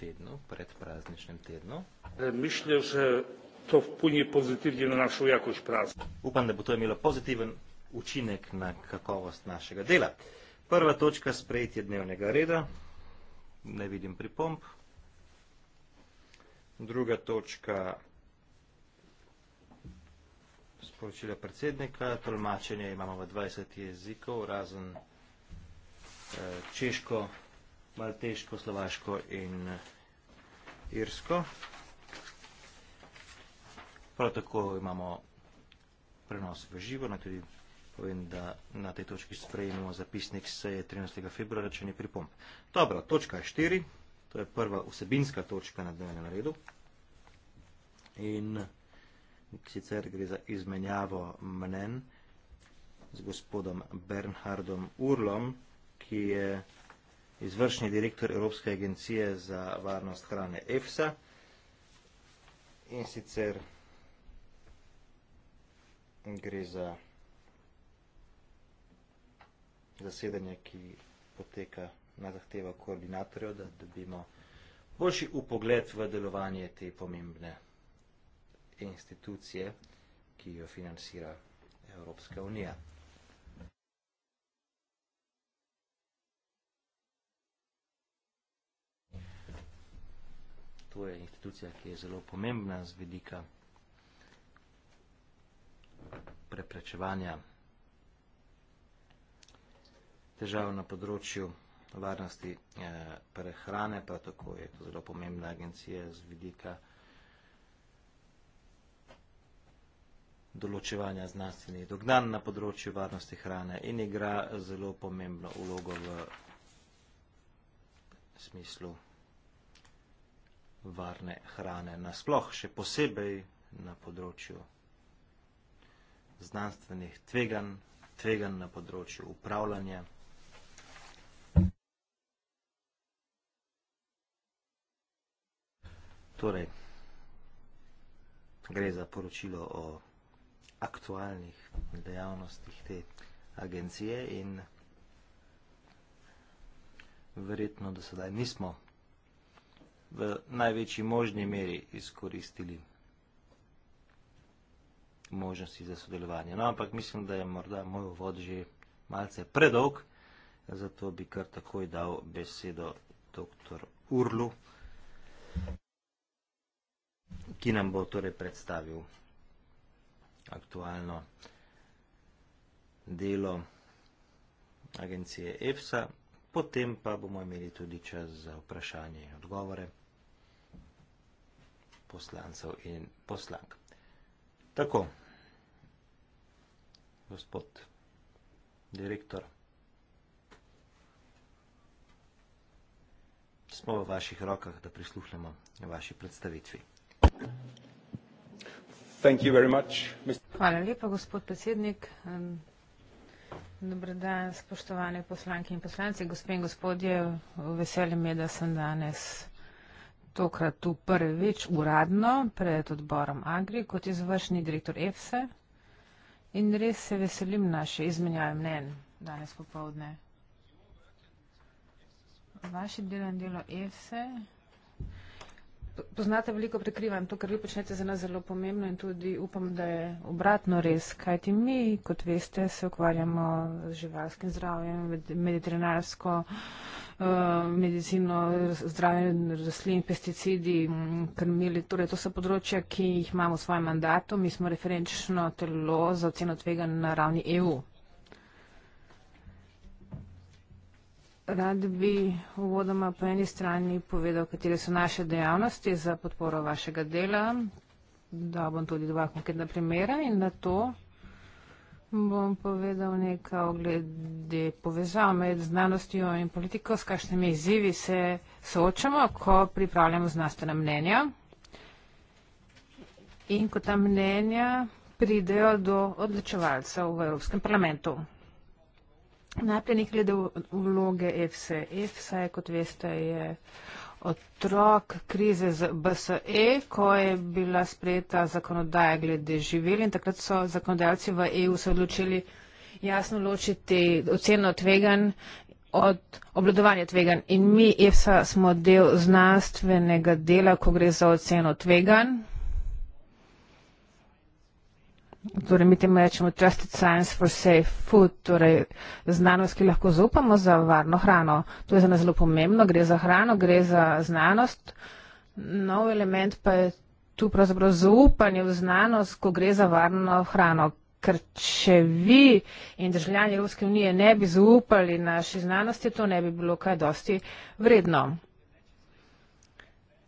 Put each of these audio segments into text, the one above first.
tednu, pred prazničnem tednu. E, Mislim, da to vplivne pozitivno na našo jakost prazna. Upam, da bo to imelo pozitiven učinek na kakovost našega dela. Prva točka sprejetje dnevnega reda, ne vidim pripomp. Druga točka sporočila predsednika, tolmačenje imamo v 20 jezikov, razen e, češko malteško, slovaško in eh, irsko. Prav tako imamo prenos v živo, na tudi povem, da na tej točki sprejemimo zapisnik seje 13. februara, če ni pripomp. Dobro, točka je štiri, to je prva vsebinska točka na dnevnem redu. In sicer gre za izmenjavo mnen z gospodom Bernhardom Urlom, ki je izvršni direktor Evropske agencije za varnost hrane EFSA in sicer gre za zasedanje, ki poteka na zahtevo koordinatorjev, da dobimo boljši upogled v delovanje te pomembne institucije, ki jo financira Evropska unija. to je institucija, ki je zelo pomembna z vidika preprečevanja težav na področju varnosti eh, prehrane, pa tako je to zelo pomembna agencija z vidika določevanja znanstvenih dognan na področju varnosti hrane in igra zelo pomembno ulogo v smislu varne hrane nasploh, še posebej na področju znanstvenih tveganj, tveganj na področju upravljanja. Torej, gre za poročilo o aktualnih dejavnostih te agencije in verjetno, da sedaj nismo v največji možni meri izkoristili možnosti za sodelovanje. No, ampak mislim, da je morda moj uvod že malce predolg, zato bi kar takoj dal besedo dr. Urlu, ki nam bo torej predstavil aktualno delo agencije EFSA, potem pa bomo imeli tudi čas za vprašanje in odgovore poslancev in poslank. Tako, gospod direktor, smo v vaših rokah, da prisluhnemo vaši predstavitvi. Hvala lepa, gospod predsednik. Um, Dobro dan, spoštovane poslanke in poslanci, gospe in gospodje. Veselim je, da sem danes tokrat tu prvič uradno pred odborom Agri kot izvršni direktor EFSE in res se veselim naše izmenjave mnen danes popovdne. Vaše delo in delo EFSE. Poznate veliko prekrivanj, to, kar vi počnete za nas zelo pomembno in tudi upam, da je obratno res, kajti mi, kot veste, se ukvarjamo z živalskim zdravjem, med, mediterinarsko, uh, Eh, medicino, zdravje rastlin, pesticidi, krmili. Torej, to so področja, ki jih imamo v svojem mandatu. Mi smo referenčno telo za oceno tvega na ravni EU. Rad bi uvodoma po eni strani povedal, katere so naše dejavnosti za podporo vašega dela, da bom tudi dva konkretna primera in na to Bom povedal nekaj o glede povezav med znanostjo in politiko, s kakšnimi izzivi se soočamo, ko pripravljamo znanstvena mnenja in ko ta mnenja pridejo do odločevalcev v Evropskem parlamentu. Najprej nekaj glede vloge EFSA. EFSA je, kot veste, je otrok krize z BSE, ko je bila sprejeta zakonodaja glede živeli in takrat so zakonodajalci v EU se odločili jasno ločiti oceno tvegan od obladovanja tvegan. In mi EFSA smo del znanstvenega dela, ko gre za oceno tvegan, torej mi temu rečemo trusted science for safe food, torej znanost, ki lahko zaupamo za varno hrano. To je za nas zelo pomembno, gre za hrano, gre za znanost. Nov element pa je tu pravzaprav zaupanje v znanost, ko gre za varno hrano. Ker če vi in državljani Evropske unije ne bi zaupali naši znanosti, to ne bi bilo kaj dosti vredno.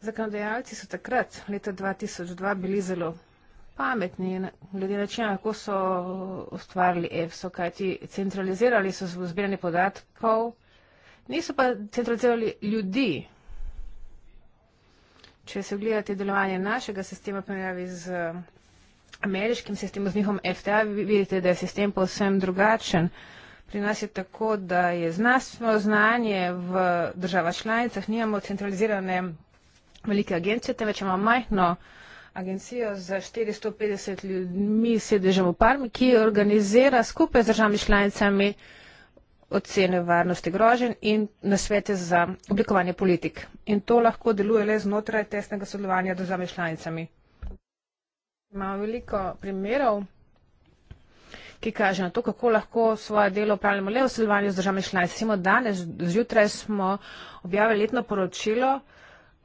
Zakonodajalci so takrat, leta 2002, bili zelo pametni glede načina, kako so ustvarili EFSO, kajti centralizirali so zbiranje podatkov, niso pa centralizirali ljudi. Če se ogledate delovanje našega sistema, primerjavi z eh, ameriškim sistemom, z njihom FTA, vidite, da je sistem povsem drugačen. Pri nas je tako, da je znanstveno znanje v država članicah, nimamo centralizirane velike agencije, temveč imamo majhno agencijo z 450 ljudmi sedežem v Parmi, ki organizira skupaj z državami članicami ocene varnosti grožen in nasvete za oblikovanje politik. In to lahko deluje le znotraj tesnega sodelovanja državami članicami. Imamo veliko primerov, ki kaže na to, kako lahko svoje delo upravljamo le v sodelovanju z državami članicami. Simo danes, zjutraj smo objavili letno poročilo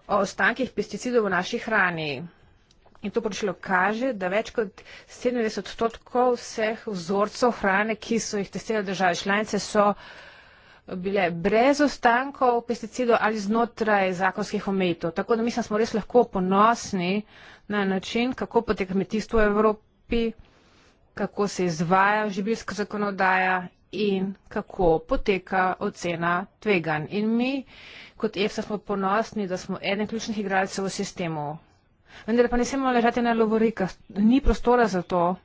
o ostankih pesticidov v naši hrani. In to počelo kaže, da več kot 70 odstotkov vseh vzorcev hrane, ki so jih testirali države članice, so bile brez ostankov pesticidov ali znotraj zakonskih omejitev. Tako da mislim, da smo res lahko ponosni na način, kako poteka kmetijstvo v Evropi, kako se izvaja živilska zakonodaja in kako poteka ocena tveganj. In mi kot EFSA smo ponosni, da smo eden ključnih igralcev v sistemu. Vendar pa ne smemo ležati na lovorikah. Ni prostora za to.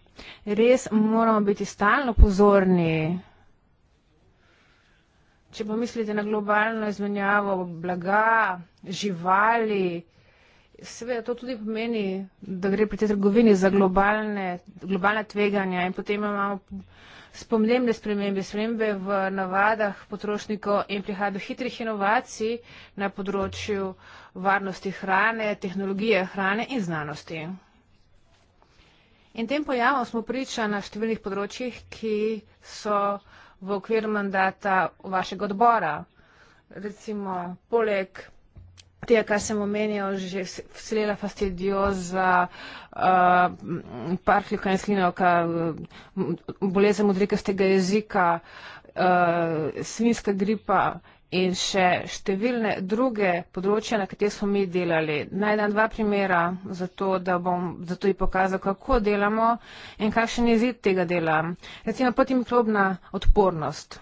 Res moramo biti stalno pozorni. Če pomislite na globalno izmenjavo blaga, živali, seveda to tudi pomeni, da gre pri tej trgovini za globalne, globalna tveganja in potem imamo spomnemne spremembe, spremembe v navadah potrošnikov in prihajajo do hitrih inovacij na področju uh, varnosti hrane, tehnologije hrane in znanosti. In tem pojavom smo priča na številnih področjih, ki so v okviru mandata vašega odbora. Recimo, poleg tega, kar sem omenil, že vselela fastidioza, uh, eh, parhljuka in slinovka, eh, bolezen modrikastega jezika, uh, eh, svinska gripa in še številne druge področje, na kateri smo mi delali. Naj dam dva primera, zato da bom zato ji pokazal, kako delamo in kakšen je zid tega dela. Recimo protimikrobna odpornost.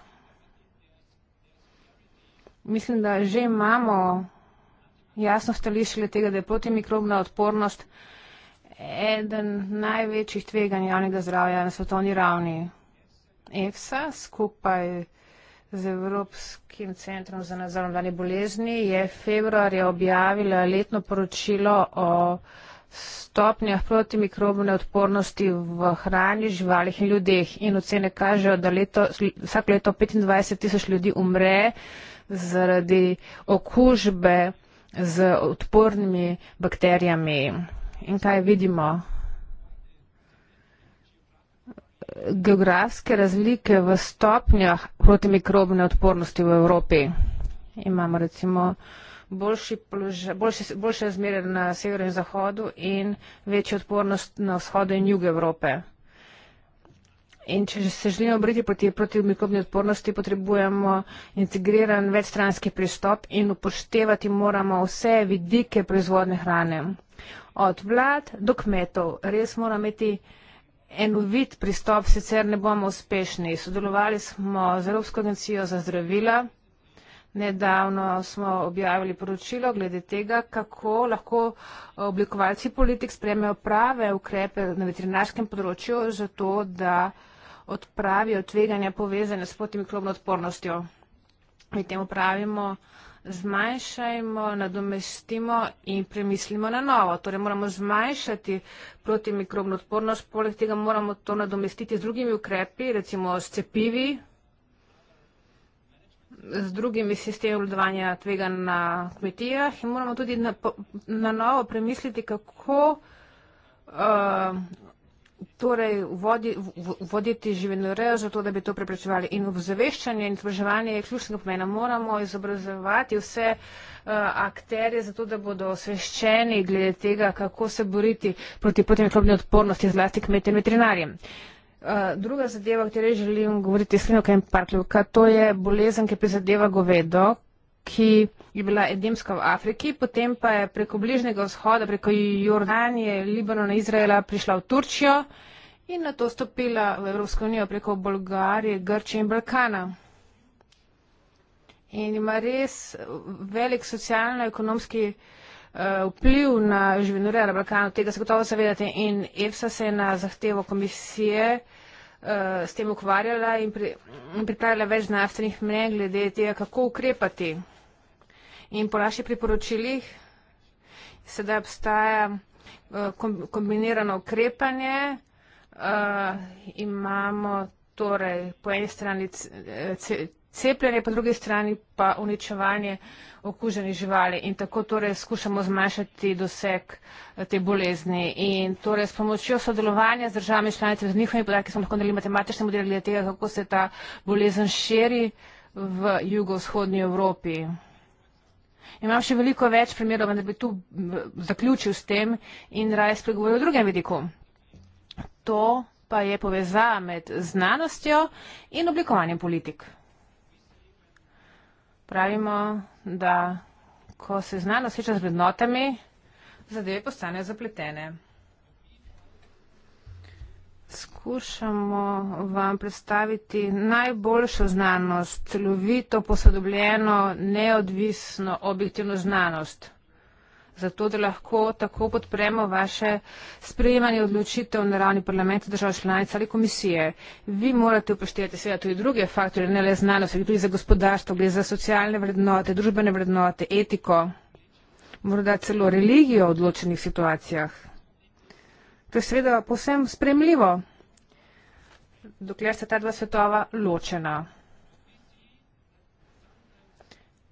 Mislim, da že imamo jasno stališče le tega, da je protimikrobna odpornost eden največjih tveganj javnega zdravja na svetovni ravni. EFSA skupaj z Evropskim centrom za nadzor vladne bolezni je februarja objavila letno poročilo o stopnjah protimikrobne odpornosti v hrani, živalih in ljudeh. In ocene kažejo, da leto, vsak leto 25 tisoč ljudi umre zaradi okužbe z odpornimi bakterijami. In kaj vidimo? geografske razlike v stopnjah protimikrobne odpornosti v Evropi. Imamo recimo boljši položaj, boljše, boljše razmere na severu in zahodu in večjo odpornost na vzhodu in jugu Evrope. In če se želimo obriti proti protimikrobni odpornosti, potrebujemo integriran večstranski pristop in upoštevati moramo vse vidike proizvodne hrane. Od vlad do kmetov res moramo imeti enovit pristop sicer ne bomo uspešni. Sodelovali smo z Evropsko agencijo za zdravila. Nedavno smo objavili poročilo glede tega, kako lahko oblikovalci politik spremejo prave ukrepe na veterinarskem področju, zato da odpravijo tveganja povezane s potimiklobno odpornostjo. Mi temu pravimo uh, zmanjšajmo, nadomestimo in premislimo na novo. Torej moramo zmanjšati protimikrobno odpornost, poleg tega moramo to nadomestiti z drugimi ukrepi, recimo s cepivi, z drugimi sistemi obladovanja tvega na kmetijah in moramo tudi na, na novo premisliti, kako uh, torej voditi živinorejo za to, da bi to preprečevali. In obzaveščanje in izobraževanje je ključnega pomena. Moramo izobrazovati vse uh, akterje za to, da bodo osveščeni glede tega, kako se boriti proti potemiklobni odpornosti zlasti kmetem in veterinarjem. Uh, druga zadeva, o kateri želim govoriti, je slinoka in parkljivka. To je bolezen, ki prizadeva govedo, ki je bila edemska v Afriki, potem pa je preko Bližnjega vzhoda, preko Jordanije, Libanona, Izraela prišla v Turčijo in na to stopila v Evropsko unijo preko Bolgarije, Grčije in Balkana. In ima res velik socialno-ekonomski eh, vpliv na življenje na Balkanu, tega se gotovo zavedate. In EFSA se je na zahtevo komisije uh, Eh, s tem ukvarjala in pri, pripravila več znanstvenih mnen glede tega, kako ukrepati. In po naših priporočilih sedaj obstaja eh, kombinirano ukrepanje. Eh, imamo torej po eni strani cepljenje, po drugi strani pa uničevanje okuženih živali in tako torej skušamo zmanjšati doseg eh, te bolezni. In torej s pomočjo sodelovanja z državami članicami, z njihovimi podatki smo lahko naredili matematične modele glede tega, kako se ta bolezen širi v jugovzhodnji Evropi. Imam še veliko več primerov, da bi tu eh, zaključil s tem in raje spregovoril o drugem vidiku. To pa je povezava med znanostjo in oblikovanjem politik pravimo, da ko se zna nositi z vrednotami, zadeve postanejo zapletene. Skušamo vam predstaviti najboljšo znanost, celovito posodobljeno, neodvisno, objektivno znanost zato da lahko tako podpremo vaše sprejemanje odločitev na ravni parlamenta, držav članic ali komisije. Vi morate upoštevati seveda tudi druge faktore, ne le znanost, ali tudi za gospodarstvo, gre za socialne vrednote, družbene vrednote, etiko, morda celo religijo v odločenih situacijah. To je seveda povsem spremljivo, dokler sta ta dva svetova ločena.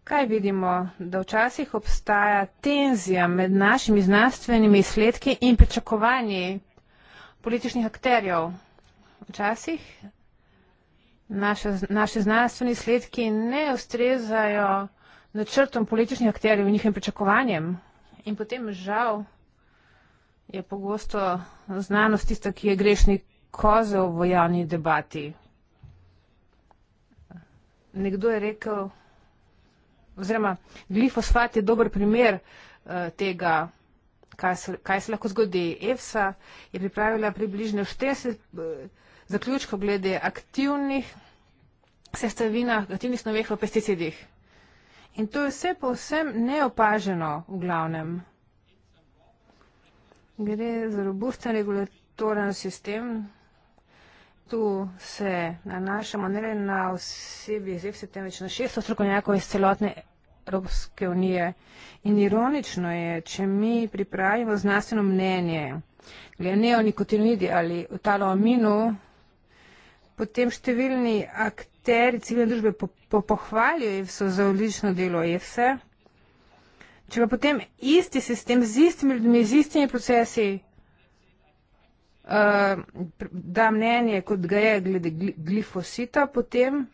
Kaj vidimo, da včasih obstaja tenzija med našimi znanstvenimi izsledki in pričakovanji političnih akterjev? Včasih naše, naše znanstveni izsledki ne ustrezajo načrtom političnih akterjev in njihovim pričakovanjem. In potem žal je pogosto znanost tista, ki je grešni kozel v javni debati. Nekdo je rekel, oziroma glifosfat je dober primer eh, tega, kaj se, kaj se lahko zgodi. EFSA je pripravila približno 40 eh, zaključkov glede aktivnih sestavina, aktivnih snoveh v pesticidih. In to je vse povsem neopaženo v glavnem. Gre za robusten regulatoren sistem, tu se nanašamo ne le na osebi iz EFSA, temveč na šesto strokovnjakov iz celotne Evropske unije. In ironično je, če mi pripravimo znanstveno mnenje, glede o nikotinoidi ali o taloaminu, potem številni akteri civilne družbe po, po pohvalijo EFSA za odlično delo EFSA, če pa potem isti sistem z istimi ljudmi, z istimi procesi uh, da mnenje, kot ga je glede glifosita, potem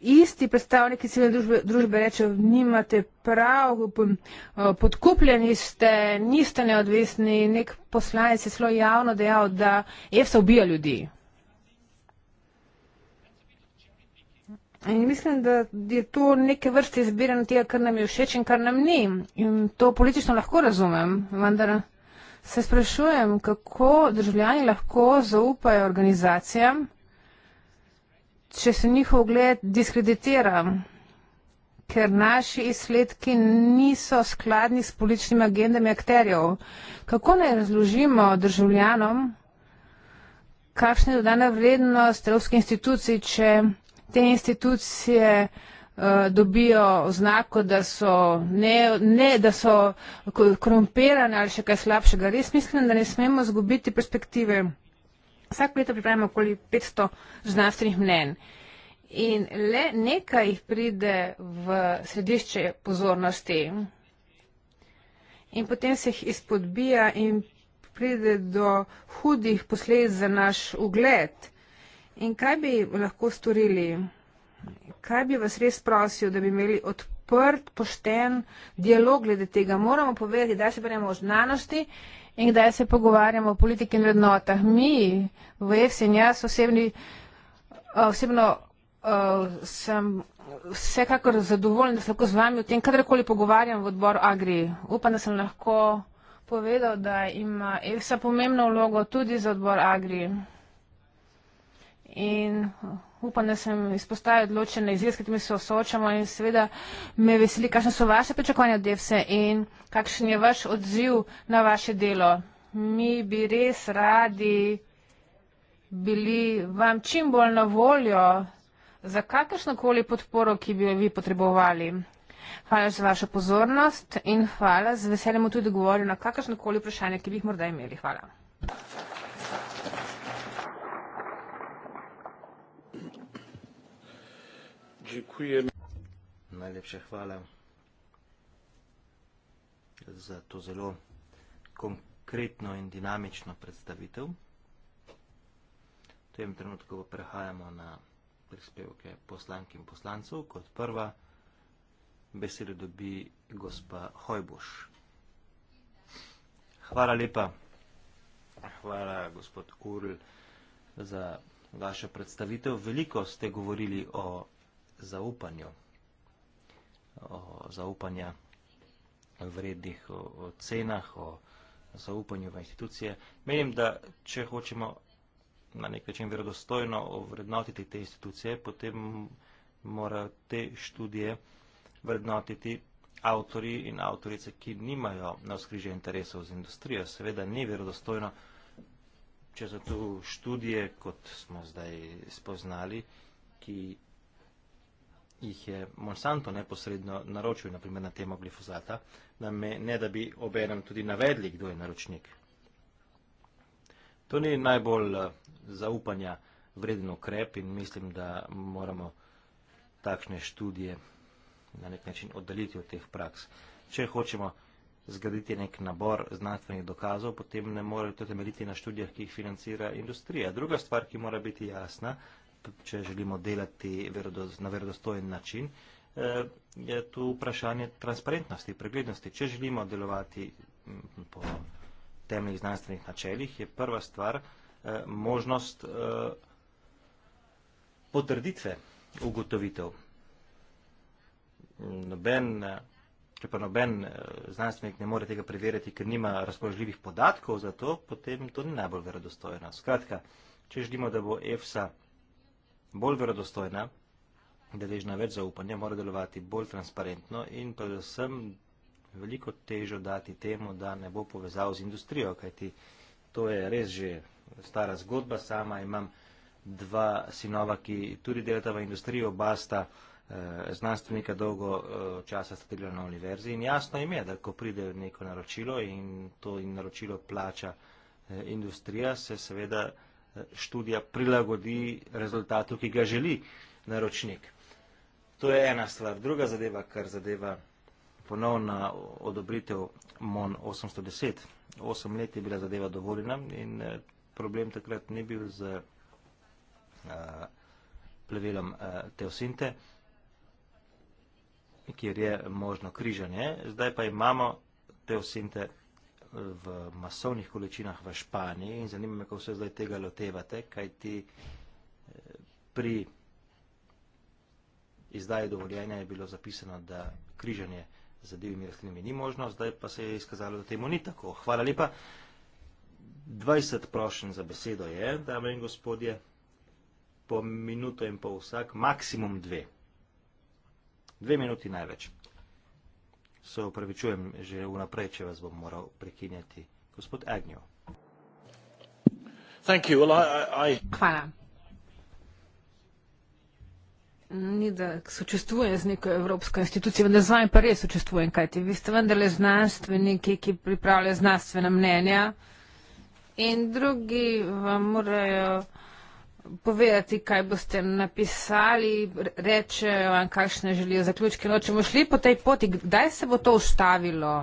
isti predstavniki civilne družbe, družbe reče, nimate prav, eh, podkupljeni ste, niste neodvisni, nek poslanec je zelo javno dejal, da EFSA ubija ljudi. In mislim, da je to neke vrste izbiranja tega, kar nam je všeč in kar nam ni. In to politično lahko razumem, vendar. Se sprašujem, kako državljani lahko zaupajo organizacijam, če se njihov ugled diskreditira, ker naši izsledki niso skladni s političnimi agendami akterjev. Kako naj razložimo državljanom, kakšna je dodana vrednost evropskih institucij, če te institucije Eh, dobijo oznako, da so, ne, ne, da so korumpirane ali še kaj slabšega. Res mislim, da ne smemo zgubiti perspektive. Vsako leto pripravimo okoli 500 znanstvenih mnen. In le nekaj jih pride v središče pozornosti. In potem se jih izpodbija in pride do hudih posledic za naš ugled. In kaj bi lahko storili? Kaj bi vas res prosil, da bi imeli odprt, pošten dialog glede tega? Moramo povedati, da se prejemo o znanosti in da se pogovarjamo o politiki in vrednotah. Mi, v EFS in jaz osebni, eh, osebno eh, sem vsekakor zadovoljen, da se lahko z vami o tem kadarkoli pogovarjam v odboru Agri. Upam, da sem lahko povedal, da ima EFSA pomembno vlogo tudi za odbor Agri. In Upam, da sem izpostavil odločene izjave, s katerimi se soočamo in seveda me veseli, kakšne so vaše pričakovanja od DEVSE in kakšen je vaš odziv na vaše delo. Mi bi res radi bili vam čim bolj na voljo za kakršnokoli podporo, ki bi jo vi potrebovali. Hvala za vašo pozornost in hvala z veseljem tudi govoril na kakršnokoli vprašanje, ki bi jih morda imeli. Hvala. Dziękuję. Najlepsze chwale za to zelo konkretno in dinamično predstavitev. V tem trenutku pa prehajamo na prispevke poslank in poslancev. Kot prva besedo dobi gospa Hojbuš. Hvala lepa. Hvala, gospod Kurl, za vašo predstavitev. Veliko ste govorili o zaupanju, o zaupanja vrednih ocenah, o zaupanju v institucije. Menim, da če hočemo na nek način verodostojno vrednotiti te institucije, potem morajo te študije vrednotiti avtori in avtorice, ki nimajo na skrižje interesov z industrijo. Seveda ni verodostojno, če so tu študije, kot smo zdaj spoznali, ki jih je Monsanto neposredno naročil, naprimer na temo glifozata, me, ne da bi obenem tudi navedli, kdo je naročnik. To ni najbolj eh, zaupanja vreden ukrep in mislim, da moramo takšne študije na nek način oddaliti od teh praks. Če hočemo zgraditi nek nabor znanstvenih dokazov, potem ne morejo to temeljiti na študijah, ki jih financira industrija. Druga stvar, ki mora biti jasna, če želimo delati na verodostojen način, eh, je tu vprašanje transparentnosti, preglednosti. Če želimo delovati mm, po temnih znanstvenih načeljih, je prva stvar eh, možnost eh, potrditve ugotovitev. Noben, če pa noben znanstvenik ne more tega preveriti, ker nima razpoložljivih podatkov za to, potem to ni najbolj verodostojno. Skratka, če želimo, da bo EFSA bolj verodostojna, deležna več zaupanja, mora delovati bolj transparentno in predvsem veliko težo dati temu, da ne bo povezal z industrijo, kajti to je res že stara zgodba sama, imam dva sinova, ki tudi delata v industriji, oba sta eh, znanstvenika dolgo eh, časa sta delala na univerzi in jasno im je, da ko pride neko naročilo in to naročilo plača eh, industrija, se seveda študija prilagodi rezultatu, ki ga želi naročnik. To je ena stvar. Druga zadeva, kar zadeva ponovna odobritev MON 810. Osem let je bila zadeva dovoljena in eh, problem takrat ni bil z eh, plevelom eh, Teosinte, kjer je možno križanje. Zdaj pa imamo Teosinte križanje v masovnih količinah v Španiji in zanima me, kako se zdaj tega lotevate, kaj ti eh, pri izdaji dovoljenja je bilo zapisano, da križanje za divimi rastlinami ni možno, zdaj pa se je izkazalo, da temu ni tako. Hvala lepa. 20 prošen za besedo je, dame in gospodje, po minuto in pol vsak, maksimum dve. Dve minuti največ. Se upravičujem že vnaprej, če vas bom moral prekinjati. Gospod Agnew. Thank you. Well, I, I... Hvala. Ni da sočustvujem z neko evropsko institucijo, vendar z vami pa res sočustvujem, kajti vi ste vendarle znanstveniki, ki pripravljajo znanstvena mnenja in drugi vam morajo povedati, kaj boste napisali, rečejo vam, kakšne želijo zaključke. No, če bomo šli po tej poti, kdaj se bo to ustavilo?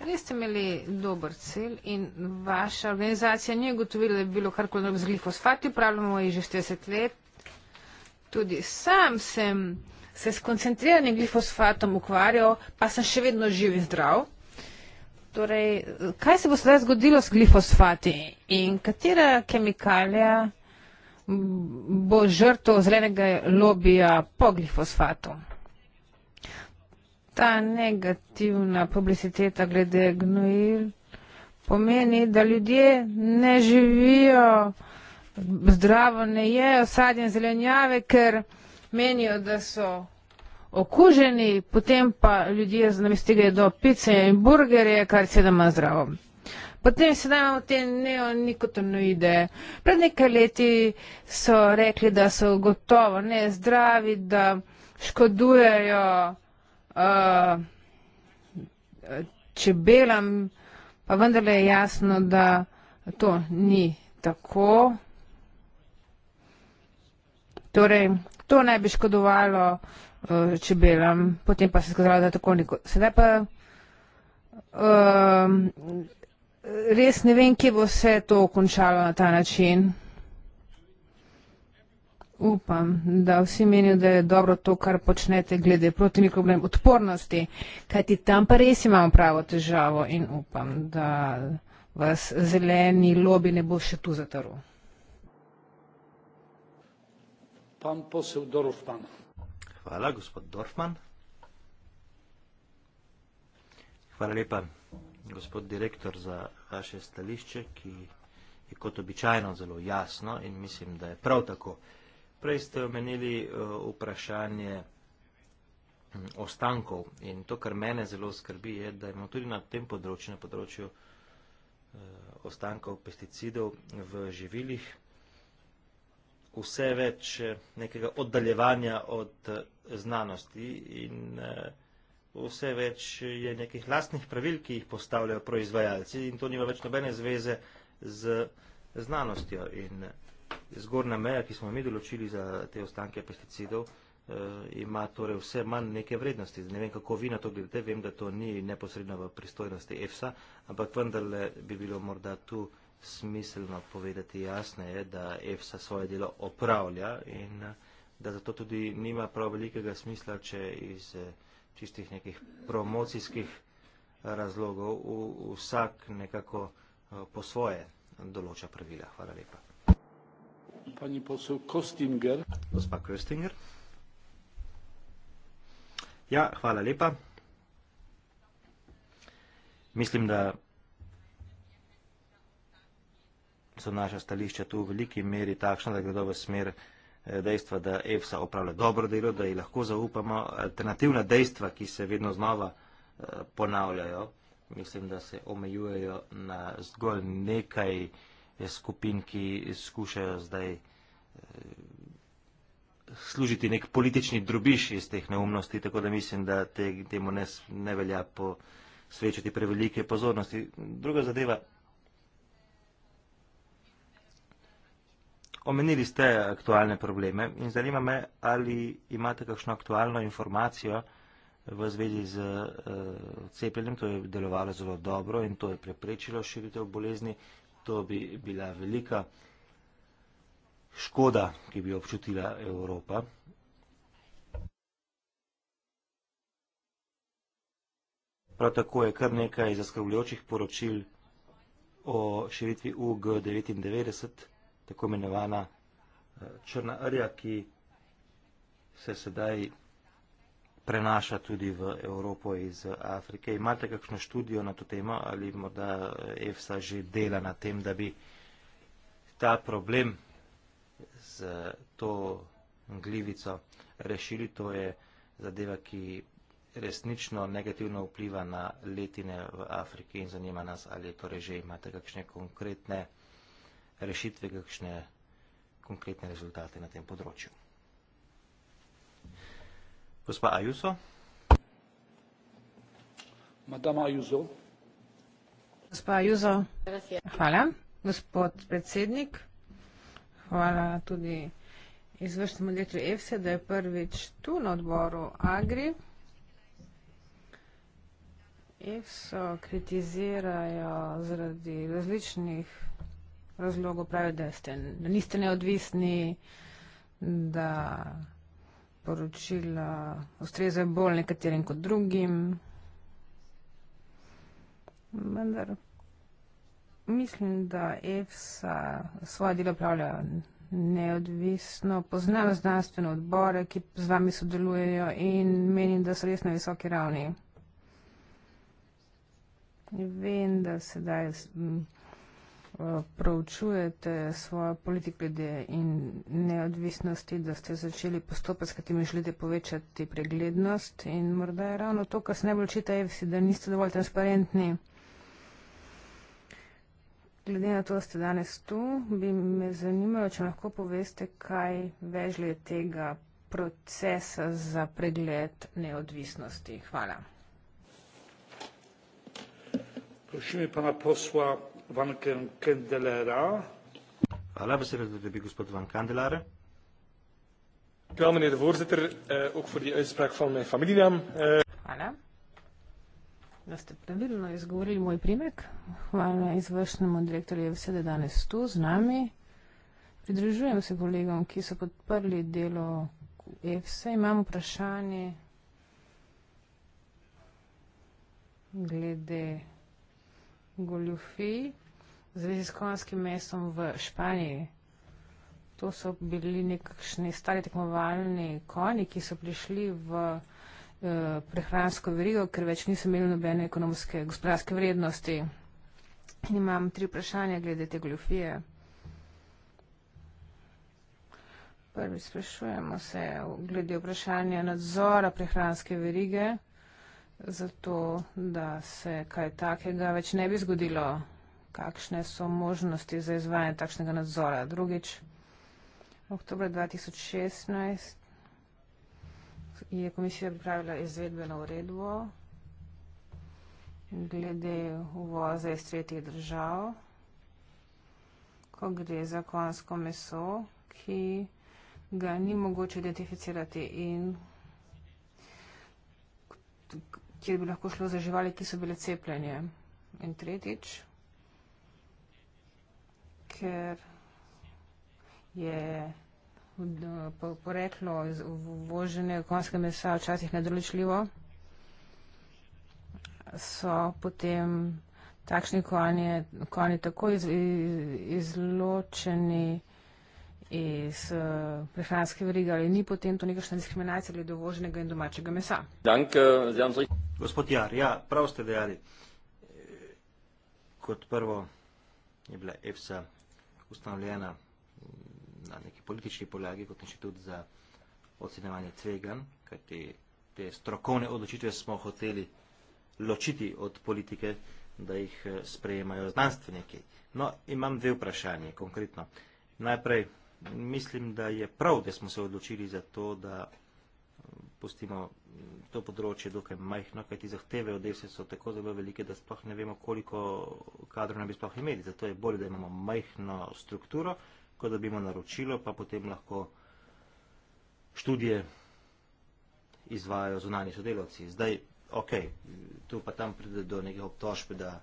Res ste imeli dober cilj in vaša organizacija ni ugotovila, da je bilo karkoli z glifosfati, upravljamo jih že 40 let. Tudi sam sem se s koncentriranim glifosfatom ukvarjal, pa sem še vedno živ in zdrav. Torej, kaj se bo sedaj zgodilo s glifosfati in katera kemikalija? bo žrtov zelenega lobija po glifosfatu. Ta negativna publiciteta glede gnojil pomeni, da ljudje ne živijo zdravo, ne jejo sadje in zelenjave, ker menijo, da so okuženi, potem pa ljudje namesto tega jedo pice in burgerje, kar se da manj zdravo. Potem se dajmo v te neonikotinoide. Pred nekaj leti so rekli, da so gotovo nezdravi, da škodujejo uh, čebelam, pa vendarle je jasno, da to ni tako. Torej, to naj bi škodovalo uh, čebelam, potem pa se je skazalo, da je tako neko. Sedaj pa. Uh, res ne vem, kje bo vse to končalo na ta način. Upam, da vsi menijo, da je dobro to, kar počnete glede proti mikroblem odpornosti, kajti tam pa res imamo pravo težavo in upam, da vas zeleni lobi ne bo še tu zatrl. Pan posel Dorfman. Hvala, gospod Dorfman. Hvala lepa gospod direktor, za vaše stališče, ki je kot običajno zelo jasno in mislim, da je prav tako. Prej ste omenili eh, vprašanje hm, ostankov in to, kar mene zelo skrbi, je, da imamo tudi na tem področju, na področju eh, ostankov pesticidov v živilih, vse več eh, nekega oddaljevanja od znanosti in vsega, vse več je nekih lastnih pravil, ki jih postavljajo proizvajalci in to nima več nobene zveze z znanostjo. In zgornja meja, ki smo mi določili za te ostanke pesticidov, eh, ima torej vse manj neke vrednosti. Ne vem, kako vi na to gledate, vem, da to ni neposredno v pristojnosti EFSA, ampak vendarle bi bilo morda tu smiselno povedati jasne, da EFSA svoje delo opravlja in eh, da zato tudi nima prav velikega smisla, če iz eh, čistih nekih promocijskih razlogov, v, vsak nekako eh, po svoje določa pravila. Hvala lepa. Pani posel Kostinger. Gospa Kostinger. Ja, hvala lepa. Mislim, da so naša stališča tu v veliki meri takšna, da gredo v smer Eh, dejstva, da EFSA opravlja dobro delo, da ji lahko zaupamo, alternativna dejstva, ki se vedno znova eh, ponavljajo, mislim, da se omejujejo na zgolj nekaj eh, skupin, ki skušajo zdaj služiti nek politični drubiš iz teh neumnosti, tako da mislim, da te, temu ne, ne velja posvečati prevelike pozornosti. Druga zadeva, Omenili ste aktualne probleme in zanima me, ali imate kakšno aktualno informacijo v zvezi z uh, cepljenjem. To je delovalo zelo dobro in to je preprečilo širitev bolezni. To bi bila velika škoda, ki bi občutila Evropa. Prav tako je kar nekaj zaskrbljujočih poročil o širitvi UG99 tako imenovana eh, črna rja, ki se sedaj prenaša tudi v Evropo iz Afrike. Imate kakšno študijo na to temo ali morda eh, EFSA že dela na tem, da bi ta problem z to glivico rešili? To je zadeva, ki resnično negativno vpliva na letine v Afriki in zanima nas, ali torej že imate kakšne konkretne rešitve, kakšne konkretne rezultate na tem področju. Gospa Ajuso. Madama Ajuso. Gospa Ajuso. Hvala. Gospod predsednik. Hvala tudi izvršnemu direktorju EFSE, da je prvič tu na odboru Agri. EFSO kritizirajo zaradi različnih razlogov, pravi, da, ste, da niste neodvisni, da poročila ustrezajo bolj nekaterim kot drugim. Vendar mislim, da EFSA svoje delo pravlja neodvisno. Poznam znanstveno odbore, ki z vami sodelujejo in menim, da so res na visoki ravni. Vem, da sedaj Eh, proučujete svojo politik glede in neodvisnosti, da ste začeli postopek, s katerim želite povečati preglednost in morda je ravno to, kar se najbolj očita Evsi, da niste dovolj transparentni. Glede na to, da ste danes tu, bi me zanimalo, če lahko poveste, kaj vežlje tega procesa za pregled neodvisnosti. Hvala. Prosimi pana posla Van Kandelara. Voilà, we zullen de gospod Van Kandelara. Dank u wel, meneer de voorzitter. Uh, ook voor die uitspraak van mijn familienaam. Uh. Eh. Voilà. Da ste pravilno izgovorili moj primek. Hvala izvršnemu direktorju, da je danes tu z nami. Pridružujem se kolegom, ki so podprli delo EFSA. Imam vprašanje glede goljufej zvezi s konjskim mestom v Španiji. To so bili nekakšni stari tekmovalni konji, ki so prišli v eh, prehransko verigo, ker več niso imeli nobene ekonomske gospodarske vrednosti. In imam tri vprašanja glede te goljofije. Prvi sprašujemo se glede vprašanja nadzora prehranske verige, zato da se kaj takega več ne bi zgodilo kakšne so možnosti za izvajanje takšnega nadzora. Drugič, oktober 2016 je komisija pripravila izvedbeno uredbo glede uvoza iz tretjih držav, ko gre za konsko meso, ki ga ni mogoče identificirati in kjer bi lahko šlo za živali, ki so bile cepljenje. In tretjič, ker je poreklo uvožene konjske mesa včasih nedoločljivo, so potem takšni konji tako iz, iz, izločeni iz uh, prehranske verige ali ni potem to nekakšna diskriminacija glede uvoženega in domačega mesa. Dank, uh, Gospod Jar, ja, prav ste dejali. Kot prvo je bila EFSA ustanovljena mm, na neki politični polagi kot inštitut za ocenevanje tvegan, kajti te strokovne odločitve smo hoteli ločiti od politike, da jih eh, sprejemajo znanstveniki. No, imam dve vprašanje konkretno. Najprej, mislim, da je prav, da smo se odločili za to, da pustimo mm, to področje dokaj majhno, kajti zahteve od DSE so tako zelo velike, da sploh ne vemo, koliko kadrov ne bi sploh imeli. Zato je bolje, da imamo majhno strukturo, kot da bi imamo naročilo, pa potem lahko študije izvajajo zunani sodelavci. Zdaj, ok, tu pa tam pride do nekih obtožb, da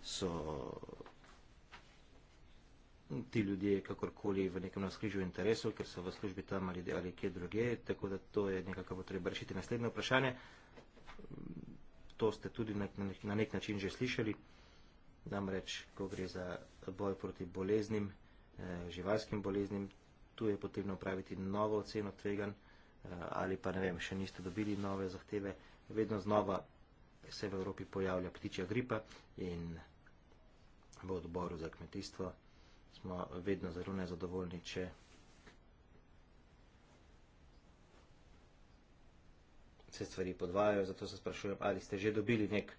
so ti ljudje kakorkoli v nekem navskrižju interesov, ker so v službi tam ali, ali kje druge, tako da to je nekako potrebno rešiti. Naslednje vprašanje, to ste tudi na, na, na nek način že slišali, namreč, ko gre za boj proti boleznim, eh, živalskim boleznim, tu je potrebno upraviti novo oceno tvegan eh, ali pa ne vem, še niste dobili nove zahteve, vedno znova se v Evropi pojavlja ptičja gripa in v odboru za kmetijstvo smo vedno zelo nezadovoljni, če se stvari podvajajo, zato se sprašujem, ali ste že dobili nek,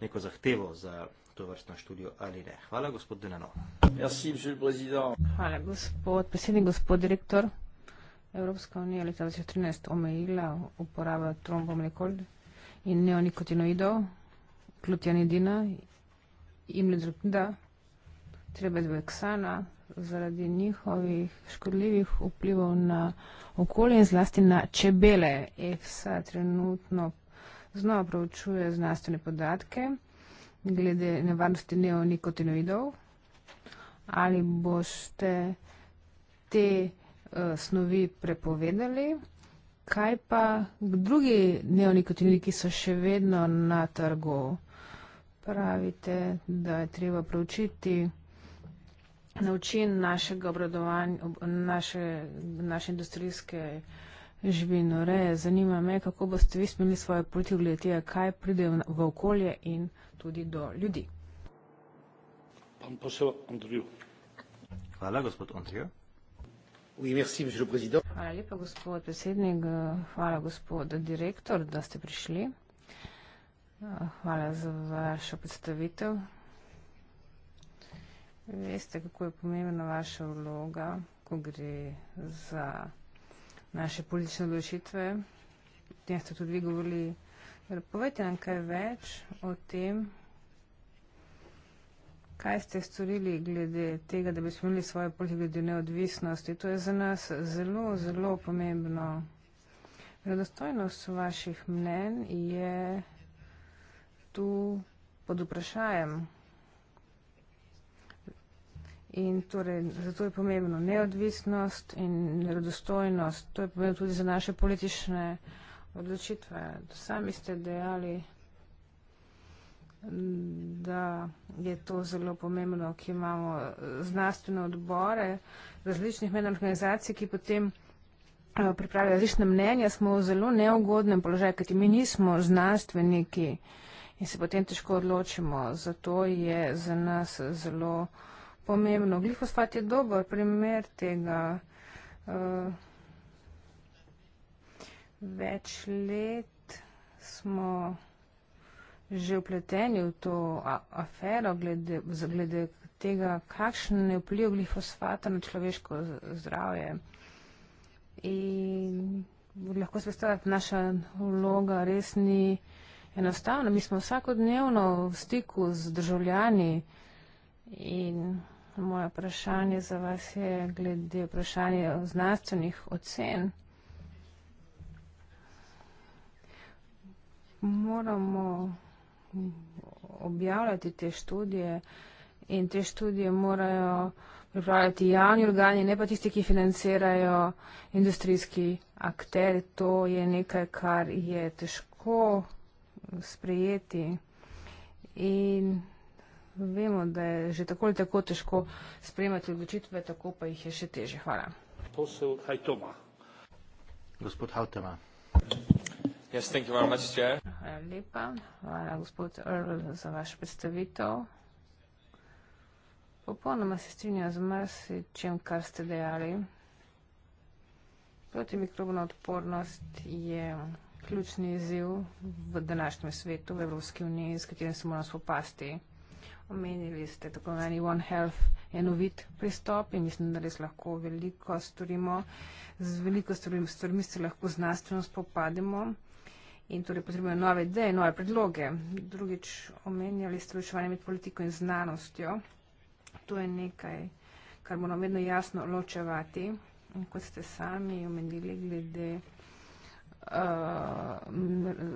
neko zahtevo za to vrstno študijo ali ne. Hvala, gospod Denano. Merci, monsieur le président. Hvala, gospod predsednik, gospod direktor. Evropska unija leta 2013 omejila uporabo trombomlekold in neonikotinoidov, glutianidina in mlezrpida. Trebedveksana zaradi njihovih škodljivih vplivov na okolje in zlasti na čebele. EFSA trenutno znova pravčuje znanstvene podatke glede nevarnosti neonikotinoidov. Ali boste te uh, snovi prepovedali? Kaj pa drugi neonikotinoidi, ki so še vedno na trgu? Pravite, da je treba pravčiti način našega obradovanja, naše, naše industrijske živinoreje. Zanima me, kako boste vi spremenili svoje poti v glede tega, kaj pride v okolje in tudi do ljudi. Hvala, gospod Andrijo. Hvala lepa, gospod predsednik. Hvala, gospod direktor, da ste prišli. Hvala za vašo predstavitev. Veste, kako je pomembna vaša vloga, ko gre za naše politične odločitve. Potem ja, ste tudi vi govorili, povedite nam kaj več o tem, kaj ste storili glede tega, da bi smo imeli svojo politiko glede neodvisnosti. To je za nas zelo, zelo pomembno. Vredostojnost vaših mnen je tu pod vprašanjem. In torej, zato je pomembno neodvisnost in nerodostojnost. To je pomembno tudi za naše politične odločitve. Sami ste dejali, da je to zelo pomembno, ki imamo znanstvene odbore različnih menj organizacij, ki potem eh, pripravijo različne mnenja. Smo v zelo neugodnem položaju, kajti mi nismo znanstveniki in se potem težko odločimo. Zato je za nas zelo pomembno. Glifosfat je dober primer tega. Eh, več let smo že upleteni v to afero glede tega, kakšen je vpliv glifosfata na človeško zdravje. In lahko se predstavlja, da naša vloga res ni enostavna. Mi smo vsakodnevno v stiku z državljani in Moje vprašanje za vas je glede vprašanja znanstvenih ocen. Moramo objavljati te študije in te študije morajo pripravljati javni organi, ne pa tisti, ki financirajo industrijski akter. To je nekaj, kar je težko sprejeti. In Vemo, da je že tako ali tako težko spremati odločitve, tako pa jih je še teže. Hvala. Gospod Hautema. Yes, thank you very much, Chair. Hvala lepa. Hvala, gospod Earl, za vaš predstavitev. Popolnoma se strinjam z marsičem, kar ste dejali. Protimikrobna odpornost je ključni izziv v današnjem svetu, v Evropski uniji, s katerim se moramo spopasti. Omenili ste tako meni One Health enovit pristop in mislim, da res lahko veliko storimo. Z veliko stvarmi se lahko znanstveno spopademo in torej potrebujemo nove ideje, nove predloge. Drugič, omenjali ste ločevanje med politiko in znanostjo. To je nekaj, kar moramo vedno jasno ločevati. In kot ste sami omenili glede Eh,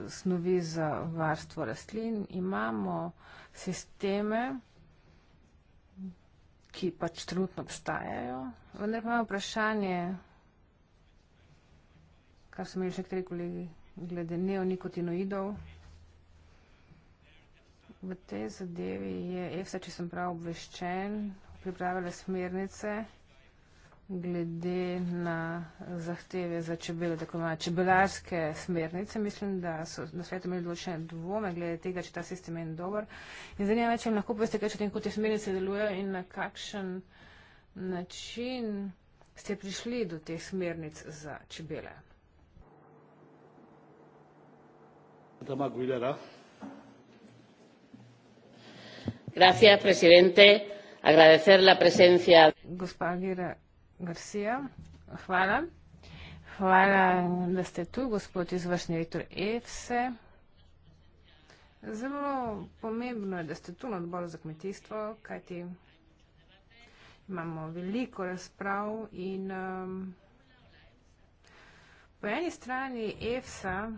snovi za varstvo rastlin. Imamo sisteme, ki pač trenutno obstajajo, vendar pa imamo vprašanje, kar so imeli še kateri kolegi, glede neonikotinoidov. V tej zadevi je EFSA, če sem prav obveščen, pripravila smernice, ki je glede na zahteve za čebele, tako imenovane čebelarske smernice. Mislim, da so na svetu imeli določene dvome glede tega, če ta sistem je dober. In zanima me, če lahko poveste, kaj če tem, kot te smernice delujejo in na kakšen način ste prišli do teh smernic za čebele. Toma Guilera. Gracias, presidente. Agradecer la presencia. Gospodine. Garcia. Hvala. Hvala, da ste tu, gospod izvršni rektor EFSE. Zelo pomembno je, da ste tu na odboru za kmetijstvo, kajti imamo veliko razprav in um, po eni strani EFSA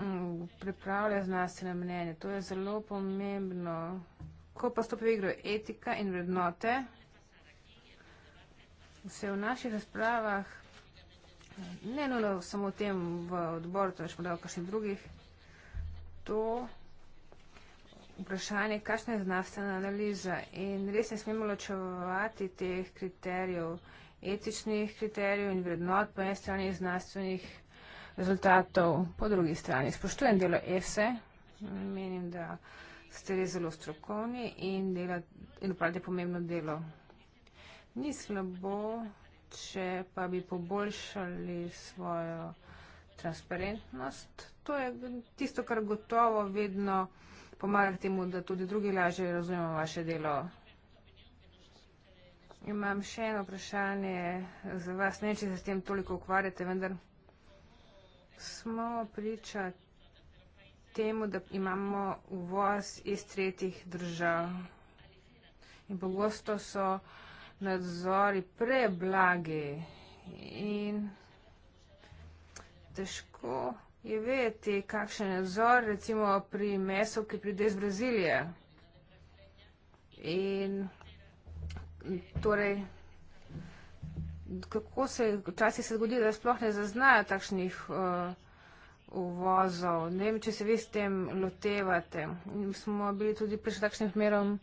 um, pripravlja znanstvene mnenje. To je zelo pomembno ko pa stopi v igro etika in vrednote, se v naših razpravah, ne nujno samo v tem v odboru, to je šmodel kakšnih drugih, to vprašanje, kakšna je znanstvena analiza in res ne smemo ločevati teh kriterijev, etičnih kriterijev in vrednot po eni strani znanstvenih rezultatov po drugi strani. Spoštujem delo ESE, e. menim, da ste res zelo strokovni in, in upravljate pomembno delo. Ni slabo, če pa bi poboljšali svojo transparentnost. To je tisto, kar gotovo vedno pomaga temu, da tudi drugi lažje razumemo vaše delo. Imam še eno vprašanje za vas. Ne, če se s tem toliko ukvarjate, vendar smo priča temu, da imamo uvoz iz tretjih držav. In pogosto so nadzori preblagi in težko je vedeti, kakšen nadzor recimo pri meso, ki pride iz Brazilije. In torej, kako se včasih se zgodi, da sploh ne zaznajo takšnih uh, uvozov. Ne vem, če se vi s tem lotevate. Smo bili tudi prej še takšnim primerom,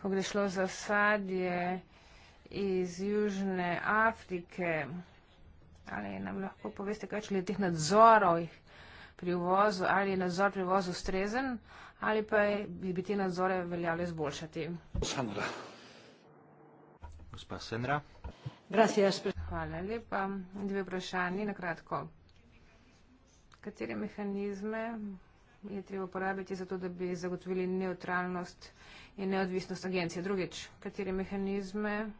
ko gre šlo za sadje iz Južne Afrike. Ali nam lahko poveste, kaj je teh nadzorov pri uvozu, ali je nadzor pri uvozu ustrezen, ali pa je, bi, bi te nadzore veljali zboljšati. Sandra. Gospa Senra. Gracias. Hvala lepa. Dve vprašanje na kratko katere mehanizme je treba uporabiti za to, da bi zagotovili neutralnost in neodvisnost agencije. Drugič, katere mehanizme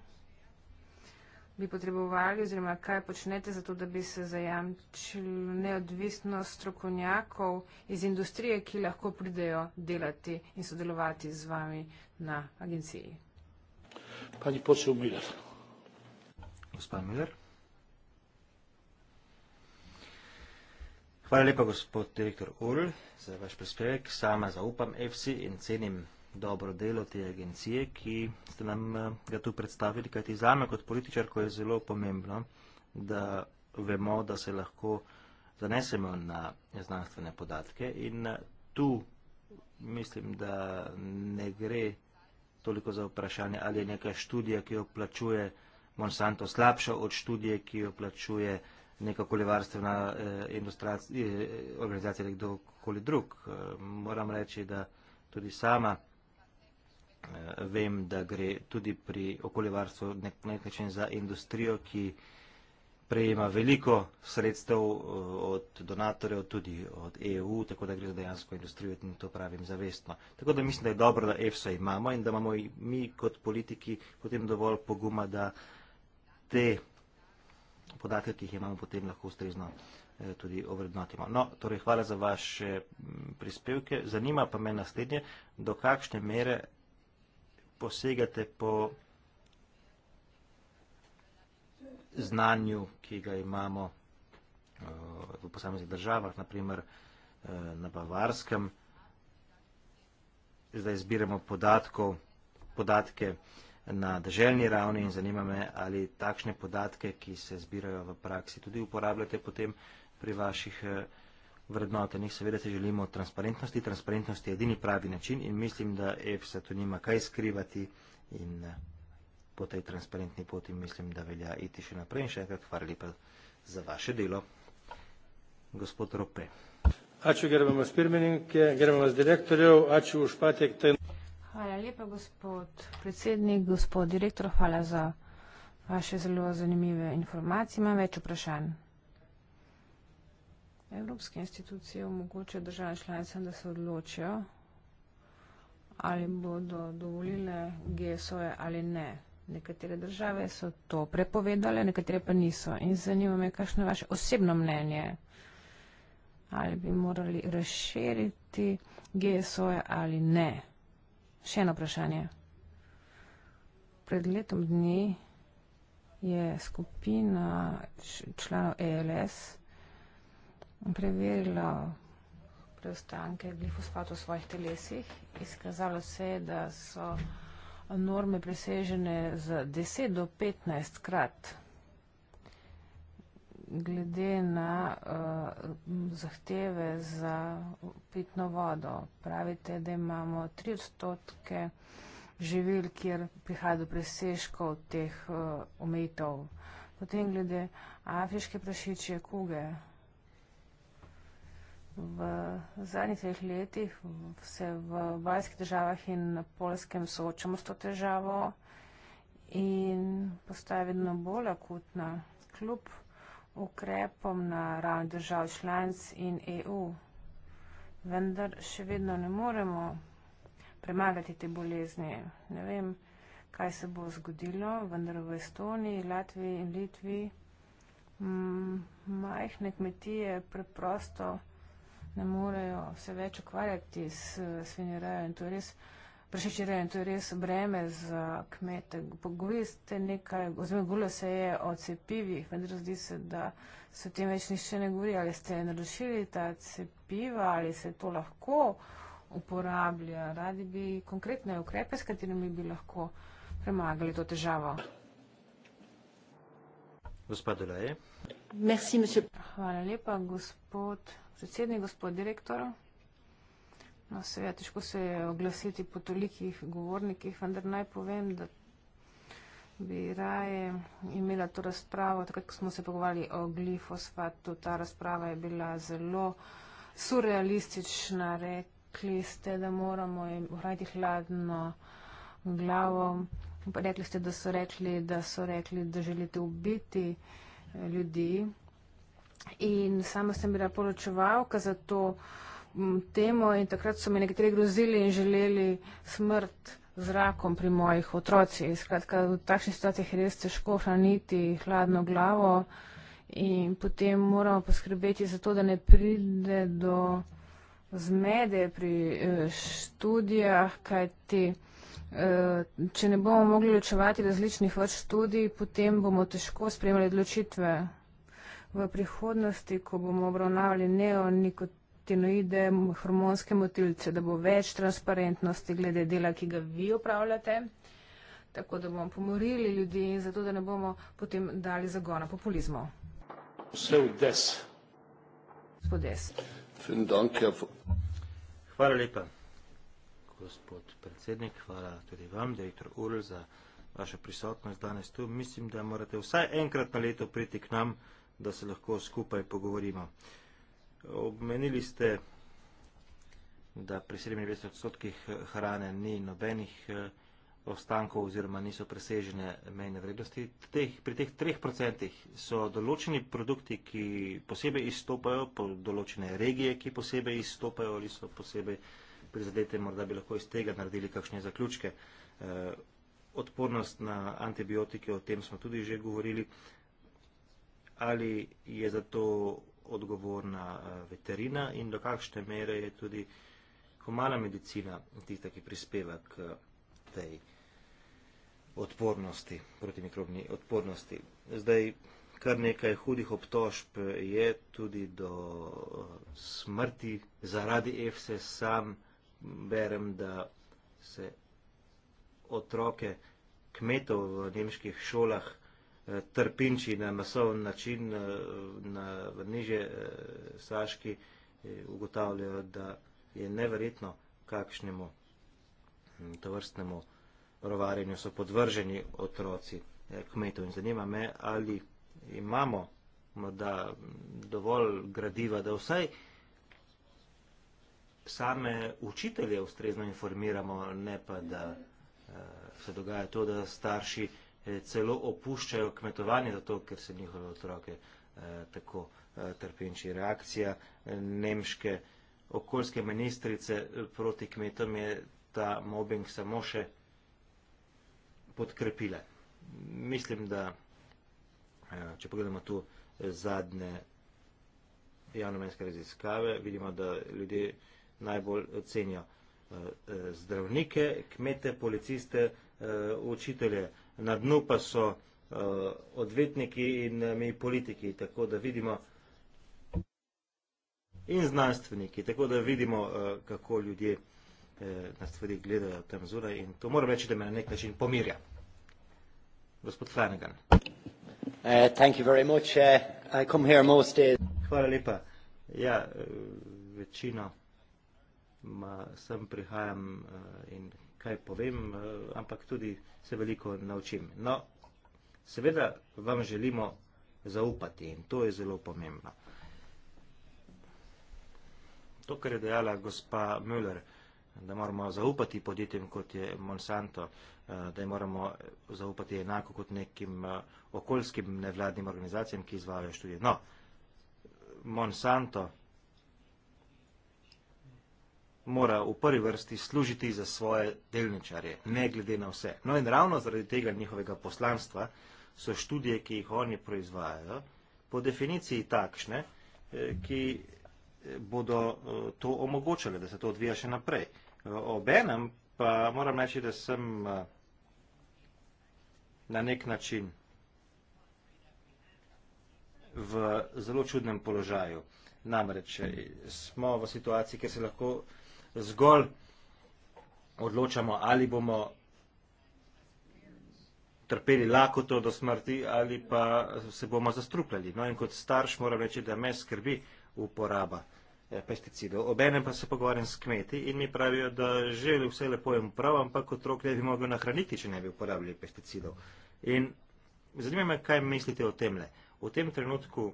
bi potrebovali oziroma kaj počnete za to, da bi se zajamčili neodvisnost strokovnjakov iz industrije, ki lahko pridejo delati in sodelovati z vami na agenciji. Pani Počev Miller. Gospod Miller. Hvala lepa, gospod direktor Ull, za vaš prispevek. Sama zaupam EFSI in cenim dobro delo te agencije, ki ste nam eh, ga tu predstavili, kajti zame kot političar, ko je zelo pomembno, da vemo, da se lahko zanesemo na znanstvene podatke in eh, tu mislim, da ne gre toliko za vprašanje, ali je neka študija, ki jo plačuje Monsanto slabša od študije, ki jo plačuje Monsanto neka okoljevarstvena eh, eh, organizacija ali kdokoli drug. Eh, moram reči, da tudi sama eh, vem, da gre tudi pri okoljevarstvu nek, nek način za industrijo, ki prejema veliko sredstev eh, od donatorjev, tudi od EU, tako da gre za dejansko industrijo in to pravim zavestno. Tako da mislim, da je dobro, da EFSA imamo in da imamo mi kot politiki potem dovolj poguma, da te podatke, ki jih imamo potem lahko ustrezno eh, tudi ovrednotimo. No, torej hvala za vaše prispevke. Zanima pa me naslednje, do kakšne mere posegate po znanju, ki ga imamo eh, v posameznih državah, naprimer eh, na Bavarskem. Zdaj zbiramo podatkov, podatke podatke na državni ravni in zanima me, ali takšne podatke, ki se zbirajo v praksi, tudi uporabljate potem pri vaših eh, vrednotenih. Seveda se želimo transparentnosti. Transparentnost je edini pravi način in mislim, da EFSA tu nima kaj skrivati in eh, po tej transparentni poti mislim, da velja iti še naprej in še enkrat hvala lepa za vaše delo. Gospod Rope. Aču gerbamas pirmininkė, gerbamas direktoriau, ačiū už patiektą. Hvala lepa, gospod predsednik, gospod direktor. Hvala za vaše zelo zanimive informacije. Imam več vprašanj. Evropske institucije omogočajo državam članicam, da se odločijo, ali bodo dovolile GSO-je ali ne. Nekatere države so to prepovedale, nekatere pa niso. In zanima me, kakšno je vaše osebno mnenje, ali bi morali razširiti GSO-je ali ne. Še eno vprašanje. Pred letom dni je skupina članov ELS preverila preostanke glifosfatov v svojih telesih. Izkazalo se je, da so norme presežene z 10 do 15 krat glede na uh, zahteve za pitno vodo. Pravite, da imamo tri odstotke živil, kjer prihaja do presežkov teh uh, omejitev. Potem glede afriške prašičje kuge. V zadnjih treh letih se v baljskih državah in na polskem soočamo s to težavo in postaje vedno bolj akutna. Kljub ukrepom na ravni držav članic in EU. Vendar še vedno ne moremo premagati te bolezni. Ne vem, kaj se bo zgodilo, vendar v Estoniji, Latviji in Litvi mm, majhne kmetije preprosto ne morejo se več ukvarjati s svinjerejo in to je res prešičirajo to res breme za kmete. Pogovorili ste nekaj, oziroma govorilo se je o cepivih, vendar zdi se, da se o tem več nišče ne govori. Ali ste narušili ta cepiva, ali se to lahko uporablja? Radi bi konkretne ukrepe, s katerimi bi lahko premagali to težavo. Gospod Deleje. Hvala lepa, gospod predsednik, gospod direktor. No, seveda, težko se je oglasiti po tolikih govornikih, vendar naj povem, da bi raje imela to razpravo, takrat, ko smo se pogovarjali o glifosfatu, ta razprava je bila zelo surrealistična. Rekli ste, da moramo ohraniti hladno glavo. Rekli ste, da so rekli, da so rekli, da želite ubiti eh, ljudi. In sama sem bila poročevalka za to, temo in takrat so mi nekateri grozili in želeli smrt z rakom pri mojih otrocih. Skratka, v takšnih situacijah je res težko hraniti hladno glavo in potem moramo poskrbeti za to, da ne pride do zmede pri e, študijah, kajti e, če ne bomo mogli ločevati različnih vrst študij, potem bomo težko spremljali odločitve. V prihodnosti, ko bomo obravnavali neonikotin, kreatinoide, hormonske motilce, da bo več transparentnosti glede dela, ki ga vi upravljate, tako da bomo pomorili ljudi in zato, da ne bomo potem dali zagona populizmu. Vse v des. Spodes. Hvala lepa, gospod predsednik, hvala tudi vam, direktor Url, za vašo prisotnost danes tu. Mislim, da morate vsaj enkrat na leto priti k nam, da se lahko skupaj pogovorimo. Obmenili ste, da pri 97 odstotkih hrane ni nobenih eh, ostankov oziroma niso presežene mejne vrednosti. Teh, pri teh 3 odstotkih so določeni produkti, ki posebej izstopajo, po določene regije, ki posebej izstopajo ali so posebej prizadete, morda bi lahko iz tega naredili kakšne zaključke. Eh, odpornost na antibiotike, o tem smo tudi že govorili. Ali je za to odgovorna eh, veterina in do kakšne mere je tudi humana medicina tista, ki prispeva k tej odpornosti, protimikrobni odpornosti. Zdaj, kar nekaj hudih obtožb je tudi do eh, smrti zaradi EFSE, sam berem, da se otroke kmetov v nemških šolah Eh, trpinči na masovn način eh, na vrniže eh, Saški ugotavljajo, da je neverjetno kakšnemu hm, tovrstnemu rovarjenju so podvrženi otroci kmetov. In zanima me, ali imamo morda dovolj gradiva, da vsaj same učitelje ustrezno informiramo, ne pa da se dogaja to, da starši vsega, Eh, celo opuščajo kmetovanje zato, ker se njihove otroke eh, tako eh, trpinči. Reakcija nemške okoljske ministrice proti kmetom je ta mobbing samo še podkrepila. Mislim, da če pogledamo tu zadnje javnomenske raziskave, vidimo, da ljudje najbolj cenijo zdravnike, kmete, policiste, učitelje, učitelje, na dnu pa so uh, odvetniki in uh, mi politiki, tako da vidimo in znanstveniki, tako da vidimo, uh, kako ljudje uh, na stvari gledajo tam zunaj in to moram reči, da me na nek način pomirja. Gospod Flanagan. Uh, thank you very much. Uh, I come here most days. Hvala lepa. Ja, večino ma, sem prihajam uh, in kaj povem, eh, ampak tudi se veliko naučim. No, seveda vam želimo zaupati in to je zelo pomembno. To, kar je dejala gospa Müller, da moramo zaupati podjetjem, kot je Monsanto, eh, da jim moramo zaupati enako kot nekim eh, okoljskim nevladnim organizacijam, ki izvajo študije. No, Monsanto mora v prvi vrsti služiti za svoje delničarje, ne glede na vse. No in ravno zaradi tega njihovega poslanstva so študije, ki jih oni proizvajajo, po definiciji takšne, eh, ki eh, bodo eh, to omogočale, da se to odvija še naprej. Obenem pa moram reči, da sem na nek način v zelo čudnem položaju. Namreč smo v situaciji, kjer se lahko zgolj odločamo, ali bomo trpeli lakoto do smrti ali pa se bomo zastrupljali. No in kot starš moram reči, da me skrbi uporaba eh, pesticidov. Obenem pa se pogovarjam s kmeti in mi pravijo, da že vse lepo je prav, ampak otrok ne bi mogel nahraniti, če ne bi uporabljali pesticidov. In zanima me, kaj mislite o tem le. V tem trenutku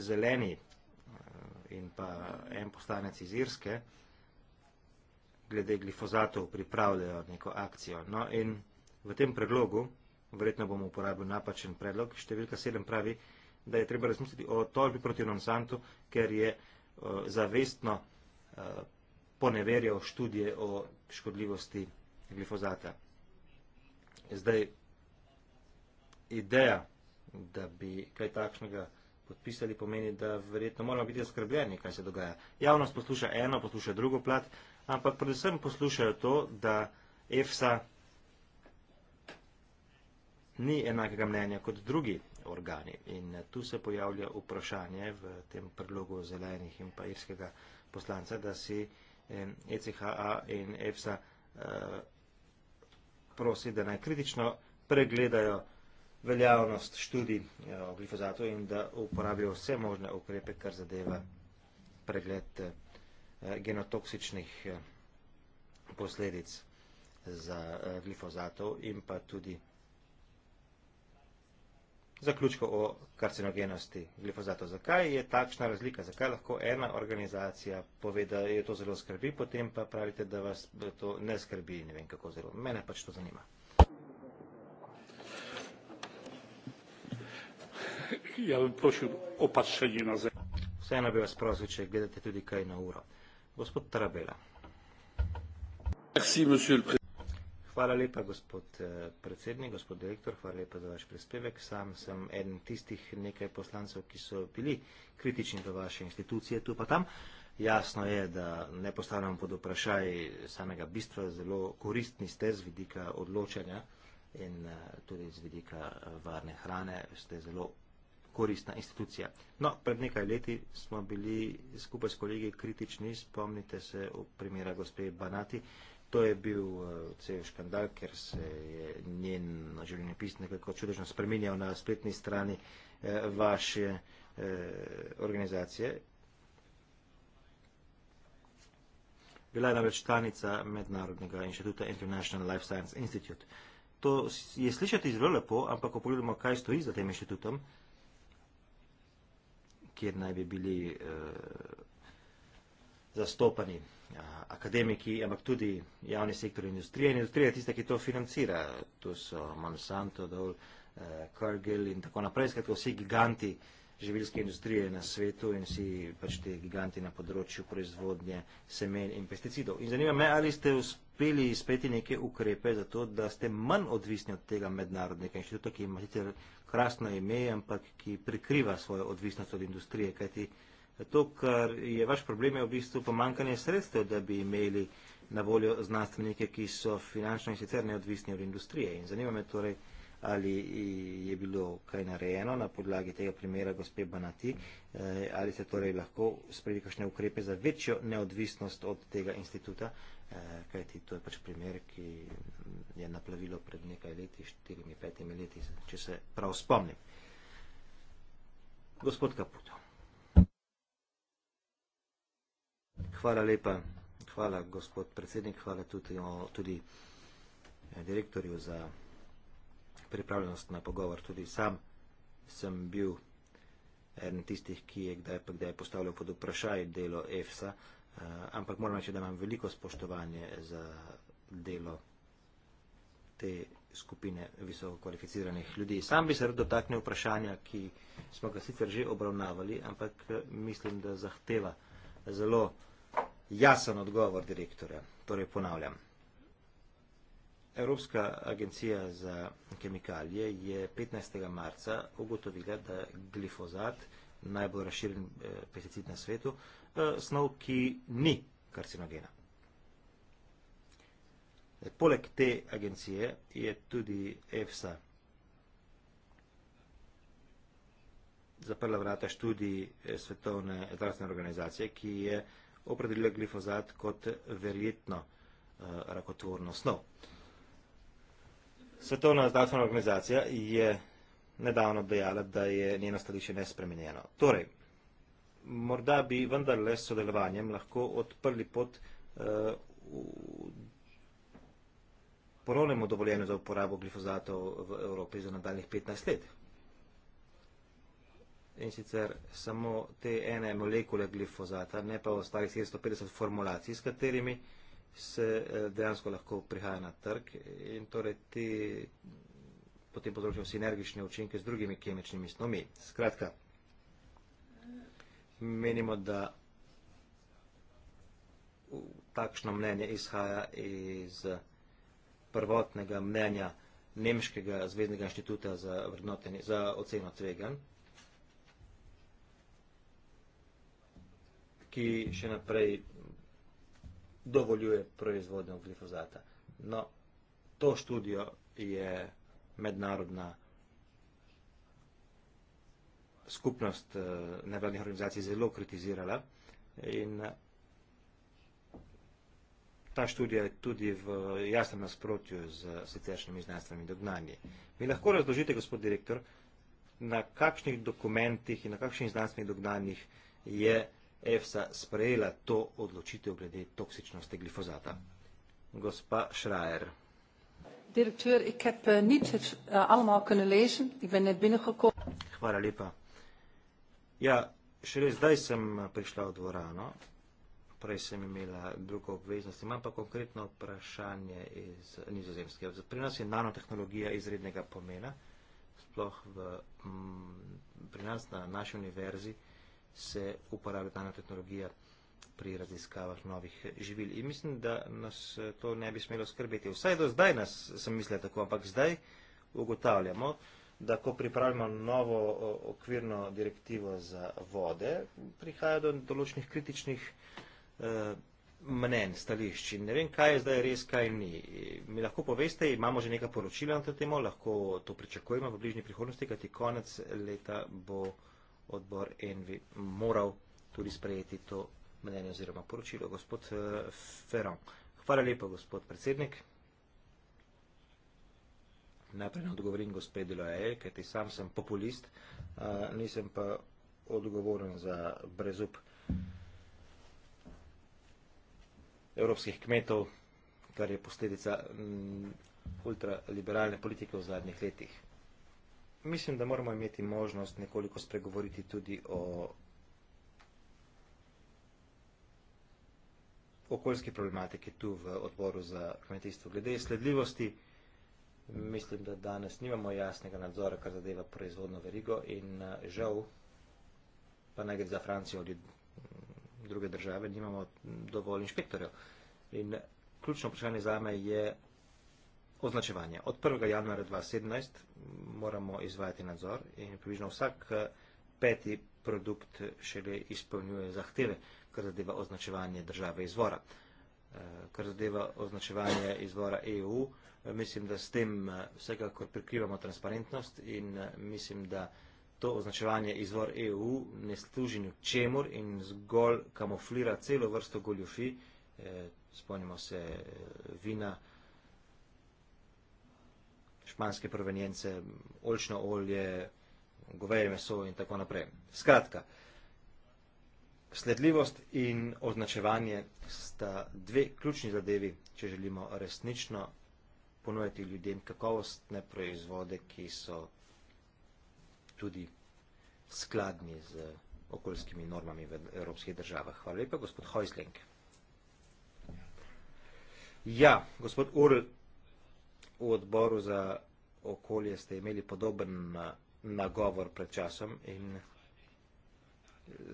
zeleni eh, in pa en poslanec iz Irske, glede glifozatov pripravljajo neko akcijo. No in v tem predlogu, verjetno bomo uporabili napačen predlog, številka 7 pravi, da je treba razmisliti o tolbi proti Monsantu, ker je uh, zavestno uh, poneverjal študije o škodljivosti glifozata. Zdaj, ideja, da bi kaj takšnega podpisali, pomeni, da verjetno moramo biti oskrbljeni, kaj se dogaja. Javnost posluša eno, posluša drugo plat, uh, ampak predvsem poslušajo to, da EFSA ni enakega mnenja kot drugi organi. In tu se pojavlja vprašanje v tem predlogu zelenih in pa irskega poslanca, da si ECHA e in EFSA eh, prosi, da naj kritično pregledajo veljavnost študij eh, o glifozatu in da uporabijo vse možne ukrepe, kar zadeva pregled glifozatu. Eh, Eh, genotoksičnih eh, posledic za eh, glifozatov in pa tudi zaključko o karcinogenosti glifozatov. Zakaj je takšna razlika? Zakaj lahko ena organizacija pove, da je to zelo skrbi, potem pa pravite, da vas to ne skrbi, ne vem kako zelo. Mene pač to zanima. Ja bi prosil opatšenje na zemlji. Vseeno bi vas prosil, če gledate tudi kaj na uro. Gospod Tarabela. Hvala lepa, gospod eh, predsednik, gospod direktor, hvala lepa za vaš prispevek. Sam sem eden tistih nekaj poslancev, ki so bili kritični do vaše institucije tu pa tam. Jasno je, da ne postavljam pod vprašaj samega bistva, zelo koristni ste z vidika odločanja in eh, tudi z vidika eh, varne hrane, ste zelo koristna institucija. No, pred nekaj leti smo bili skupaj s kolegi kritični, spomnite se o primera gospe Banati, to je bil eh, cel škandal, ker se je njen življenjepis nekako čudežno spreminjal na spletni strani eh, vaše eh, organizacije. Bila je namreč članica Mednarodnega inštituta International Life Science Institute. To je slišati zelo lepo, ampak ko pogledamo, kaj stoji za tem inštitutom, kjer naj bi bili eh, zastopani eh, akademiki, ampak tudi javni sektor industrije. In industrija je tista, ki to financira. Tu so Monsanto, Dol, eh, Cargill in tako naprej. Skratka, vsi giganti živilske industrije na svetu in vsi pač ti giganti na področju proizvodnje semen in pesticidov. In zanima me, ali ste uspeli izpeti neke ukrepe za to, da ste manj odvisni od tega mednarodnega inštituta, ki ima sicer krasno ime, ampak ki prikriva svojo odvisnost od industrije. Kajti to, kar je vaš problem, je v bistvu pomankanje sredstev, da bi imeli na voljo znanstvenike, ki so finančno in sicer neodvisni od industrije. In zanima me torej, ali je bilo kaj narejeno na podlagi tega primera gospe Banati, eh, ali se torej lahko sprejeli kakšne ukrepe za večjo neodvisnost od tega instituta, eh, kajti to je pač primer, ki je naplavilo pred nekaj leti, štirimi, petimi leti, če se prav spomnim. Gospod Kaputo. Hvala lepa, hvala gospod predsednik, hvala tudi, tudi eh, direktorju za pripravljenost na pogovor. Tudi sam sem bil eden tistih, ki je kdaj, kdaj postavljal pod vprašaj delo EFSA, eh, ampak moram reči, da imam veliko spoštovanje za delo te skupine visoko kvalificiranih ljudi. Sam bi se rad dotaknil vprašanja, ki smo ga sicer že obravnavali, ampak eh, mislim, da zahteva zelo jasen odgovor direktorja. Torej ponavljam. Evropska agencija za kemikalije je 15. marca ugotovila, da glifozat, najbolj razširjen eh, pesticid na svetu, eh, snov, ki ni karcinogena. Eh, poleg te agencije je tudi EFSA zaprla vrata študij Svetovne zdravstvene organizacije, ki je opredelila glifozat kot verjetno rakotvorno snov. Svetovna zdravstvena organizacija je nedavno dejala, da je njeno stališče nespremenjeno. Torej, morda bi vendarle s sodelovanjem lahko odprli pot uh, ponovnemu dovoljenju za uporabo glifozatov v Evropi za nadaljnih 15 let. In sicer samo te ene molekule glifozata, ne pa ostalih 750 formulacij, s katerimi uh, se eh, dejansko lahko prihaja na trg in torej ti potem povzročijo sinergične učinke z drugimi kemičnimi snovmi. Skratka, menimo, da takšno mnenje izhaja iz prvotnega mnenja Nemškega zvezdnega inštituta za, za oceno tvegan, ki še naprej dovoljuje proizvodnjo glifozata. No, to študijo je mednarodna skupnost eh, nevladnih organizacij zelo kritizirala in eh, ta študija je tudi v jasnem nasprotju z siceršnjimi znanstvenimi dognanji. Mi lahko razložite, gospod direktor, na kakšnih dokumentih in na kakšnih znanstvenih dognanjih je EFSA sprejela to odločitev glede toksičnosti glifozata. Gospa Schreier. Direktor, ik heb eh, niet het eh, allemaal kunnen lezen. Ik ben net binnengekomen. Hvala lepa. Ja, šele zdaj sem eh, prišla v dvorano. Prej sem imela drugo obveznost. Imam pa konkretno vprašanje iz nizozemske. Pri nas je nanotehnologija izrednega pomena. Sploh v, m, mm, pri nas na naši univerzi se uporablja ta tehnologija pri raziskavah novih živil. In mislim, da nas eh, to ne bi smelo skrbeti. Vsaj do zdaj nas sem mislila tako, ampak zdaj ugotavljamo, da ko pripravljamo novo okvirno direktivo za vode, prihaja do določenih kritičnih eh, mnen, stališč. In ne vem, kaj je zdaj res, kaj ni. Mi lahko poveste, imamo že neka poročila na to temo, lahko to pričakujemo v bližnji prihodnosti, kajti konec leta bo odbor Envi moral tudi sprejeti to mnenje oziroma poročilo. Gospod eh, Ferran, hvala lepa, gospod predsednik. Najprej ne odgovorim gospod Deloje, ker ti sam sem populist, eh, nisem pa odgovoren za brezup evropskih kmetov, kar je posledica mm, ultraliberalne politike v zadnjih letih mislim, da moramo imeti možnost nekoliko spregovoriti tudi o okoljski problematiki tu v odboru za kmetijstvo. Glede sledljivosti, mislim, da danes nimamo jasnega nadzora, kar zadeva proizvodno verigo in eh, žal, pa naj gre za Francijo ali druge države, nimamo dovolj inšpektorjev. In eh, ključno vprašanje za me je, označevanje. Od 1. januara 2017 moramo izvajati nadzor in približno vsak eh, peti produkt šele izpolnjuje zahteve, kar zadeva označevanje države izvora. Eh, kar zadeva označevanje izvora EU, eh, mislim, da s tem vsekakor prikrivamo transparentnost in mislim, da to označevanje izvor EU ne služi v čemur in zgolj kamuflira celo vrsto goljufi, spomnimo se vina, španske provenjence, oljčno olje, goveje meso in tako naprej. Skratka, sledljivost in označevanje sta dve ključni zadevi, če želimo resnično ponujati ljudem kakovostne proizvode, ki so tudi skladni z okoljskimi normami v evropskih državah. Hvala lepa, gospod Hojzlenk. Ja, gospod Url, v odboru za okolje ste imeli podoben eh, nagovor pred časom in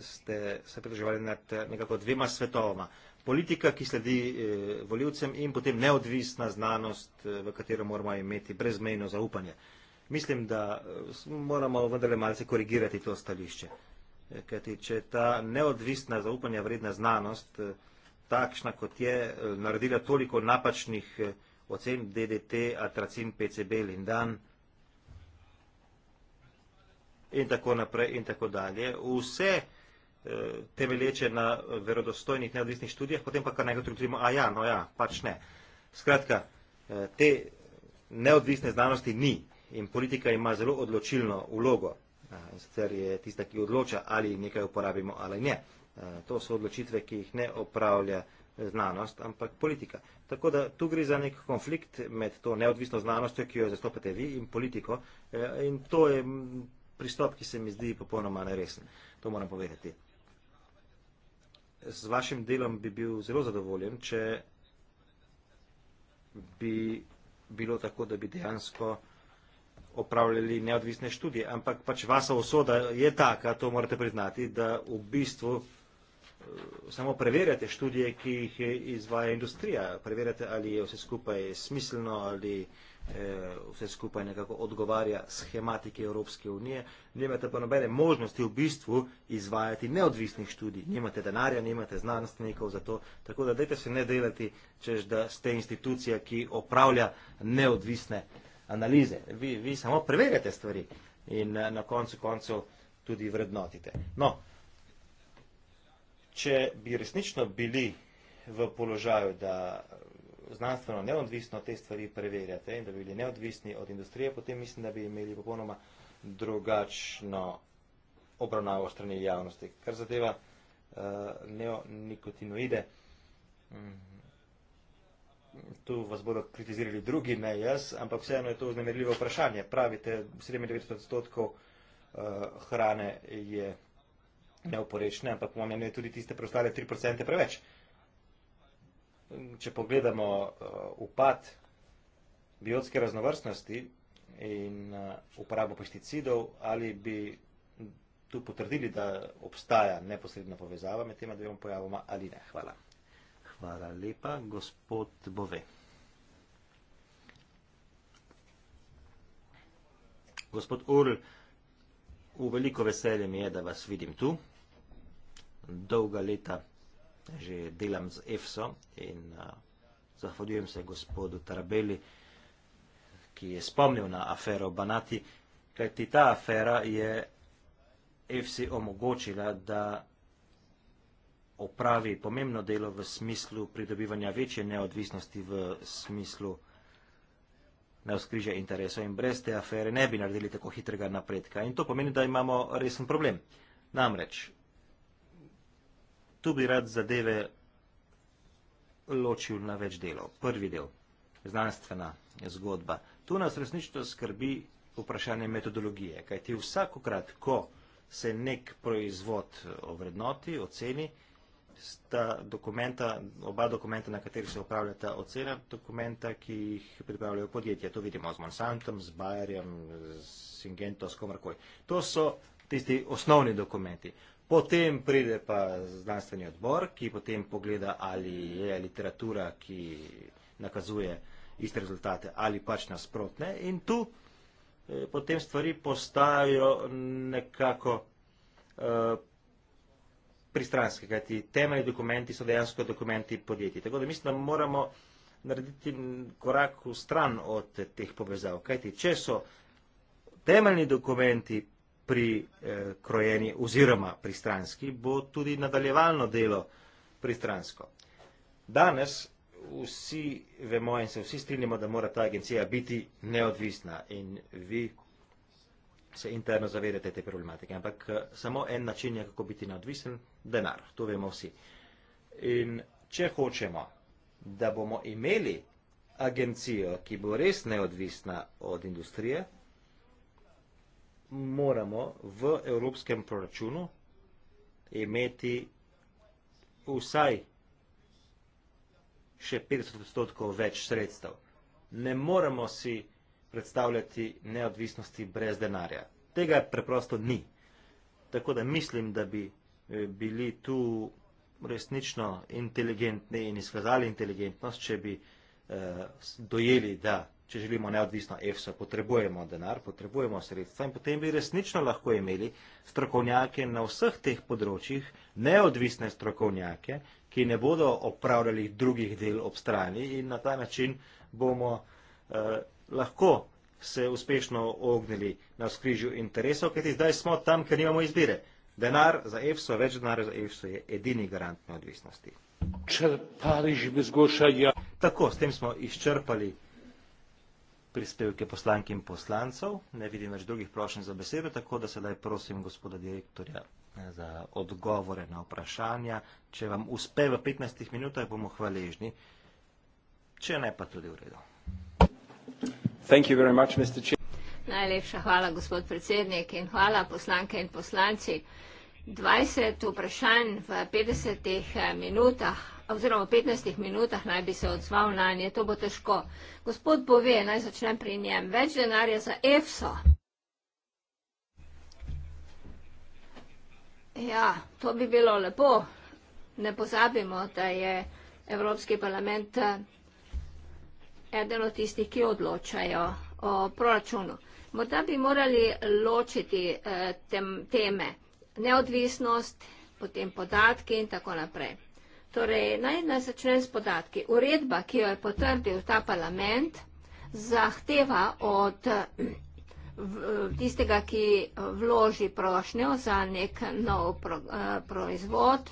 ste se pridržovali nad eh, nekako dvema svetovoma. Politika, ki sledi eh, voljivcem in potem neodvisna znanost, eh, v katero moramo imeti brezmejno zaupanje. Mislim, da moramo vendarle malce korigirati to stališče. Kajti, če ta neodvisna zaupanja vredna znanost, takšna kot je, naredila toliko napačnih eh, Ocem DDT, atracin, PCB, lindan in tako naprej in tako dalje. Vse eh, temelječe na verodostojnih neodvisnih študijah, potem pa kar nekaj trudimo, a ja, no ja, pač ne. Skratka, eh, te neodvisne znanosti ni in politika ima zelo odločilno ulogo. Eh, in sicer je tista, ki odloča, ali nekaj uporabimo ali ne. To so odločitve, ki jih ne opravlja politika znanost, ampak politika. Tako da tu gre za nek konflikt med to neodvisno znanostjo, ki jo zastopate vi, in politiko. Eh, in to je mm, pristop, ki se mi zdi popolnoma neresen. To moram povedati. Z vašim delom bi bil zelo zadovoljen, če bi bilo tako, da bi dejansko opravljali neodvisne študije. Ampak pač vaša usoda je taka, to morate priznati, da v bistvu samo preverjate študije, ki jih izvaja industrija, preverjate, ali je vse skupaj smiselno, ali eh, vse skupaj nekako odgovarja schematike Evropske unije, nimate pa nobene možnosti v bistvu izvajati neodvisnih študij, nimate denarja, nimate znanstvenikov za to, tako da dajte se ne delati, češ da ste institucija, ki opravlja neodvisne analize. Vi, vi samo preverjate stvari in eh, na koncu koncu tudi vrednotite. No, če bi resnično bili v položaju, da znanstveno neodvisno te stvari preverjate in da bi bili neodvisni od industrije, potem mislim, da bi imeli popolnoma drugačno obravnavo strani javnosti. Kar zadeva uh, neonikotinoide, mm, tu vas bodo kritizirali drugi, ne jaz, ampak vseeno je to vznemirljivo vprašanje. Pravite, 97% uh, eh, hrane je neoporečne, ampak po meni je tudi tiste preostale 3% preveč. Če pogledamo uh, upad biotske raznovrstnosti in uh, uporabo pesticidov, ali bi tu potrdili, da obstaja neposredna povezava med tema dvema pojavoma ali ne. Hvala. Hvala lepa, gospod Bove. Gospod Url, v veliko veselje mi je, da vas vidim tu dolga leta že delam z EFSO in uh, zahvaljujem se gospodu Tarabeli, ki je spomnil na afero Banati, kajti ta afera je EFSI omogočila, da opravi pomembno delo v smislu pridobivanja večje neodvisnosti v smislu neuskrižja interesov in brez te afere ne bi naredili tako hitrega napredka. In to pomeni, da imamo resen problem. Namreč, tu bi rad zadeve ločil na več delov. Prvi del, znanstvena zgodba. Tu nas resnično skrbi vprašanje metodologije, kaj ti vsakokrat, ko se nek proizvod ovrednoti, oceni, sta dokumenta, oba dokumenta, na katerih se upravlja ta ocena, dokumenta, ki jih pripravljajo podjetja. To vidimo z Monsantom, z Bayerjem, z Singento, s komarkoli. To so tisti osnovni dokumenti. Potem pride pa znanstveni odbor, ki potem pogleda, ali je literatura, ki nakazuje iste rezultate, ali pač nasprotne. In tu eh, potem stvari postajajo nekako eh, pristranske, kajti temeljni dokumenti so dejansko dokumenti podjetij. Tako da mislim, da moramo narediti korak v stran od teh povezav. Kajti, če so temeljni dokumenti pri eh, krojeni oziroma pri stranski, bo tudi nadaljevalno delo pri stransko. Danes vsi vemo in se vsi strinjamo, da mora ta agencija biti neodvisna in vi se interno zavedate te problematike. Ampak eh, samo en način je, kako biti neodvisen, denar. To vemo vsi. In če hočemo, da bomo imeli agencijo, ki bo res neodvisna od industrije, moramo v evropskem proračunu imeti vsaj še 50% več sredstev. Ne moramo si predstavljati neodvisnosti brez denarja. Tega preprosto ni. Tako da mislim, da bi eh, bili tu resnično inteligentni in izkazali inteligentnost, če bi eh, dojeli, da če želimo neodvisno EFSA, potrebujemo denar, potrebujemo sredstva in potem bi resnično lahko imeli strokovnjake na vseh teh področjih, neodvisne strokovnjake, ki ne bodo opravljali drugih del ob strani in na ta način bomo eh, lahko se uspešno ognili na skrižju interesov, kajti zdaj smo tam, ker nimamo izbire. Denar za EFSO, več denarja za EFSO je edini garant neodvisnosti. Črpali že bi zgošali. Ja. Tako, s tem smo izčrpali prispevke poslank in poslancev. Ne vidim več drugih prošenj za besedo, tako da sedaj prosim gospoda direktorja eh, za odgovore na vprašanja. Če vam uspe v 15 minutah, bomo hvaležni. Če ne, pa tudi v redu. Thank you very much, Mr. Najlepša hvala, gospod predsednik, in hvala poslanke in poslanci. 20 vprašanj v 50 eh, minutah oziroma v 15 minutah naj bi se odzval na nje, to bo težko. Gospod pove, naj začnem pri njem, več denarja za EFSO. Ja, to bi bilo lepo. Ne pozabimo, da je Evropski parlament eh, eden od tistih, ki odločajo o proračunu. Morda bi morali ločiti eh, tem, teme neodvisnost, potem podatki in tako naprej. Torej, naj naj začnem s podatki. Uredba, ki jo je potrdil ta parlament, zahteva od tistega, ki vloži prošnjo za nek nov eh, proizvod,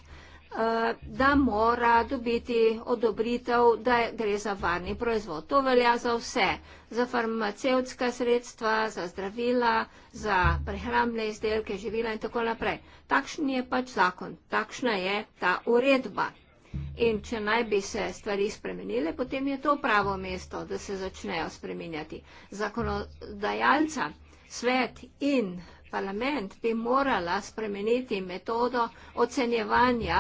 Eh, da mora dobiti odobritev, da gre za varni proizvod. To velja za vse, za farmacevtska sredstva, za zdravila, za prehrambne izdelke, živila in tako naprej. Takšen je pač zakon, takšna je ta uredba. In če naj bi se stvari spremenile, potem je to pravo mesto, da se začnejo spreminjati. Zakonodajalca, svet in parlament bi morala spremeniti metodo ocenjevanja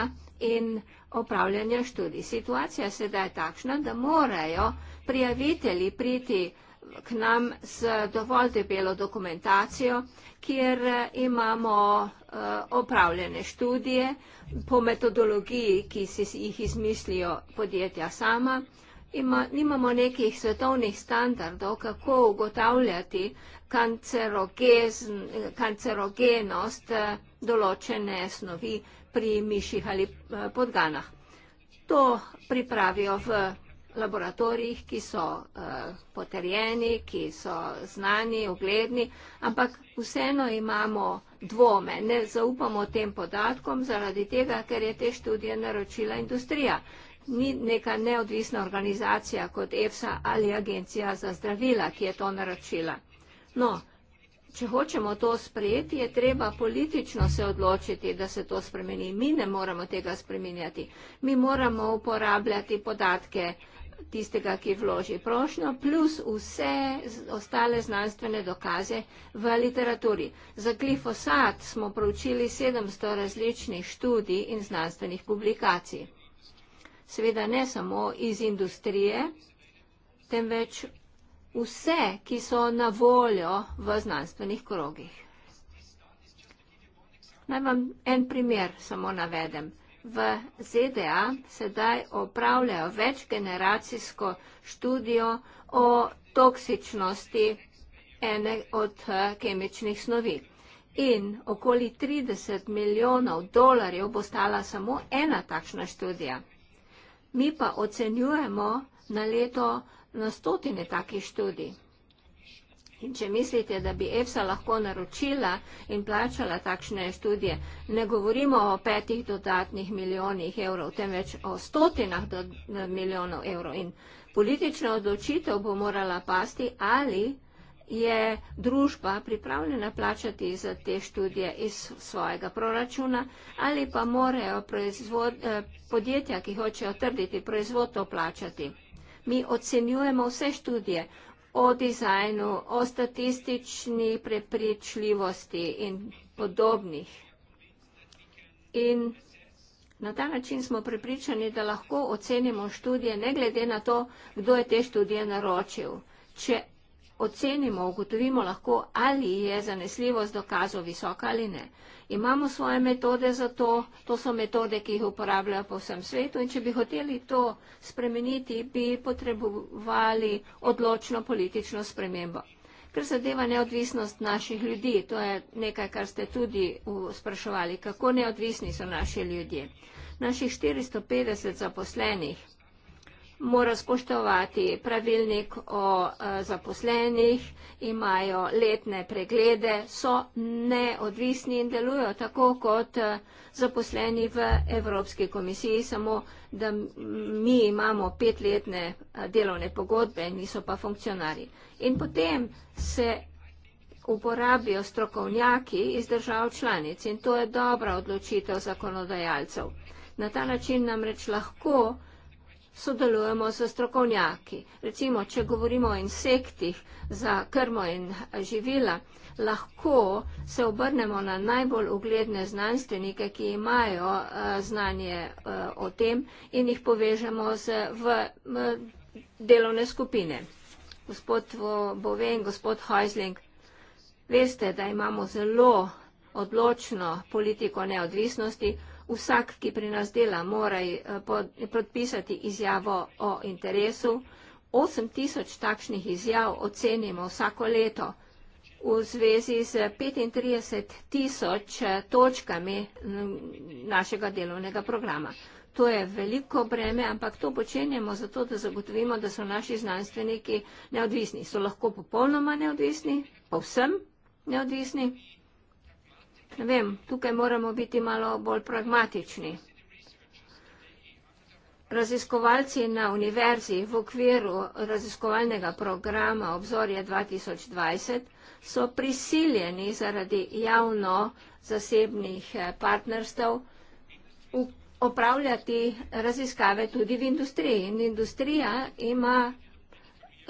in opravljanja študij. Situacija sedaj je takšna, da morajo prijavitelji priti k nam z dovolj debelo dokumentacijo, kjer eh, imamo eh, opravljene študije po metodologiji, ki si jih izmislijo podjetja sama. Ima, nimamo nekih svetovnih standardov, kako ugotavljati kancerogen, kancerogenost eh, določene snovi pri miših ali eh, podganah. To pripravijo v laboratorijih, ki so eh, potrjeni, ki so znani, ogledni, ampak vseeno imamo dvome, ne zaupamo tem podatkom zaradi tega, ker je te študije naročila industrija. Ni neka neodvisna organizacija kot EFSA ali Agencija za zdravila, ki je to naročila. No, če hočemo to sprejeti, je treba politično se odločiti, da se to spremeni. Mi ne moramo tega spremenjati. Mi moramo uporabljati podatke tistega, ki vloži prošnjo, plus vse ostale znanstvene dokaze v literaturi. Za glifosat smo proučili 700 različnih študij in znanstvenih publikacij. Seveda ne samo iz industrije, temveč vse, ki so na voljo v znanstvenih krogih. Naj vam en primer samo navedem. V ZDA sedaj opravljajo večgeneracijsko študijo o toksičnosti ene od eh, kemičnih snovi. In okoli 30 milijonov dolarjev bo stala samo ena takšna študija. Mi pa ocenjujemo na leto na stotine takih študij. In če mislite, da bi EFSA lahko naročila in plačala takšne študije, ne govorimo o petih dodatnih milijonih evrov, temveč o stotinah do, eh, milijonov evrov. In politična odločitev bo morala pasti, ali je družba pripravljena plačati za te študije iz svojega proračuna, ali pa morajo eh, podjetja, ki hočejo trditi proizvod, to plačati mi ocenjujemo vse študije o dizajnu, o statistični prepričljivosti in podobnih. In na ta način smo prepričani, da lahko ocenimo študije, ne glede na to, kdo je te študije naročil. Če ocenimo, ugotovimo lahko, ali je zanesljivost dokazov visoka ali ne. Imamo svoje metode za to, to so metode, ki jih uporabljajo po vsem svetu in če bi hoteli to spremeniti, bi potrebovali odločno politično spremembo. Ker zadeva neodvisnost naših ljudi, to je nekaj, kar ste tudi spraševali, kako neodvisni so naši ljudje. Naših 450 zaposlenih mora spoštovati pravilnik o eh, zaposlenih, imajo letne preglede, so neodvisni in delujo tako kot eh, zaposleni v Evropski komisiji, samo da mi imamo petletne eh, delovne pogodbe, niso pa funkcionari. In potem se uporabijo strokovnjaki iz držav članic in to je dobra odločitev zakonodajalcev. Na ta način namreč lahko sodelujemo z strokovnjaki. Recimo, če govorimo o insektih za krmo in živila, lahko se obrnemo na najbolj ugledne znanstvenike, ki imajo eh, znanje eh, o tem in jih povežemo z, v, v delovne skupine. Gospod Boven, gospod Heusling, veste, da imamo zelo odločno politiko neodvisnosti, vsak, ki pri nas dela, mora eh, podpisati izjavo o interesu. 8 tisoč takšnih izjav ocenimo vsako leto v zvezi z 35 tisoč eh, točkami našega delovnega programa. To je veliko breme, ampak to počenjamo zato, da zagotovimo, da so naši znanstveniki neodvisni. So lahko popolnoma neodvisni, povsem neodvisni. Ne vem, tukaj moramo biti malo bolj pragmatični. Raziskovalci na univerzi v okviru raziskovalnega programa Obzorje 2020 so prisiljeni zaradi javno-zasebnih eh, partnerstv opravljati raziskave tudi v industriji. In industrija ima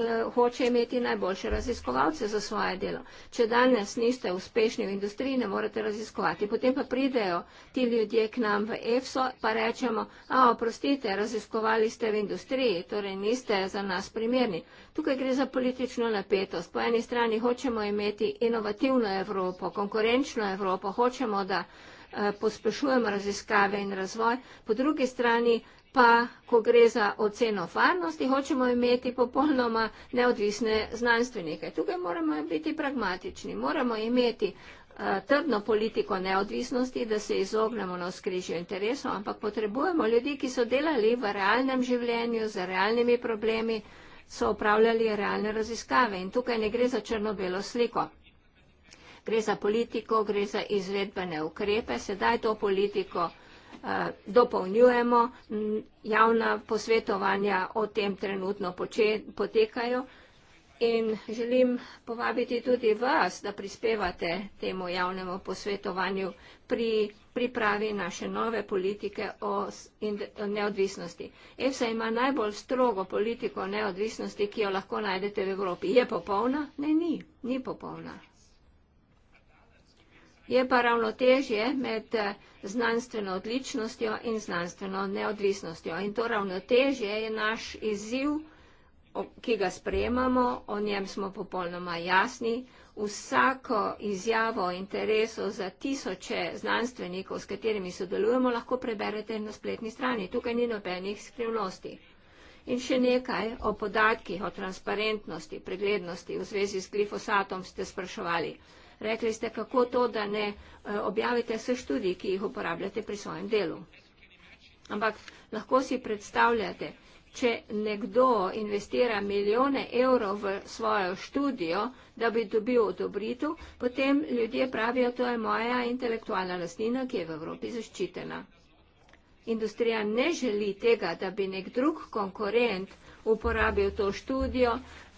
Eh, hoče imeti najboljše raziskovalce za svoje delo. Če danes niste uspešni v industriji, ne morete raziskovati. Potem pa pridejo ti ljudje k nam v EFSO, pa rečemo, a oprostite, raziskovali ste v industriji, torej niste za nas primerni. Tukaj gre za politično napetost. Po eni strani hočemo imeti inovativno Evropo, konkurenčno Evropo, hočemo, da eh, pospešujemo raziskave in razvoj, po drugi strani pa ko gre za oceno varnosti, hočemo imeti popolnoma neodvisne znanstvenike. Tukaj moramo biti pragmatični, moramo imeti eh, trdno politiko neodvisnosti, da se izognemo na skrižju interesov, ampak potrebujemo ljudi, ki so delali v realnem življenju z realnimi problemi, so upravljali realne raziskave. In tukaj ne gre za črno-belo sliko. Gre za politiko, gre za izvedbene ukrepe, sedaj to politiko Eh, dopolnjujemo. Javna posvetovanja o tem trenutno potekajo. In želim povabiti tudi vas, da prispevate temu javnemu posvetovanju pri pripravi naše nove politike o neodvisnosti. EFSA ima najbolj strogo politiko neodvisnosti, ki jo lahko najdete v Evropi. Je popolna? Ne, ni. Ni popolna je pa ravnotežje med eh, znanstveno odličnostjo in znanstveno neodvisnostjo. In to ravnotežje je naš izziv, ki ga sprejemamo, o njem smo popolnoma jasni. Vsako izjavo interesov za tisoče znanstvenikov, s katerimi sodelujemo, lahko preberete na spletni strani. Tukaj ni nobenih skrivnosti. In še nekaj o podatkih, o transparentnosti, preglednosti v zvezi s glifosatom ste spraševali rekli ste, kako to, da ne eh, objavite vse študij, ki jih uporabljate pri svojem delu. Ampak lahko si predstavljate, če nekdo investira milijone evrov v svojo študijo, da bi dobil odobritu, potem ljudje pravijo, to je moja intelektualna lastnina, ki je v Evropi zaščitena. Industrija ne želi tega, da bi nek drug konkurent uporabil to študijo,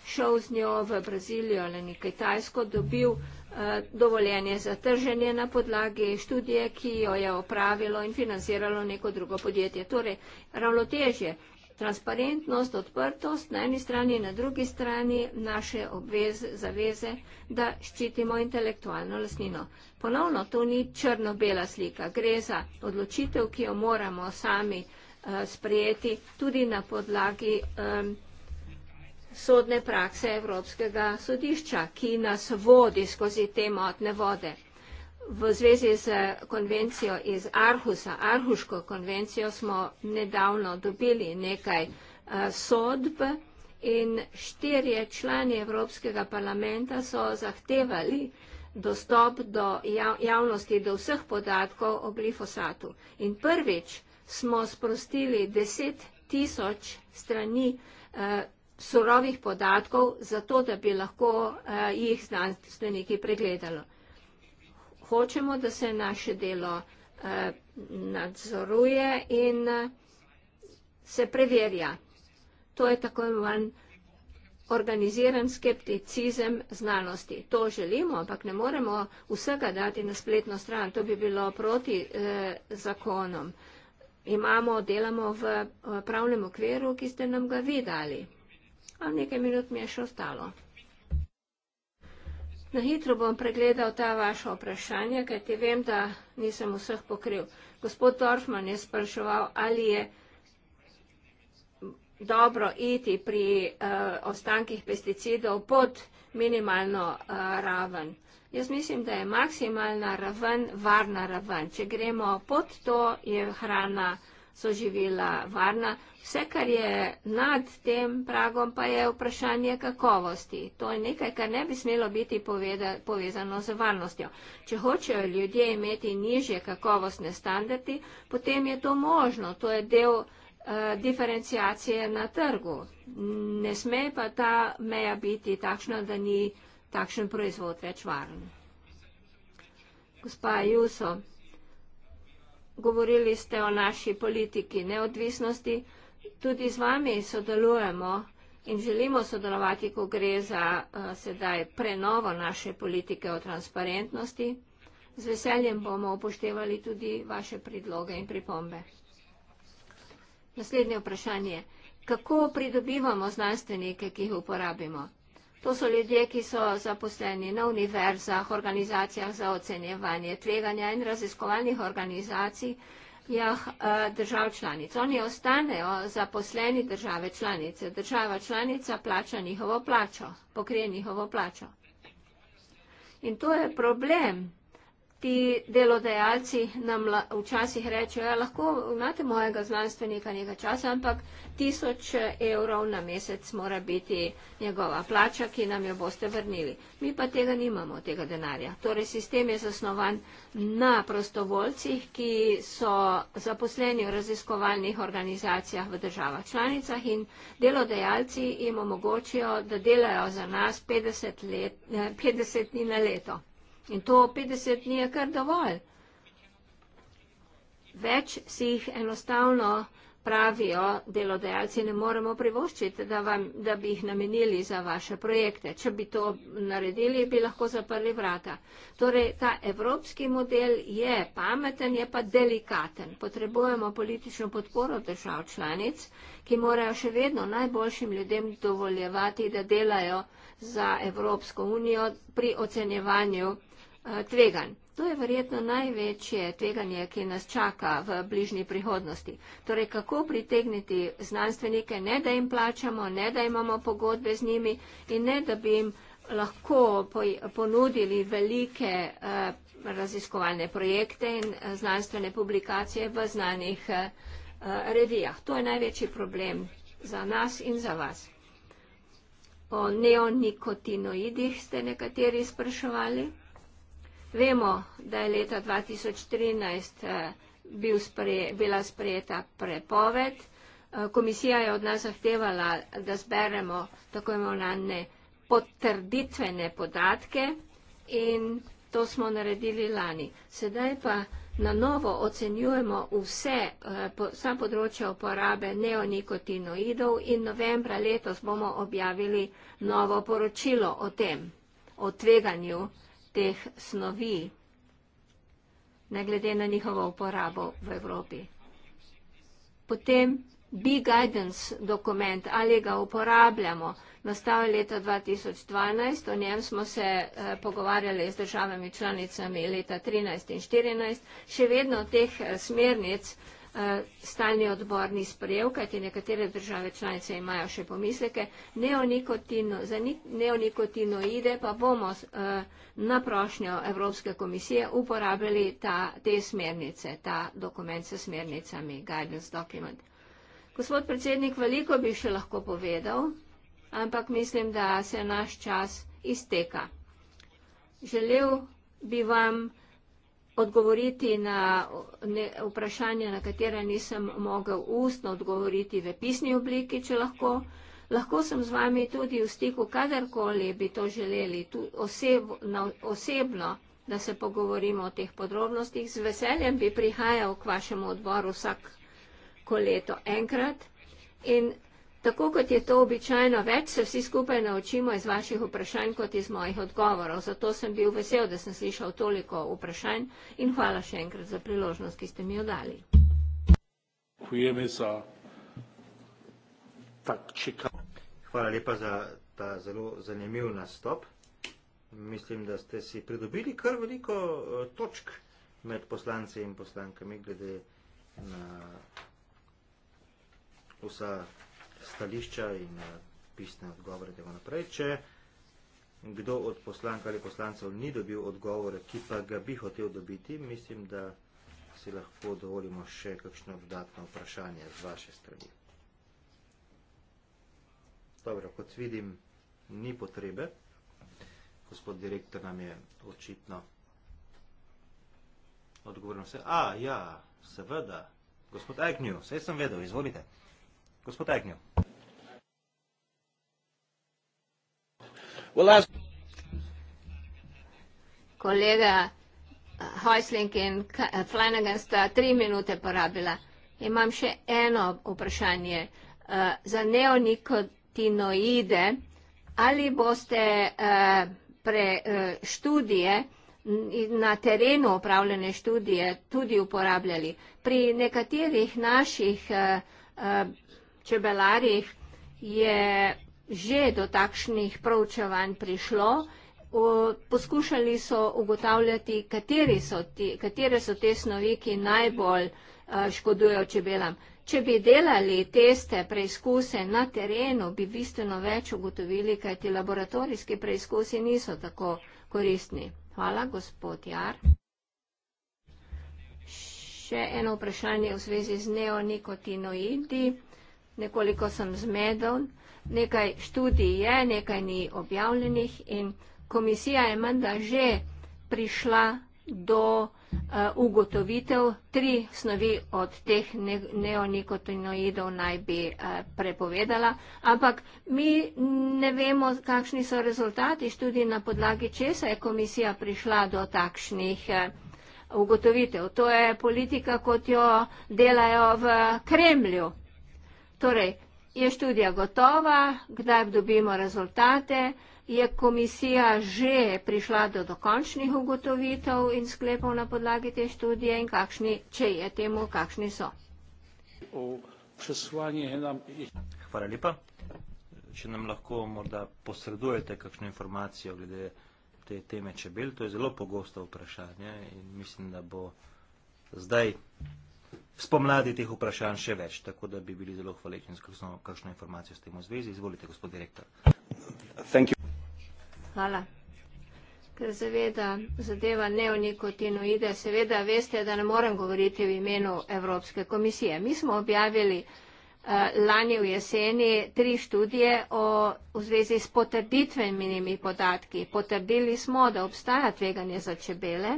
šel z njo v Brazilijo ali na Kitajsko, dobil Eh, dovoljenje za trženje na podlagi študije, ki jo je opravilo in financiralo neko drugo podjetje. Torej, ravnotežje, transparentnost, odprtost na eni strani, na drugi strani naše obveze, zaveze, da ščitimo intelektualno lasnino. Ponovno, to ni črno-bela slika, gre za odločitev, ki jo moramo sami uh, sprejeti tudi na podlagi um, sodne prakse Evropskega sodišča, ki nas vodi skozi te motne vode. V zvezi z konvencijo iz Arhusa, Arhuško konvencijo, smo nedavno dobili nekaj eh, sodb in štirje člani Evropskega parlamenta so zahtevali dostop do javnosti, do vseh podatkov o glifosatu. In prvič smo sprostili deset tisoč strani eh, surovih podatkov, zato da bi lahko eh, jih znanstveniki pregledalo. Hočemo, da se naše delo eh, nadzoruje in eh, se preverja. To je tako imen organiziran skepticizem znanosti. To želimo, ampak ne moremo vsega dati na spletno stran. To bi bilo proti zakonom. Imamo, delamo v pravnem okviru, ki ste nam ga vi dali. A nekaj minut mi je še ostalo. Na hitro bom pregledal ta vaša vprašanja, ker ti vem, da nisem vseh pokril. Gospod Dorfman je spraševal, ali je dobro iti pri uh, ostankih pesticidov pod minimalno uh, raven. Jaz mislim, da je maksimalna raven varna raven. Če gremo pod to, je hrana so živila varna. Vse, kar je nad tem pragom, pa je vprašanje kakovosti. To je nekaj, kar ne bi smelo biti poveda, povezano z varnostjo. Če hočejo ljudje imeti nižje kakovostne standardi, potem je to možno. To je del eh, diferencijacije na trgu. Ne sme pa ta meja biti takšna, da ni takšen proizvod več varen. Gospa Juso govorili ste o naši politiki neodvisnosti, tudi z vami sodelujemo in želimo sodelovati, ko gre za uh, sedaj prenovo naše politike o transparentnosti. Z veseljem bomo upoštevali tudi vaše predloge in pripombe. Naslednje vprašanje. Kako pridobivamo znanstvenike, ki jih uporabimo? To so ljudje, ki so zaposleni na univerzah, organizacijah za ocenjevanje tveganja in raziskovalnih organizacij eh, držav članic. Oni ostanejo zaposleni države članice. Država članica plača njihovo plačo, pokrije njihovo plačo. In to je problem ti delodajalci nam včasih rečejo, ja, lahko imate mojega znanstvenika nekaj časa, ampak tisoč evrov na mesec mora biti njegova plača, ki nam jo boste vrnili. Mi pa tega nimamo, tega denarja. Torej, sistem je zasnovan na prostovoljcih, ki so zaposleni v raziskovalnih organizacijah v državah članicah in delodajalci jim omogočijo, da delajo za nas 50, let, 50 eh, dni na leto. In to 50 dni je kar dovolj. Več si jih enostavno pravijo delodajalci, ne moremo privoščiti, da, vam, da bi jih namenili za vaše projekte. Če bi to naredili, bi lahko zaprli vrata. Torej, ta evropski model je pameten, je pa delikaten. Potrebujemo politično podporo držav članic, ki morajo še vedno najboljšim ljudem dovoljevati, da delajo za Evropsko unijo pri ocenjevanju Eh, tveganj. To je verjetno največje tveganje, ki nas čaka v bližnji prihodnosti. Torej, kako pritegniti znanstvenike, ne da jim plačamo, ne da imamo pogodbe z njimi in ne da bi jim lahko ponudili velike eh, raziskovalne projekte in eh, znanstvene publikacije v znanih revijah. To je največji problem za nas in za vas. O neonikotinoidih ste nekateri spraševali. Vemo, da je leta 2013 eh, bil spre, bila sprejeta prepoved. Eh, komisija je od nas zahtevala, da zberemo tako imenovane potrditvene podatke in to smo naredili lani. Sedaj pa na novo ocenjujemo vse, eh, vsa področja uporabe neonikotinoidov in novembra letos bomo objavili novo poročilo o tem, o tveganju teh snovi, ne glede na njihovo uporabo v Evropi. Potem bi guidance dokument, ali ga uporabljamo, nastavi leta 2012, o njem smo se eh, pogovarjali z državami članicami leta 2013 in 2014, še vedno teh eh, smernic. Eh, stalni odbor ni sprejel, kajti nekatere države članice imajo še pomisleke. Za neonikotinoide pa bomo eh, na prošnjo Evropske komisije uporabljali ta, te smernice, ta dokument s smernicami, guidance document. Gospod predsednik, veliko bi še lahko povedal, ampak mislim, da se naš čas izteka. Želel bi vam odgovoriti na vprašanja, na katera nisem mogel ustno odgovoriti v pisni obliki, če lahko. Lahko sem z vami tudi v stiku, kadarkoli bi to želeli, tu oseb, na, osebno, da se pogovorimo o teh podrobnostih. Z veseljem bi prihajal k vašemu odboru vsak koleto enkrat. In Tako kot je to običajno več, se vsi skupaj naučimo iz vaših vprašanj kot iz mojih odgovorov. Zato sem bil vesel, da sem slišal toliko vprašanj in hvala še enkrat za priložnost, ki ste mi jo dali. Hvala lepa za ta zelo zanimiv nastop. Mislim, da ste si pridobili kar veliko eh, točk med poslanci in poslankami glede na vsa stališča in eh, pisne odgovore, da bo naprej. Če kdo od poslank ali poslancev ni dobil odgovore, ki pa ga bi hotel dobiti, mislim, da si lahko dovolimo še kakšno dodatno vprašanje z vaše strani. Dobro, kot vidim, ni potrebe. Gospod direktor nam je očitno odgovoril vse. A, ja, seveda. Gospod Agnew, vse sem vedel, izvolite. Gospod Agnew. Kolega Hojsling eh, in eh, Flanagan sta tri minute porabila. Imam še eno vprašanje. Eh, za neonikotinoide, ali boste pre študije na terenu upravljene študije tudi uporabljali. Pri nekaterih naših čebelarjih je že do takšnih proučevanj prišlo. Poskušali so ugotavljati, kateri so ti, katere so te snovi, ki najbolj škodujejo čebelam. Če bi delali teste, preizkuse na terenu, bi bistveno več ugotovili, kaj ti laboratorijski preizkusi niso tako koristni. Hvala, gospod Jar. Še eno vprašanje v zvezi z neonikotinoidi. Nekoliko sem zmedel nekaj študij je, nekaj ni objavljenih in komisija je menda že prišla do uh, ugotovitev, tri snovi od teh ne neonikotinoidov naj bi uh, prepovedala, ampak mi ne vemo, kakšni so rezultati študij na podlagi česa je komisija prišla do takšnih uh, ugotovitev. To je politika, kot jo delajo v Kremlju. Torej, Je študija gotova, kdaj dobimo rezultate, je komisija že prišla do dokončnih ugotovitev in sklepov na podlagi te študije in kakšni, če je temu, kakšni so. Hvala lepa. Če nam lahko morda posredujete kakšno informacijo glede te teme čebel, to je zelo pogosto vprašanje in mislim, da bo zdaj spomladi teh vprašanj še več, tako da bi bili zelo hvaležni za kakšno informacijo s tem v zvezi. Izvolite, gospod direktor. Hvala. Ker zaveda zadeva neonikotinoide, seveda veste, da ne morem govoriti v imenu Evropske komisije. Mi smo objavili eh, lani v jeseni tri študije o, v zvezi s potrditvenimi podatki. Potrdili smo, da obstaja tveganje za čebele,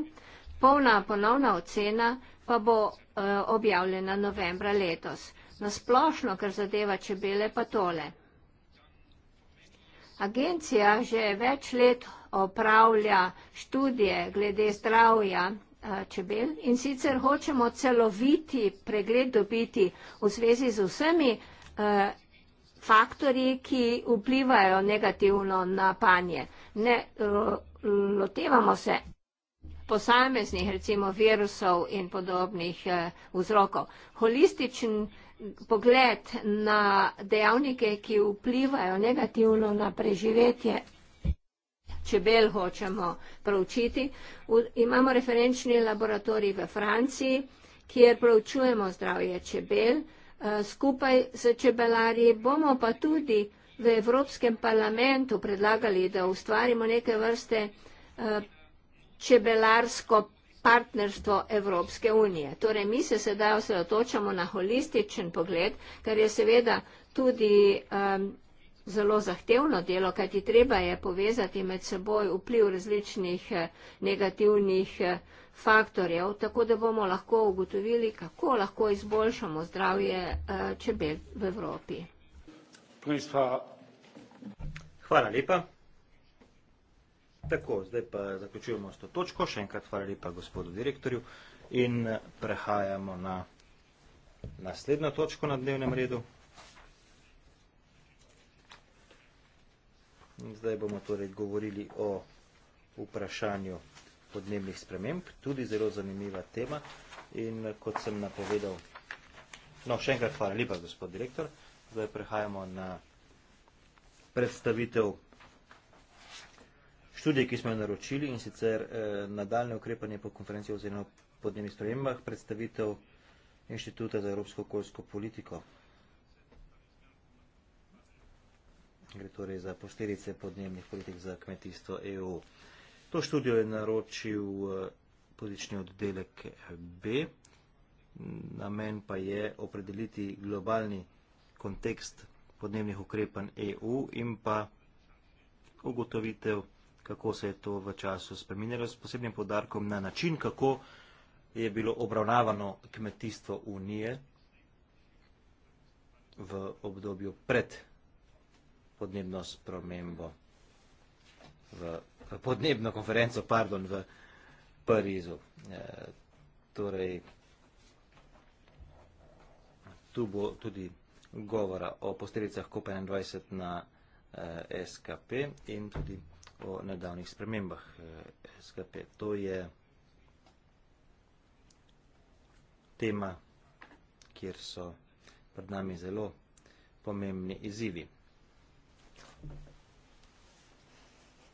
polna ponovna ocena, pa bo uh, objavljena novembra letos. Nasplošno, kar zadeva čebele, pa tole. Agencija že več let opravlja študije glede zdravja eh, čebel in sicer hočemo celoviti pregled dobiti v zvezi z vsemi eh, faktori, ki vplivajo negativno na panje. Ne eh, lotevamo se posameznih recimo virusov in podobnih eh, vzrokov. Holističen pogled na dejavnike, ki vplivajo negativno na preživetje čebel hočemo proučiti. Imamo referenčni laboratorij v Franciji, kjer proučujemo zdravje čebel. Eh, skupaj s čebelarji bomo pa tudi v Evropskem parlamentu predlagali, da ustvarimo neke vrste eh, čebelarsko partnerstvo Evropske unije. Torej, mi se sedaj osredotočamo na holističen pogled, kar je seveda tudi um, zelo zahtevno delo, kajti treba je povezati med seboj vpliv različnih eh, negativnih eh, faktorjev, tako da bomo lahko ugotovili, kako lahko izboljšamo zdravje eh, čebel v Evropi. Hvala lepa. Tako, zdaj pa zaključujemo s to točko, še enkrat hvala lepa gospodu direktorju in eh, prehajamo na naslednjo točko na dnevnem redu. Zdaj bomo torej govorili o vprašanju podnebnih sprememb, tudi zelo zanimiva tema in eh, kot sem napovedal, no še enkrat hvala lepa gospod direktor, zdaj prehajamo na predstavitev vprašanja študije, ki smo jo naročili in sicer eh, nadaljne ukrepanje po konferenci oziroma podnebnih spremembah, predstavitev Inštituta za evropsko okoljsko politiko. Gre torej za posledice podnebnih politik za kmetijstvo EU. To študijo je naročil eh, politični oddelek eh, B. Namen pa je opredeliti globalni kontekst podnebnih ukrepanj EU in pa ugotovitev kako se je to v času spreminjalo, s posebnim podarkom na način, kako je bilo obravnavano kmetijstvo Unije v obdobju pred podnebno spremembo, v podnebno konferenco, pardon, v Parizu. E, torej, tu bo tudi govora o posteljicah COP21 na e, SKP in tudi o nedavnih spremembah eh, SKP. To je tema, kjer so pred nami zelo pomembni izzivi.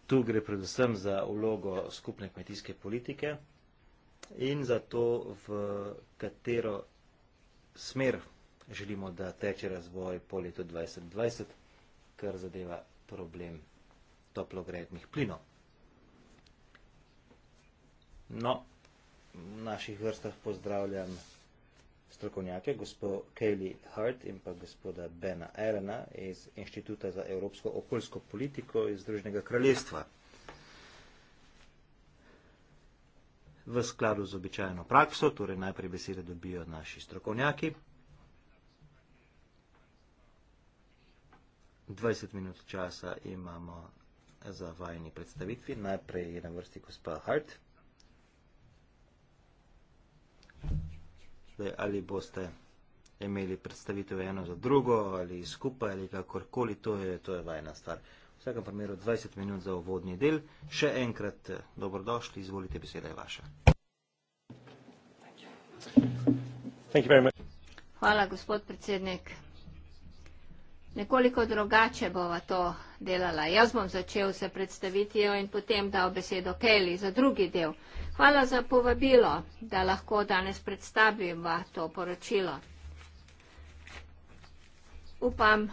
Tu gre predvsem za vlogo skupne kmetijske politike in za to, v katero smer želimo, da teče razvoj po letu 2020, kar zadeva problem kmetijske politike toplogrednih plinov. No, v naših vrstah pozdravljam strokovnjake, gospod Kaylee Hart in pa gospoda Bena Erena iz Inštituta za evropsko okoljsko politiko iz Združenega kraljestva. V skladu z običajno prakso, torej najprej besede dobijo naši strokovnjaki. 20 minut časa imamo za vajeni predstavitvi. Najprej je na vrsti gospa Hart. Zdaj, ali boste imeli predstavitev eno za drugo, ali skupaj, ali kakorkoli, to je, to je vajna stvar. V vsakem primeru 20 minut za uvodni del. Še enkrat eh, dobrodošli, izvolite, beseda je vaša. Thank you. Thank you Hvala, gospod predsednik. Nekoliko drugače bova to delala. Jaz bom začel s predstavitvijo in potem dal besedo Kelly za drugi del. Hvala za povabilo, da lahko danes predstaviva to poročilo. Upam,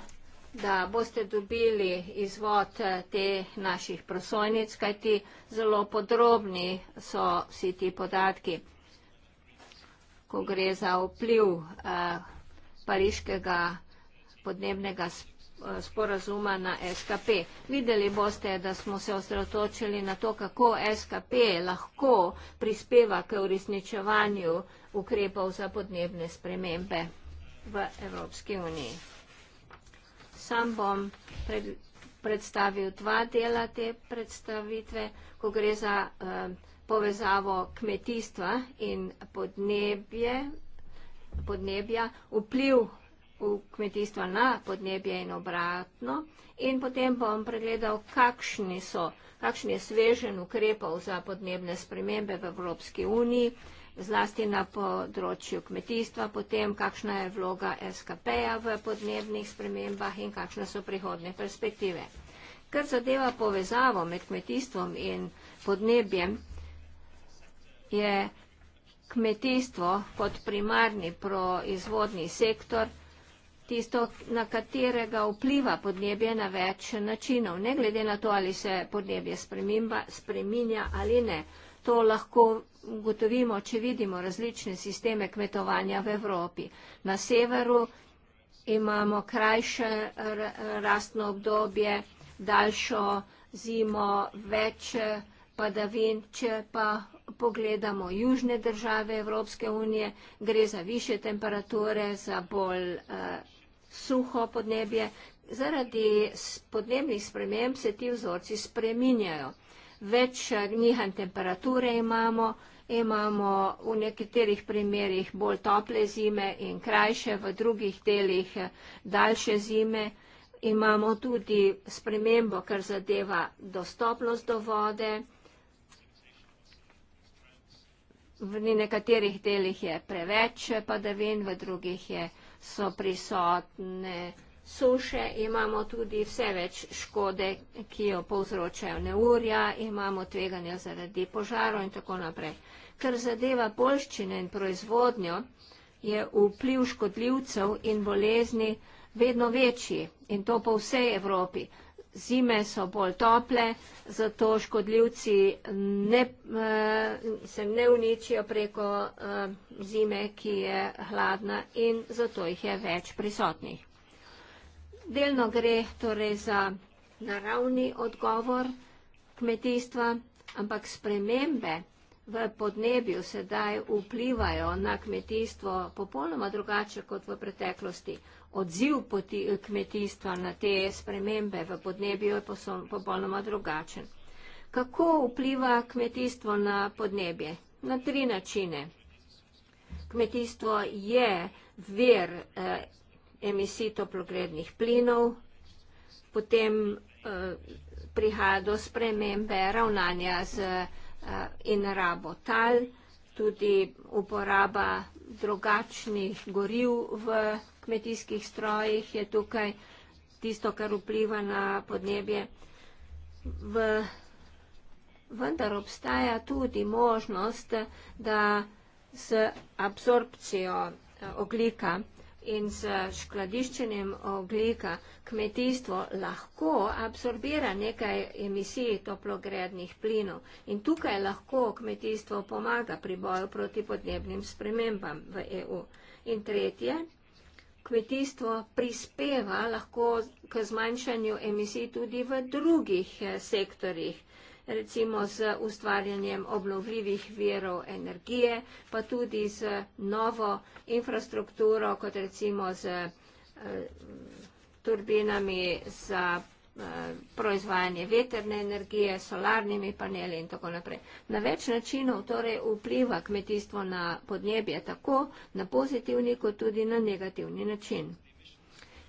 da boste dobili izvod eh, te naših prosojnic, kajti zelo podrobni so vsi ti podatki, ko gre za vpliv eh, pariškega vsega podnebnega eh, sporazuma na SKP. Videli boste, da smo se osredotočili na to, kako SKP lahko prispeva k uresničevanju ukrepov za podnebne spremembe v Evropski uniji. Sam bom pred, predstavil dva dela te predstavitve, ko gre za eh, povezavo kmetijstva in podnebje, podnebja, vpliv v kmetijstvo na podnebje in obratno. In potem bom pregledal, kakšni so, kakšni je svežen ukrepov za podnebne spremembe v Evropski uniji, zlasti na področju kmetijstva, potem kakšna je vloga SKP-ja v podnebnih spremembah in kakšne so prihodne perspektive. Kar zadeva povezavo med kmetijstvom in podnebjem, je kmetijstvo kot primarni proizvodni sektor, tisto, na katerega vpliva podnebje na več načinov, ne glede na to, ali se podnebje sprememba spreminja ali ne. To lahko ugotovimo, če vidimo različne sisteme kmetovanja v Evropi. Na severu imamo krajše rastno obdobje, daljšo zimo, več padavin, če pa pogledamo južne države Evropske unije, gre za više temperature, za bolj uh, suho podnebje. Zaradi podnebnih sprememb se ti vzorci spreminjajo. Več eh, nihanj temperature imamo, imamo v nekaterih primerjih bolj tople zime in krajše, v drugih delih eh, daljše zime. Imamo tudi spremembo, kar zadeva dostopnost do vode. V nekaterih delih je preveč padavin, v drugih je preveč so prisotne. Suše imamo tudi vse več škode, ki jo povzročajo neurja, imamo tveganja zaradi požarov in tako naprej. Ker zadeva polščine in proizvodnjo, je vpliv škodljivcev in bolezni vedno večji in to po vsej Evropi zime so bolj tople, zato škodljivci ne, eh, se ne uničijo preko eh, zime, ki je hladna in zato jih je več prisotnih. Delno gre torej za naravni odgovor kmetijstva, ampak spremembe v podnebju sedaj vplivajo na kmetijstvo popolnoma drugače kot v preteklosti odziv poti, kmetijstva na te spremembe v podnebju je popolnoma drugačen. Kako vpliva kmetijstvo na podnebje? Na tri načine. Kmetijstvo je ver eh, emisij toplogrednih plinov, potem eh, prihaja do spremembe ravnanja z, eh, in rabo tal, tudi uporaba drugačnih goriv v kmetijskih strojih je tukaj tisto, kar vpliva na podnebje. V, vendar obstaja tudi možnost, da s absorpcijo eh, oglika in s skladiščenjem oglika kmetijstvo lahko absorbira nekaj emisij toplogrednih plinov in tukaj lahko kmetijstvo pomaga pri boju proti podnebnim spremembam v EU. In tretje, kmetijstvo prispeva lahko k zmanjšanju emisij tudi v drugih eh, sektorjih, recimo z ustvarjanjem obnovljivih virov energije, pa tudi z novo infrastrukturo, kot recimo z eh, turbinami za proizvodnjo proizvajanje veterne energije, solarnimi paneli in tako naprej. Na več načinov torej vpliva kmetijstvo na podnebje tako na pozitivni kot tudi na negativni način.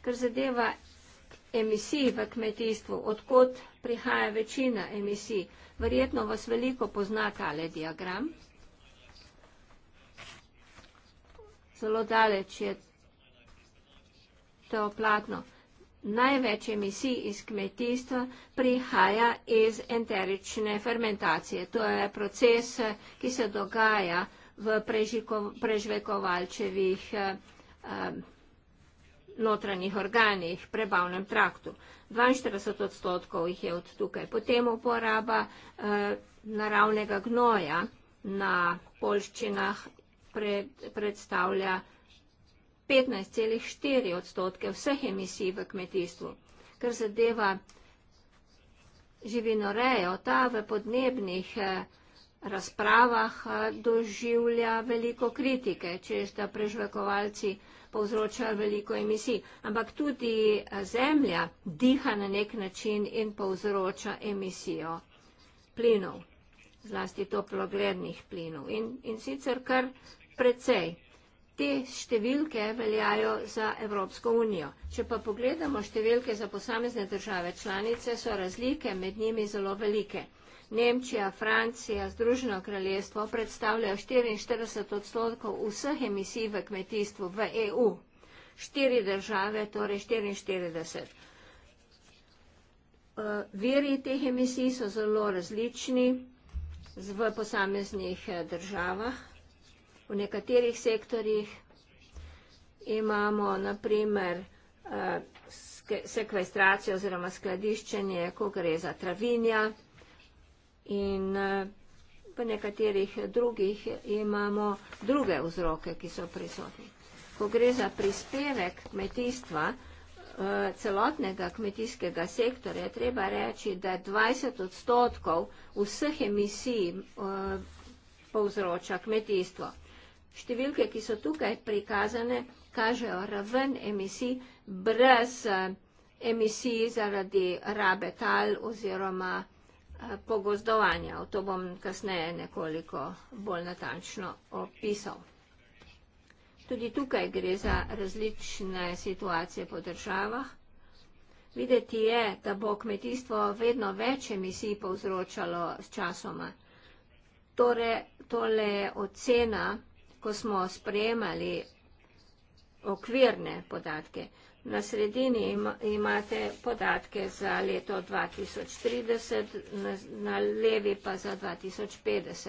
Kar zadeva emisij v kmetijstvu, odkot prihaja večina emisij, verjetno vas veliko pozna tale diagram. Zelo daleč je to platno. Največ emisij iz kmetijstva prihaja iz enterične fermentacije. To je proces, ki se dogaja v prežvekovalčevih eh, eh, notranjih organih, prebavnem traktu. 42 odstotkov jih je od tukaj. Potem uporaba eh, naravnega gnoja na polščinah predstavlja 20 odstotkov. 15,4 odstotke vseh emisij v kmetijstvu. Kar zadeva živinorejo, ta v podnebnih eh, razpravah eh, doživlja veliko kritike, čez da prežvekovalci povzročajo veliko emisij. Ampak tudi eh, zemlja diha na nek način in povzroča emisijo plinov, zlasti toplogrednih plinov in, in sicer kar precej te številke veljajo za Evropsko unijo. Če pa pogledamo številke za posamezne države članice, so razlike med njimi zelo velike. Nemčija, Francija, Združeno kraljestvo predstavljajo 44 odstotkov vseh emisij v kmetijstvu v EU. Štiri države, torej 44. Eh, Veri teh emisij so zelo različni v posameznih eh, državah. V nekaterih sektorjih imamo naprimer eh, sekvestracijo oziroma skladiščenje, ko gre za travinja in eh, v nekaterih drugih imamo druge vzroke, ki so prisotni. Ko gre za prispevek kmetijstva, eh, celotnega kmetijskega sektora, je treba reči, da 20 odstotkov vseh emisij povzroča kmetijstvo številke, ki so tukaj prikazane, kažejo raven emisij brez eh, emisij zaradi rabe tal oziroma eh, pogozdovanja. O to bom kasneje nekoliko bolj natančno opisal. Tudi tukaj gre za različne situacije po državah. Videti je, da bo kmetijstvo vedno več emisij povzročalo s časoma. Tore, tole je ocena ko smo sprejemali okvirne podatke. Na sredini imate podatke za leto 2030, na levi pa za 2050.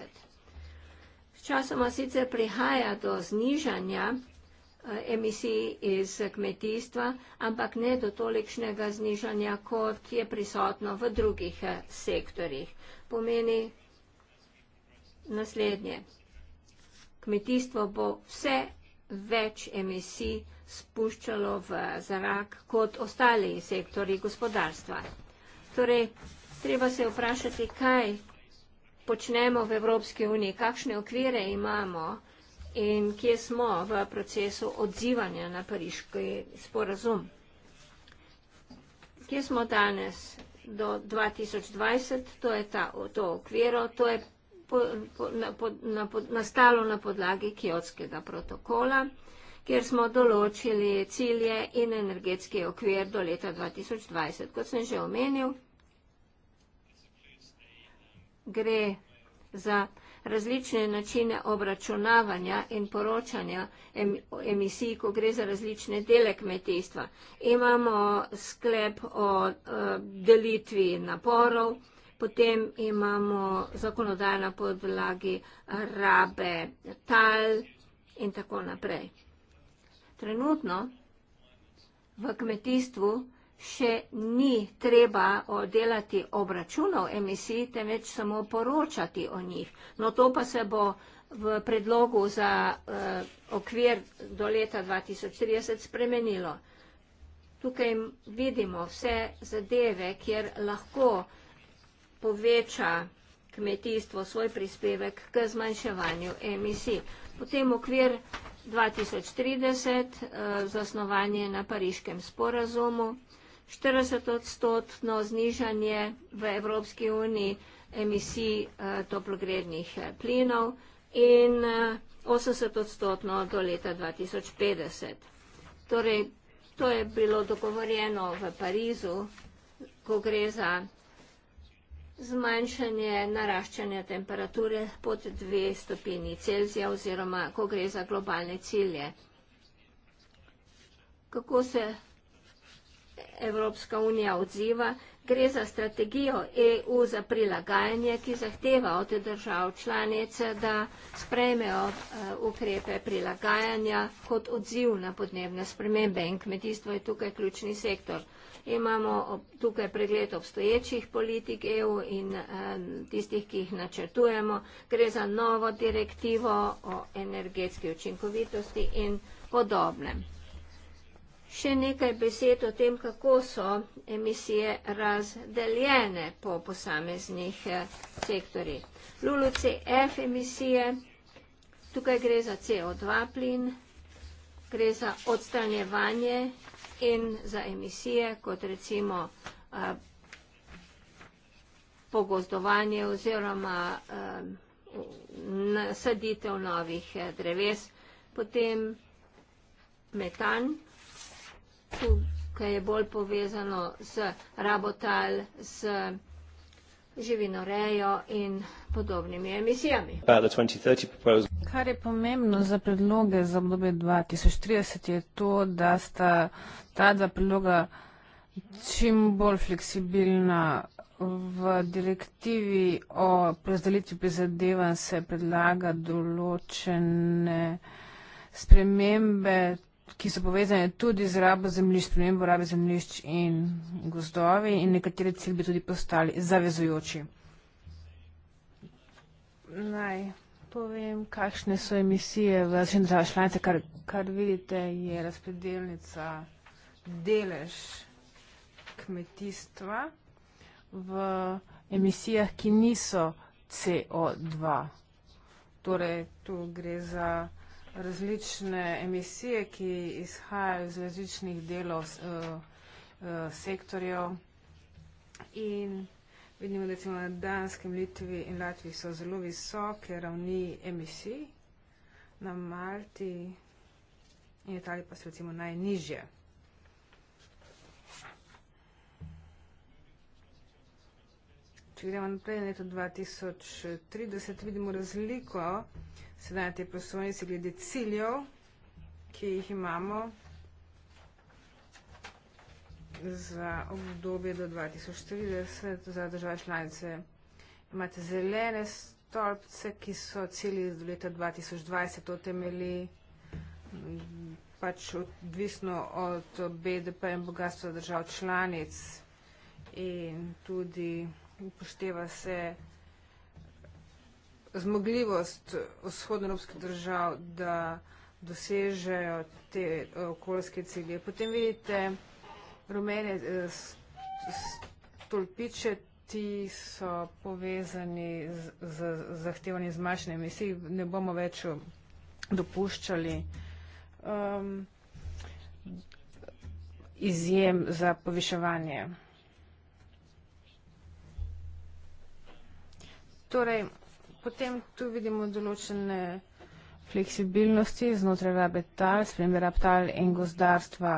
Sčasoma sicer prihaja do znižanja eh, emisij iz kmetijstva, ampak ne do tolikšnega znižanja, kot je prisotno v drugih eh, sektorjih. Pomeni naslednje kmetijstvo bo vse več emisij spuščalo v zrak kot ostali sektori gospodarstva. Torej, treba se vprašati, kaj počnemo v Evropski uniji, kakšne okvire imamo in kje smo v procesu odzivanja na pariški sporazum. Kje smo danes do 2020, to je ta, to okviro, to je po, po, na, po, na, po, nastalo na podlagi kiotskega protokola, kjer smo določili cilje in energetski okvir do leta 2020. Kot sem že omenil, gre za različne načine obračunavanja in poročanja emisij, ko gre za različne dele kmetijstva. Imamo sklep o eh, delitvi naporov, Potem imamo zakonodajno podlagi rabe tal in tako naprej. Trenutno v kmetijstvu še ni treba oddelati obračunov emisij, temveč samo poročati o njih. No to pa se bo v predlogu za uh, okvir do leta 2030 spremenilo. Tukaj vidimo vse zadeve, kjer lahko uh, poveča kmetijstvo svoj prispevek k zmanjševanju emisij. Potem okvir 2030, eh, zasnovanje na pariškem sporazumu, 40 odstotno znižanje v Evropski uniji emisij eh, toplogrednih eh, plinov in 80 odstotno do leta 2050. Torej, to je bilo dogovorjeno v Parizu, ko gre za zmanjšanje naraščanja temperature pod dve stopinji Celzija oziroma ko gre za globalne cilje. Kako se Evropska unija odziva? Gre za strategijo EU za prilagajanje, ki zahteva od držav članice, da sprejmejo eh, ukrepe prilagajanja kot odziv na podnebne spremembe in kmetijstvo je tukaj ključni sektor imamo tukaj pregled obstoječih politik EU in eh, tistih, ki jih načrtujemo. Gre za novo direktivo o energetski učinkovitosti in podobnem. Še nekaj besed o tem, kako so emisije razdeljene po posameznih eh, sektori. LULUCF emisije, tukaj gre za CO2 plin, gre za odstranjevanje in za emisije, kot recimo eh, pogozdovanje oziroma eh, saditev novih eh, dreves, potem metan, tukaj je bolj povezano z rabotal, z metan, živinorejo in podobnimi emisijami. Kar je pomembno za predloge za obdobje 2030 je to, da sta ta dva predloga čim bolj fleksibilna. V direktivi o prezdelitvi prizadevanj se predlaga določene spremembe, ki so povezane tudi z rabo zemljišč, spremembo rabe zemljišč in gozdovi in nekateri cilj bi tudi postali zavezujoči. Naj povem, kakšne so emisije v vašem državi članice, kar, kar vidite je razpredelnica delež kmetijstva v emisijah, ki niso CO2. Torej, tu gre za različne emisije, ki izhajajo iz različnih delov uh, uh, sektorjev. In vidimo, da recimo na Danskem, Litvi in Latviji so zelo visoke ravni emisij, na Malti in Italiji pa so recimo najnižje. Če gremo naprej na leto 2030, vidimo razliko sedaj na te prosojnice glede ciljev, ki jih imamo za obdobje do 2040, za države članice. Imate zelene stolpce, ki so cilji do leta 2020 otemeli, mm, pač odvisno od BDP in bogatstva držav članic in tudi upošteva se zmogljivost vzhodnoevropskih držav, da dosežejo te eh, okoljske cilje. Potem vidite rumene eh, stolpiče, ti so povezani z, z zahtevanjem zmanjšanja emisij, ne bomo več eh, dopuščali um, izjem za poviševanje. Torej, Potem tu vidimo določene fleksibilnosti znotraj rabe tal, spremembe rab tal in gozdarstva.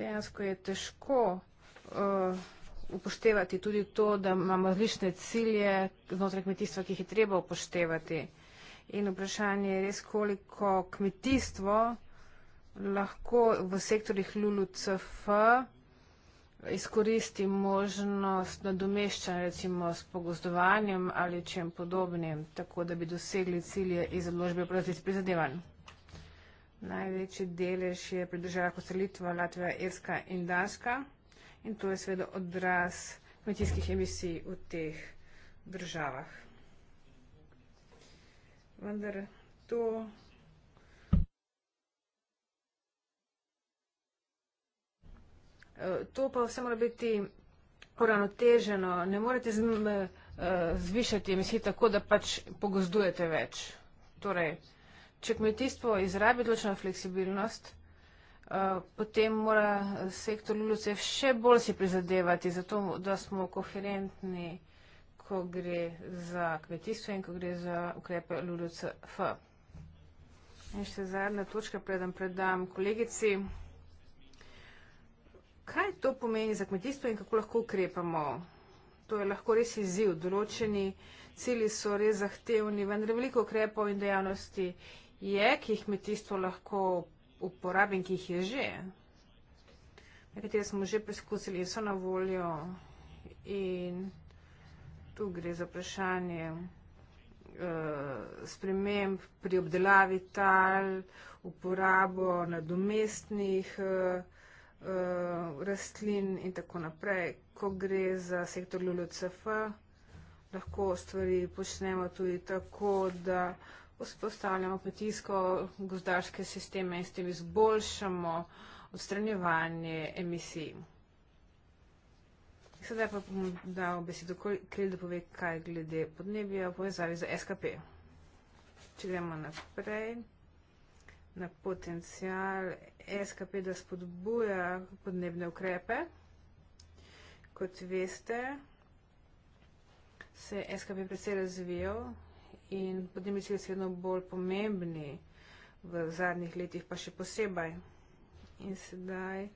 Dejansko je težko uh, upoštevati tudi to, da imamo različne cilje znotraj kmetijstva, ki jih je treba upoštevati. In vprašanje je res, koliko kmetijstvo lahko v sektorjih LULUCF izkoristi možnost nadomeščanja recimo s pogozdovanjem ali čem podobnim, tako da bi dosegli cilje iz odložbe proces prizadevanj. Največji delež je pri državah ostrelitva Latvija, Irska in Danska in to je seveda odraz kmetijskih emisij v teh državah. Vendar to Eh, to pa vse mora biti uravnoteženo. Ne morete z, eh, zvišati emisij tako, da pač pogozdujete več. Torej, če kmetijstvo izrabi določeno fleksibilnost, eh, potem mora sektor LULUCEF še bolj si prizadevati za to, da smo koherentni, ko gre za kmetijstvo in ko gre za ukrepe LULUCEF. In še zadnja točka, preden predam kolegici. Kaj to pomeni za kmetijstvo in kako lahko ukrepamo? To je lahko res izziv. Določeni cili so res zahtevni, vendar veliko ukrepov in dejavnosti je, ki jih kmetijstvo lahko uporabi in ki jih je že. Nekatere smo že preskusili in so na voljo. In tu gre za vprašanje eh, sprememb pri obdelavi tal, uporabo nadomestnih eh, Eh, rastlin in tako naprej. Ko gre za sektor LULCF, lahko stvari počnemo tudi tako, da vzpostavljamo petijsko gozdarske sisteme in s tem izboljšamo odstranjevanje emisij. Sedaj pa bom dal besedo Kril, da pove, kaj glede podnebja v povezavi z SKP. Če gremo naprej na potencijal SKP, da spodbuja podnebne ukrepe. Kot veste, se je SKP precej razvijal in podnebni cilj so vedno bolj pomembni v zadnjih letih, pa še posebej. In sedaj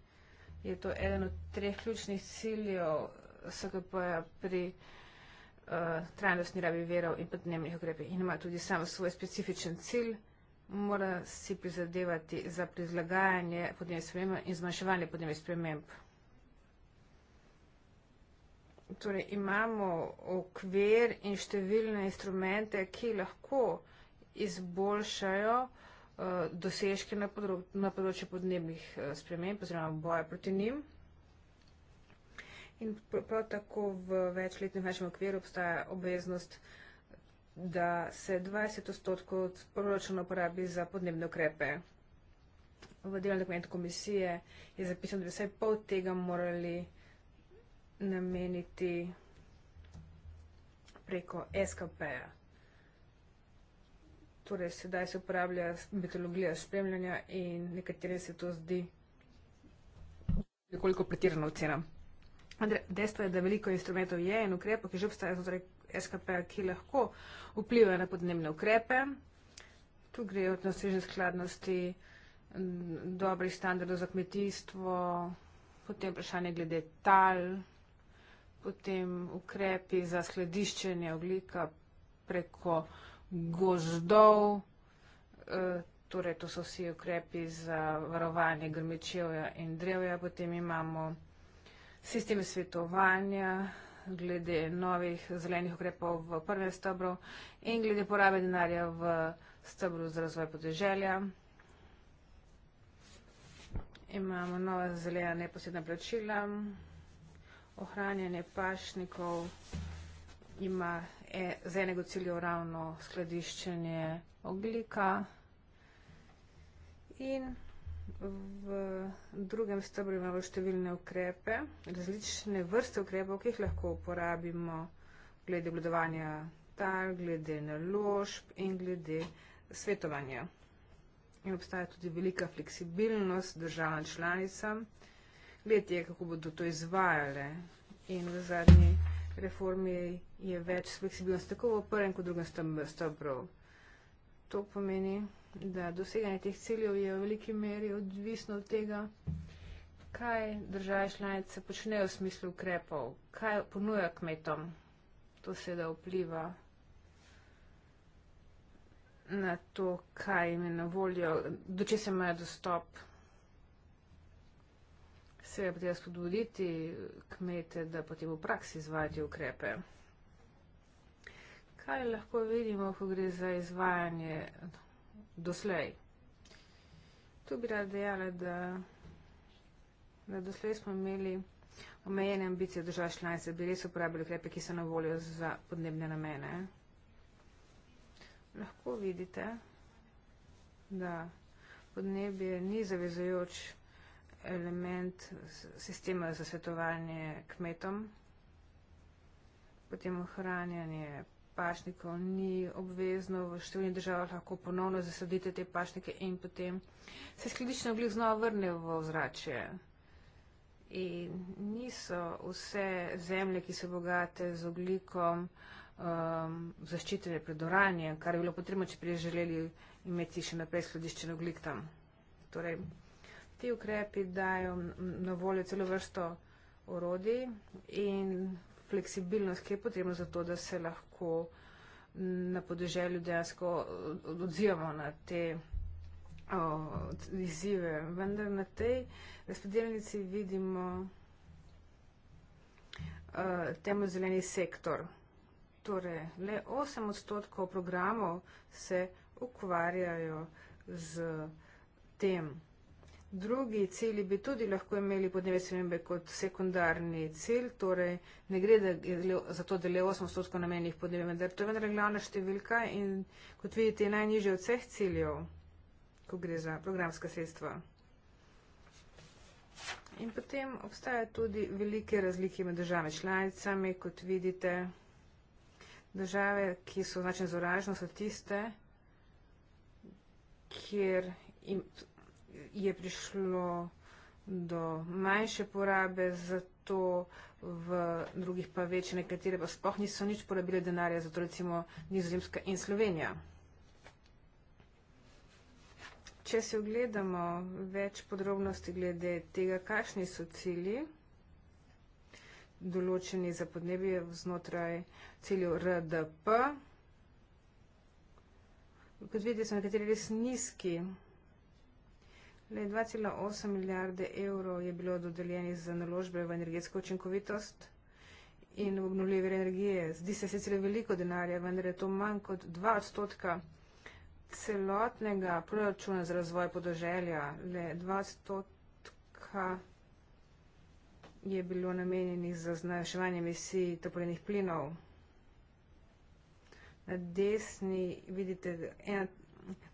je to eden od treh ključnih ciljev SKP pri uh, trajnostni rabi verov in podnebnih ukrepih. In ima tudi sam svoj specifičen cilj mora si prizadevati za prilagajanje podnebnih sprememb in zmanjševanje podnebnih sprememb. Torej, imamo okvir in številne instrumente, ki lahko izboljšajo uh, dosežke na, podro na področju podnebnih uh, sprememb oziroma boja proti njim. In prav tako v večletnem večjem okviru obstaja obveznost uh, da se 20 odstotkov od proračuna uporabi za podnebne ukrepe. V delovnem dokumentu komisije je zapisano, da bi vsaj pol tega morali nameniti preko SKP-ja. Torej, sedaj se uporablja metodologija spremljanja in nekateri se to zdi nekoliko pretirano ocena. Dejstvo je, da veliko instrumentov je in ukrepov, ki že obstajajo znotraj SKP-ja, ki lahko vplivajo na podnebne ukrepe. Tu gre od nasežne skladnosti, dobrih standardov za kmetijstvo, potem vprašanje glede tal, potem ukrepi za skladiščenje oglika preko gozdov. E, torej, to so vsi ukrepi za varovanje grmičevja in drevja. Potem imamo sistem svetovanja, glede novih zelenih ukrepov v prvem stebru in glede porabe denarja v stebru za razvoj podeželja. Imamo nova zelena neposredna plačila, ohranjanje pašnikov ima e, z enega cilja ravno skladiščenje oglika in v drugem stebru imamo številne ukrepe, različne vrste ukrepov, ki jih lahko uporabimo glede obladovanja tal, glede naložb in glede svetovanja. In obstaja tudi velika fleksibilnost državna članica, glede je, kako bodo to izvajale. In v zadnji reformi je več fleksibilnosti tako v prvem kot drugem stebru. To pomeni, da doseganje teh ciljev je v veliki meri odvisno od tega, kaj države članice počnejo v smislu ukrepov, kaj ponuja kmetom. To seveda vpliva na to, kaj jim je na voljo, do če se imajo dostop. Seveda pa treba spodbuditi kmete, da potem v praksi izvajati ukrepe. Kaj lahko vidimo, ko gre za izvajanje doslej. Tu bi rad dejala, da, da doslej smo imeli omejene ambicije držav članice, da bi res uporabili ukrepe, ki so na voljo za podnebne namene. Lahko vidite, da podnebje ni zavezujoč element sistema za svetovanje kmetom, potem ohranjanje pašnikov ni obvezno, v številnih državah lahko ponovno zasadite te pašnike in potem se skladiščni oglih znova vrne v ozračje. In niso vse zemlje, ki so bogate z oglikom, um, zaščitene pred oranjem, kar je bilo potrebno, če prej želeli imeti še naprej skladiščen oglik tam. Torej, ti ukrepi dajo na voljo celo vrsto orodij in fleksibilnost, ki je potrebna za to, da se lahko na podeželju dejansko odzivamo na te o, izzive. Vendar na tej razpredeljnici vidimo e, temo zeleni sektor. Torej, le 8 odstotkov programov se ukvarjajo z tem. Drugi cilji bi tudi lahko imeli podnebne spremembe kot sekundarni cilj, torej ne gre za to, da le 8% namenjenih podnebje, vendar to je vendar glavna številka in kot vidite je najnižja od vseh ciljev, ko gre za programska sredstva. In potem obstaja tudi velike razlike med državami članicami, kot vidite, države, ki so značne z oražno, so tiste, kjer imajo je prišlo do manjše porabe, zato v drugih pa več, nekatere pa sploh niso nič porabile denarja, zato recimo Nizozemska in Slovenija. Če se ogledamo več podrobnosti glede tega, kakšni so cilji, določeni za podnebje znotraj cilju RDP, kot vidite, so nekateri res nizki. Le 2,8 milijarde evrov je bilo dodeljenih za naložbe v energetsko učinkovitost in obnovljive energije. Zdi se sicer veliko denarja, vendar je to manj kot 2 odstotka celotnega proračuna za razvoj podoželja. Le 2 odstotka je bilo namenjenih za znaševanje emisij toplenih plinov. Na desni vidite ena,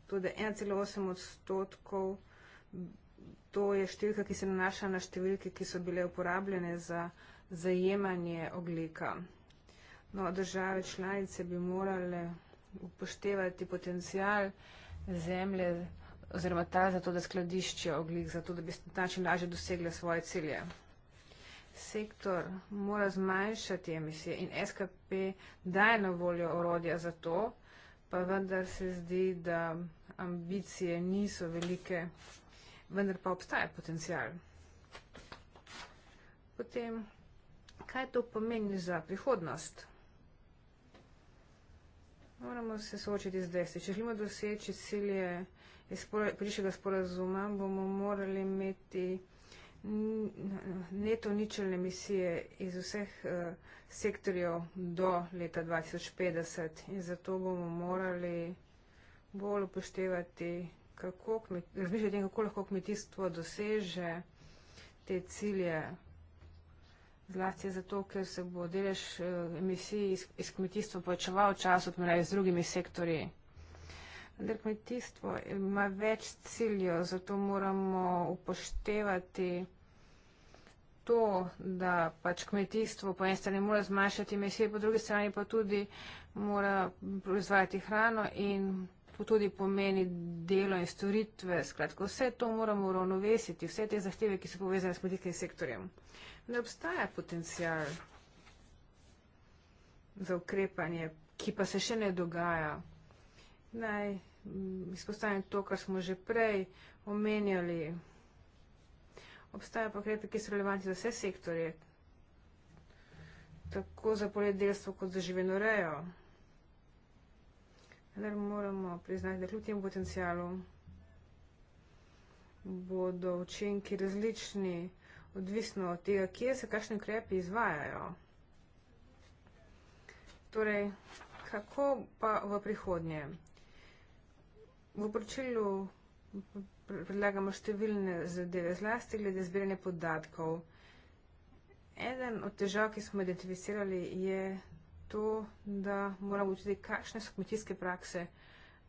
tudi 1,8 odstotkov to je številka, ki se nanaša na številke, ki so bile uporabljene za zajemanje ogljika. No, države članice bi morale upoštevati potencial zemlje oziroma ta za to, da skladišče oglik, za to, da bi na način lažje dosegle svoje cilje. Sektor mora zmanjšati emisije in SKP daje na voljo orodja za to, pa vendar se zdi, da ambicije niso velike vendar pa obstaja potencijal. Potem, kaj to pomeni za prihodnost? Moramo se soočiti z dejstvi. Če želimo doseči cilje iz prejšnjega sporazuma, bomo morali imeti neto ničelne emisije iz vseh uh, sektorjev do leta 2050 in zato bomo morali bolj upoštevati kako razmišljati o tem, kako lahko kmetijstvo doseže te cilje. Zlasti zato, ker se bo delež eh, emisij iz, iz kmetijstva povečeval v času, ki je z drugimi sektorji. Vendar kmetijstvo ima več ciljev, zato moramo upoštevati to, da pač kmetijstvo po eni strani mora zmanjšati emisije, po drugi strani pa tudi mora proizvajati hrano in tudi pomeni delo in storitve. Skratko, vse to moramo uravnovesiti, vse te zahteve, ki so povezane s podjetnim sektorjem. Ne obstaja potencijal za ukrepanje, ki pa se še ne dogaja. Naj mm, izpostavim to, kar smo že prej omenjali. Obstaja pa ukrepe, ki so relevanti za vse sektorje, tako za poljedelstvo kot za živinorejo. Vendar moramo priznati, da kljub tem potencijalu bodo učinki različni, odvisno od tega, kje se kakšne ukrepe izvajajo. Torej, kako pa v prihodnje? V poročilu predlagamo številne zadeve, zlasti glede zbiranja podatkov. Eden od težav, ki smo identificirali, je to, da moramo videti, kakšne so kmetijske prakse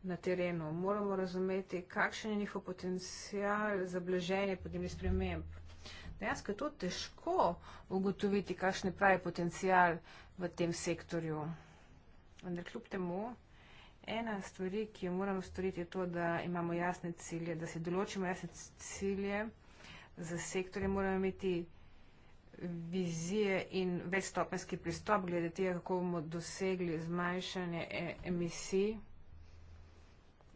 na terenu. Moramo razumeti, kakšen je njihov potencial za blaženje podnebnih sprememb. Dejansko je to težko ugotoviti, kakšen je pravi potencial v tem sektorju. Vendar kljub temu, ena stvar, ki jo moramo storiti, je to, da imamo jasne cilje, da se določimo jasne cilje za sektorje, moramo imeti vizije in večstopenski pristop glede tega, kako bomo dosegli zmanjšanje e, emisij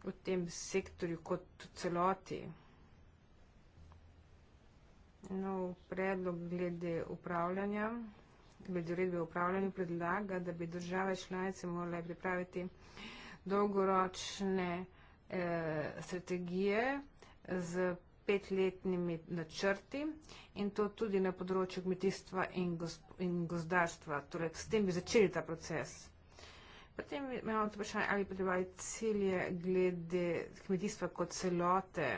v tem sektorju kot celoti. No, predlog glede upravljanja, glede uredbe o upravljanju predlaga, da bi države članice morale pripraviti dolgoročne eh, strategije z petletnimi načrti in to tudi na področju kmetijstva in, in gozdarstva. Torej, s tem bi začeli ta proces. Potem imamo tudi vprašanje, ali potrebovali cilje glede kmetijstva kot celote.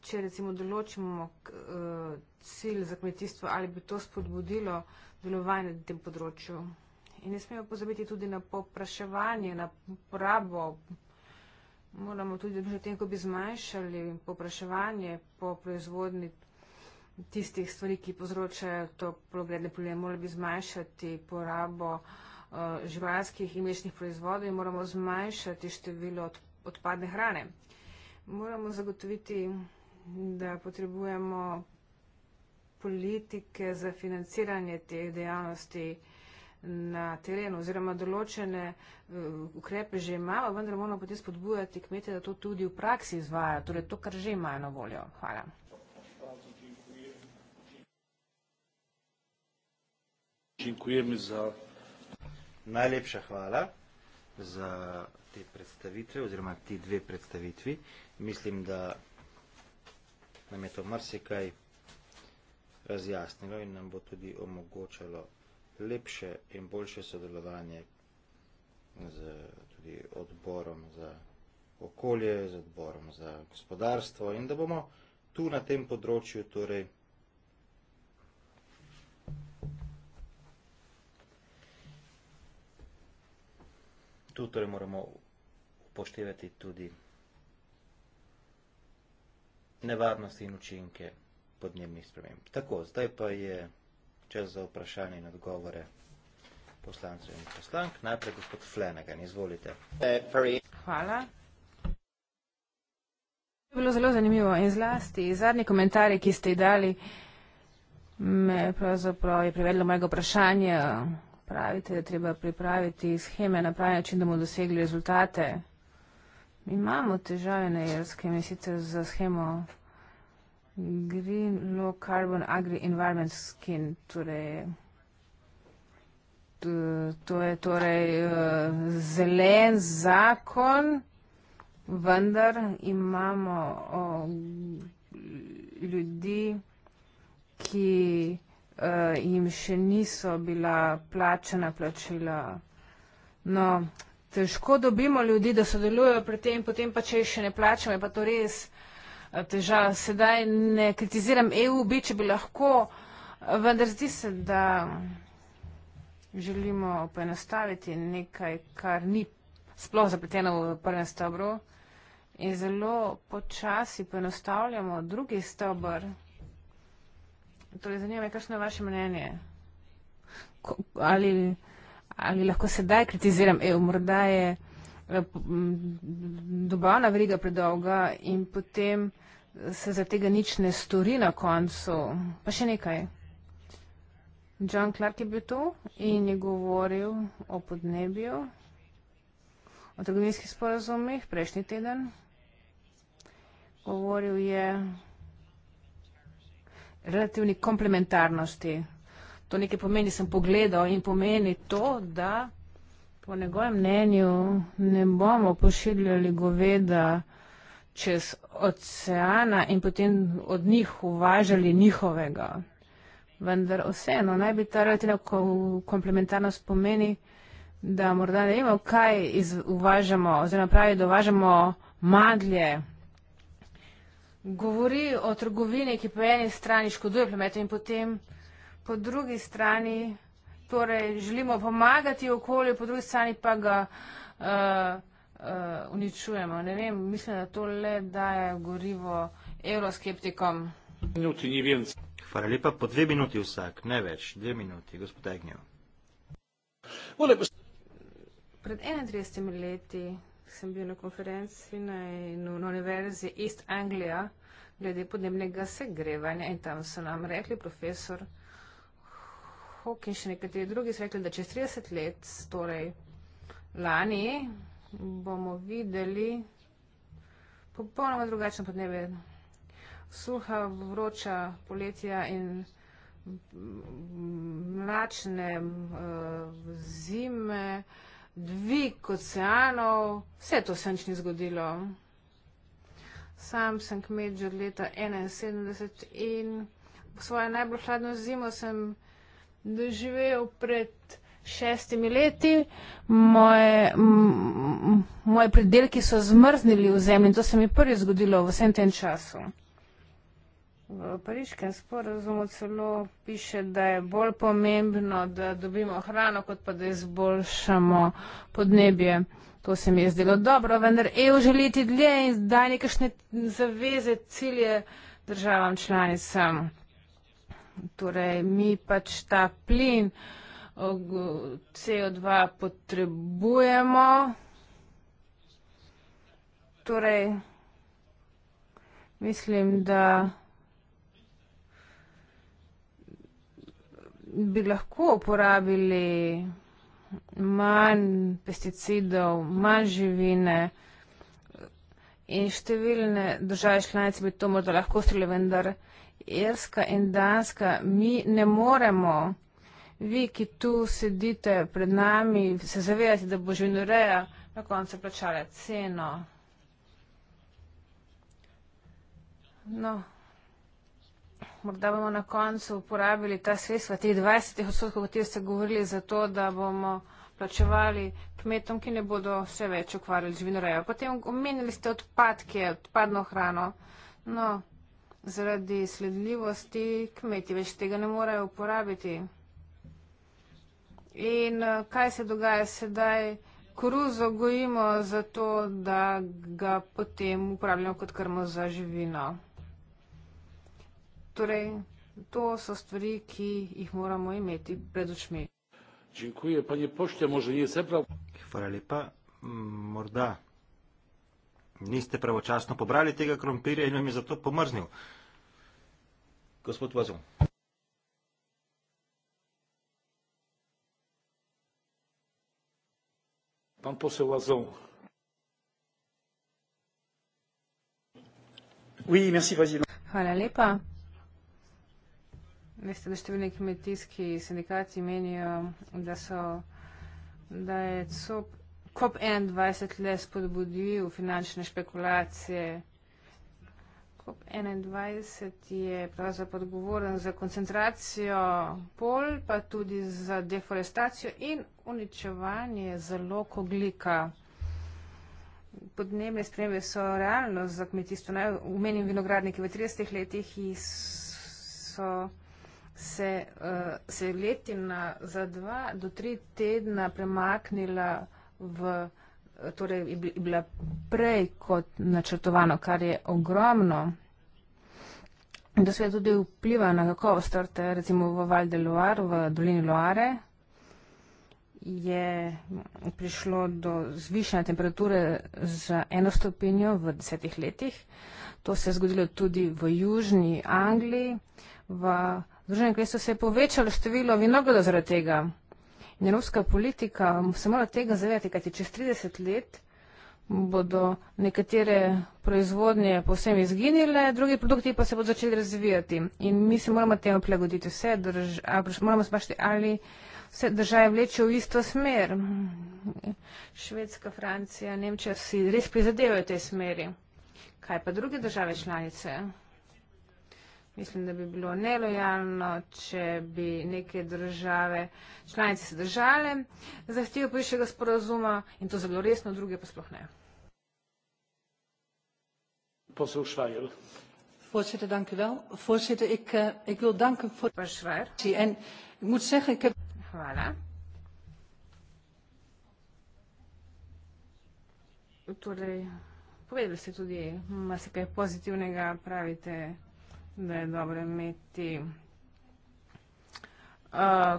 Če recimo določimo e, cilj za kmetijstvo, ali bi to spodbudilo delovanje na tem področju. In ne smemo pozabiti tudi na popraševanje, na porabo moramo tudi že tem, ko bi zmanjšali popraševanje po proizvodni tistih stvari, ki povzročajo to progledne probleme, morali bi zmanjšati porabo uh, živalskih in mlečnih proizvodov in moramo zmanjšati število od, odpadne hrane. Moramo zagotoviti, da potrebujemo politike za financiranje teh dejavnosti na terenu oziroma določene uh, ukrepe že imamo, vendar moramo potem spodbujati kmete, da to tudi v praksi izvaja, torej to, kar že imajo na voljo. Hvala. Za... Najlepša hvala za te predstavitve oziroma ti dve predstavitvi. Mislim, da nam je to marsikaj razjasnilo in nam bo tudi omogočalo lepše in boljše sodelovanje z tudi odborom za okolje, z odborom za gospodarstvo in da bomo tu na tem področju torej tu torej moramo upoštevati tudi nevarnosti in učinke podnebnih sprememb. Tako, zdaj pa je čas za vprašanje in odgovore poslancev in poslank. Najprej gospod Flenagan, izvolite. Hvala. To je bilo zelo zanimivo in zlasti zadnji komentarji, ki ste jih dali, me pravzaprav je privedlo mojega vprašanja. Pravite, da treba pripraviti scheme na pravi način, da bomo dosegli rezultate. Imamo težave na Irskem in sicer za schemo Green Low Carbon Agri Environment Skin, torej to je torej eh, zelen zakon, vendar imamo eh, ljudi, ki eh, jim še niso bila plačena plačila. No, težko dobimo ljudi, da sodelujo pri tem, potem pa če še ne plačamo, je pa to res vse težav. Sedaj ne kritiziram EU, bi če bi lahko, vendar zdi se, da želimo poenostaviti nekaj, kar ni sploh zapleteno v prvem stebru in zelo počasi poenostavljamo drugi stebr. Torej, zanima me, kakšno je vaše mnenje? Ko, ali, ali lahko sedaj kritiziram EU, morda je dobavna veriga predolga in potem se za tega nič ne stori na koncu. Pa še nekaj. John Clark je bil tu in je govoril o podnebju, o trgovinskih sporazumih prejšnji teden. Govoril je relativni komplementarnosti. To nekaj pomeni, sem pogledal in pomeni to, da Po njegovem mnenju ne bomo pošiljali goveda čez oceana in potem od njih uvažali njihovega. Vendar vseeno, naj bi ta relativna komplementarnost pomeni, da morda ne vemo, kaj iz, uvažamo, oziroma pravi, da uvažamo madlje. Govori o trgovini, ki po eni strani škoduje planetu in potem po drugi strani torej želimo pomagati okolju, po drugi strani pa ga uh, uh, uničujemo. Ne vem, mislim, da to le daje gorivo euroskeptikom. Hvala lepa, po dve minuti vsak, ne več, dve minuti, gospod Agnjo. Pred 31 leti sem bil na konferenci na, na, na univerzi East Anglia glede podnebnega segrevanja in tam so nam rekli profesor, Hawk in še nekateri drugi so rekli, da čez 30 let, torej lani, bomo videli popolnoma drugačno podnebje. Suha, vroča poletja in mračne eh, zime, dvig oceanov, vse to se nič ni zgodilo. Sam sem kmet že od leta 71 in svojo najbolj hladno zimo sem doživel pred šestimi leti. Moje, moje predelki so zmrznili v zemlji. To se mi prvi zgodilo v vsem tem času. V pariškem sporozumu celo piše, da je bolj pomembno, da dobimo hrano, kot pa da izboljšamo podnebje. To se mi je zdelo dobro, vendar EU želi ti dlje in daj nekašne zaveze, cilje državam članicam. Torej, mi pač ta plin CO2 potrebujemo. Torej, mislim, da bi lahko uporabili manj pesticidov, manj živine in številne države članice bi to morda lahko ustrele, vendar. Irska in Danska, mi ne moremo, vi, ki tu sedite pred nami, se zavedati, da bo živinoreja na koncu plačala ceno. No, morda bomo na koncu uporabili ta sredstva, teh 20 odstotkov, o kateri ste govorili, za to, da bomo plačevali kmetom, ki ne bodo vse več ukvarjali z vinorejo. Potem omenili ste odpadke, odpadno hrano. No, zaradi sledljivosti kmeti več tega ne morejo uporabiti. In eh, kaj se dogaja sedaj? Koruzo gojimo zato, da ga potem uporabljamo kot krmo za živino. Torej, to so stvari, ki jih moramo imeti pred očmi. Hvala lepa. Morda Niste pravočasno pobrali tega krompirja in vam je zato pomrznil. Gospod Vazon. Pan posel Vazon. Oui, merci, Vazon. Hvala lepa. Veste, da številni kmetijski sindikati menijo, da so, da je COP COP21 le spodbudil finančne špekulacije. COP21 je pravzaprav odgovoren za koncentracijo pol, pa tudi za deforestacijo in uničevanje zalog oglika. Podnebne spremembe so realno za kmetijstvo. Naj omenim vinogradniki v 30 letih in so se, uh, se letina za dva do tri tedna premaknila v, torej je bila prej kot načrtovano, kar je ogromno. In da seveda tudi vpliva na kakovost trte, recimo v Val de Loire, v dolini Loare, je prišlo do zvišanja temperature za eno stopinjo v desetih letih. To se je zgodilo tudi v južni Angliji. V Združenem kraljestvu se je povečalo število vinogradov zaradi tega njenovska politika se mora tega zavedati, kajti čez 30 let bodo nekatere proizvodnje povsem izginile, drugi produkti pa se bodo začeli razvijati. In mi se moramo temu prilagoditi. Vse države, moramo spraviti, ali vse države vlečejo v isto smer. Švedska, Francija, Nemčija si res prizadevajo v tej smeri. Kaj pa druge države članice? Mislim, da bi bilo nelojalno, če bi neke države, članice se držale zahtev prejšnjega sporozuma in to zelo resno, druge pa sploh ne. Poslušajel. Voorzitter, dank u wel. Voorzitter, ik, uh, ik wil danken voor de actie. En ik moet zeggen, ik heb. Voilà. Torej, povedali ste tudi, ima se kaj pozitivnega, pravite, da je dobro imeti eh,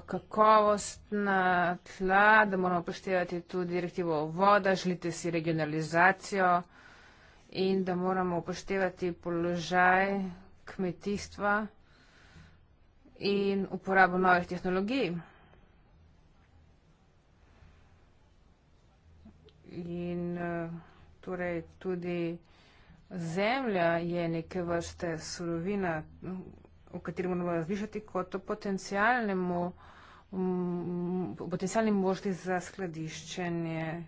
kakovostna tla, da moramo poštevati tudi direktivo voda, želite si regionalizacijo in da moramo poštevati položaj kmetijstva in uporabo novih tehnologij. In eh, torej tudi tudi Zemlja je neke vrste surovina, o kateri moramo razmišljati kot o potencijalnemu, potencijalni možnosti za skladiščenje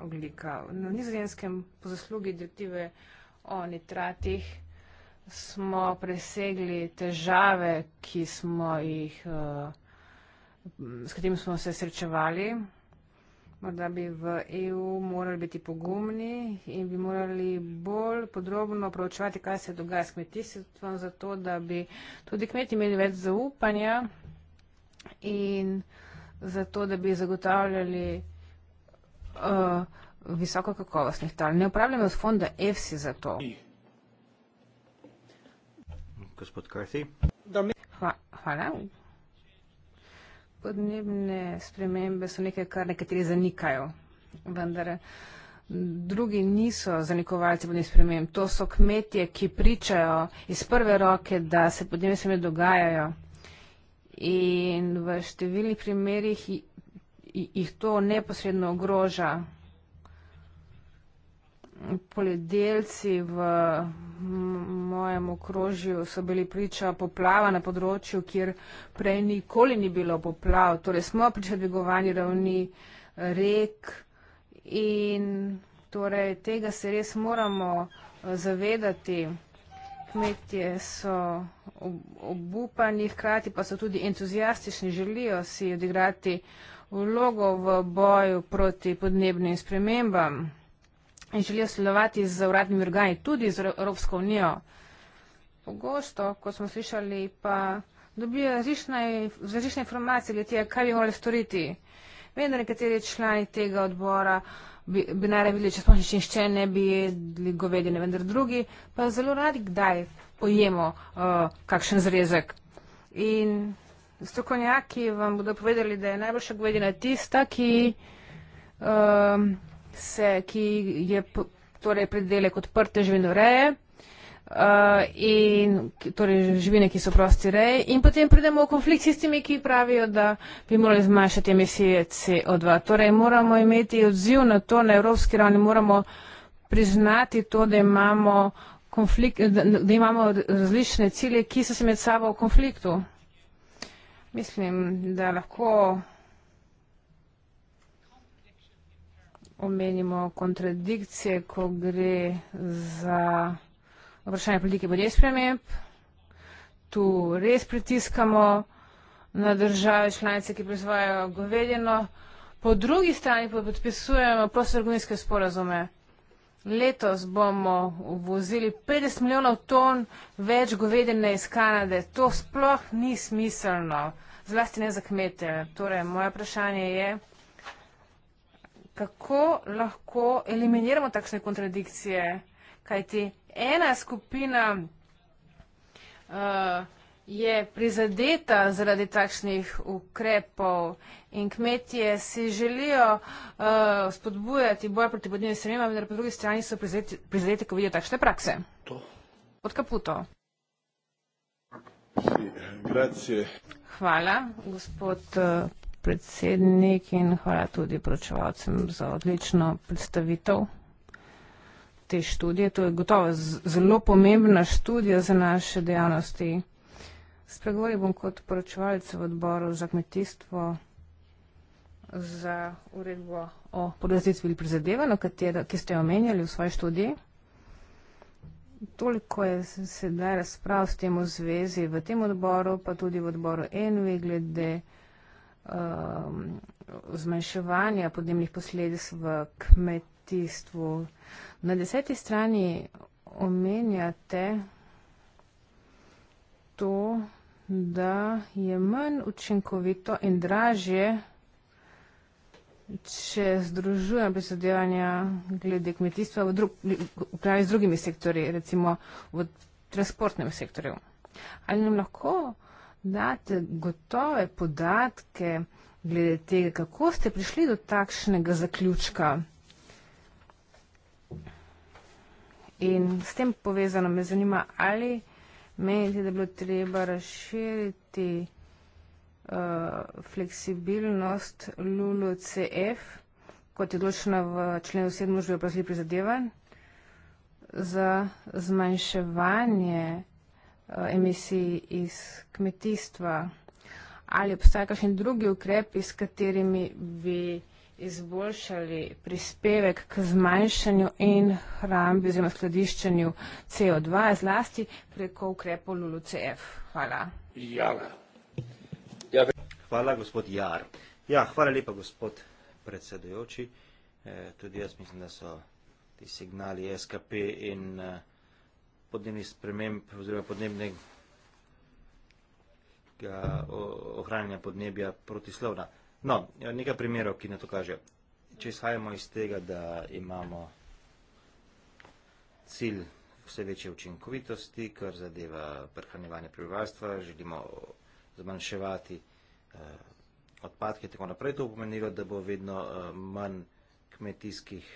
oglika. Na nizozemskem po zaslugi direktive o nitratih smo presegli težave, ki smo jih, uh, s katerimi smo se srečevali Morda bi v EU morali biti pogumni in bi morali bolj podrobno proučevati, kaj se dogaja s kmetijstvom, zato da bi tudi kmeti imeli več zaupanja in zato da bi zagotavljali uh, visoko kakovostnih tal. Ne upravljamo z fonda EFSI za to. Gospod Karthi. Hva, hvala podnebne spremembe so nekaj, kar nekateri zanikajo, vendar drugi niso zanikovalci podnebnih sprememb. To so kmetje, ki pričajo iz prve roke, da se podnebne spremembe dogajajo. In v številnih primerjih jih to neposredno ogroža poljedelci v mojem okrožju so bili priča poplava na področju, kjer prej nikoli ni bilo poplav. Torej smo priča dvigovanju ravni eh, rek in torej tega se res moramo eh, zavedati. Kmetje so obupani, hkrati pa so tudi entuzijastični, želijo si odigrati vlogo v boju proti podnebnim spremembam in želijo sodelovati z uradnimi organi, tudi z Evropsko unijo. Pogosto, kot smo slišali, pa dobijo različne informacije glede tega, kaj bi morali storiti. Vem, da nekateri člani tega odbora bi, bi naredili, če smo še nišče, ne bi jedli govedine, vendar drugi pa zelo radi kdaj pojemo uh, kakšen zrezek. In strokovnjaki vam bodo povedali, da je najboljša govedina tista, ki. Uh, se, ki je torej predelek odprte živinoreje. Uh, in torej živine, ki so prosti reji. In potem pridemo v konflikt s tistimi, ki pravijo, da bi morali zmanjšati emisije CO2. Torej moramo imeti odziv na to na evropski ravni, moramo priznati to, da imamo, konflikt, da, da imamo različne cilje, ki so se med sabo v konfliktu. Mislim, da lahko. omenimo kontradikcije, ko gre za vprašanje politike bodje sprememb. Tu res pritiskamo na države članice, ki proizvajajo govedjeno. Po drugi strani pa podpisujemo prostorgunijske sporazume. Letos bomo uvozili 50 milijonov ton več govedene iz Kanade. To sploh ni smiselno, zlasti ne za kmete. Torej, moje vprašanje je kako lahko eliminiramo takšne kontradikcije. Kaj ti ena skupina uh, je prizadeta zaradi takšnih ukrepov in kmetije si želijo uh, spodbujati boj proti podnebnim spremembam, vendar po drugi strani so prizadeti, prizadeti, ko vidijo takšne prakse. To. Od kaputo. Si, eh, Hvala, gospod uh, predsednik in hvala tudi pročevalcem za odlično predstavitev te študije. To je gotovo zelo pomembna študija za naše dejavnosti. Spregovoril bom kot poročevalec v odboru za kmetijstvo za uredbo o porazitvi ali prizadevanju, ki ste jo omenjali v svoji študiji. Toliko je sedaj razprav s tem v zvezi v tem odboru, pa tudi v odboru ENVI glede um, zmanjševanja podnebnih posledic v kmetijstvu. Na deseti strani omenjate to, da je manj učinkovito in dražje, če združujem prizadevanja glede kmetijstva v upravi drug, z drugimi sektori, recimo v transportnem sektorju. Ali nam lahko date gotove podatke glede tega, kako ste prišli do takšnega zaključka. In s tem povezano me zanima, ali menite, da bi bilo treba razširiti uh, fleksibilnost LULU-CF, kot je določena v členu 7 družbe prizadevanj, za zmanjševanje Eh, emisij iz kmetijstva. Ali obstajajo kakšni drugi ukrepi, s katerimi bi izboljšali prispevek k zmanjšanju in hrambi oziroma skladiščenju CO2, zlasti preko ukrepov LULUCF. Hvala. Jala. Jala. Ja, hvala, gospod Jar. Ja, hvala lepa, gospod predsedujoči. E, tudi jaz mislim, da so ti signali SKP in e, podnebnih sprememb oziroma podnebnega ohranjanja podnebja protislovna. No, nekaj primerov, ki na to kaže. Če izhajamo iz tega, da imamo cilj vse večje učinkovitosti, kar zadeva prehranjevanje prebivalstva, želimo zmanjševati eh, odpadke in tako naprej, to pomenilo, da bo vedno eh, manj kmetijskih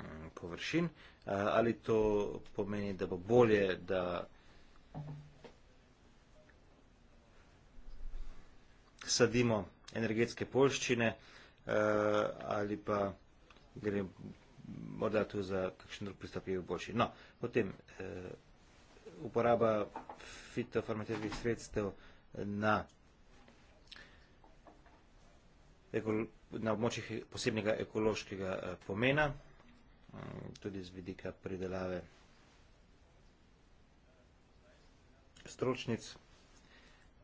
mm, površin, Eh, ali to pomeni, da bo bolje, da sadimo energetske polščine eh, ali pa gre morda tu za kakšen drug pristop, ki je boljši. No, potem eh, uporaba fitofarmacijskih sredstev na na območjih posebnega ekološkega pomena, tudi z vidika pridelave stročnic.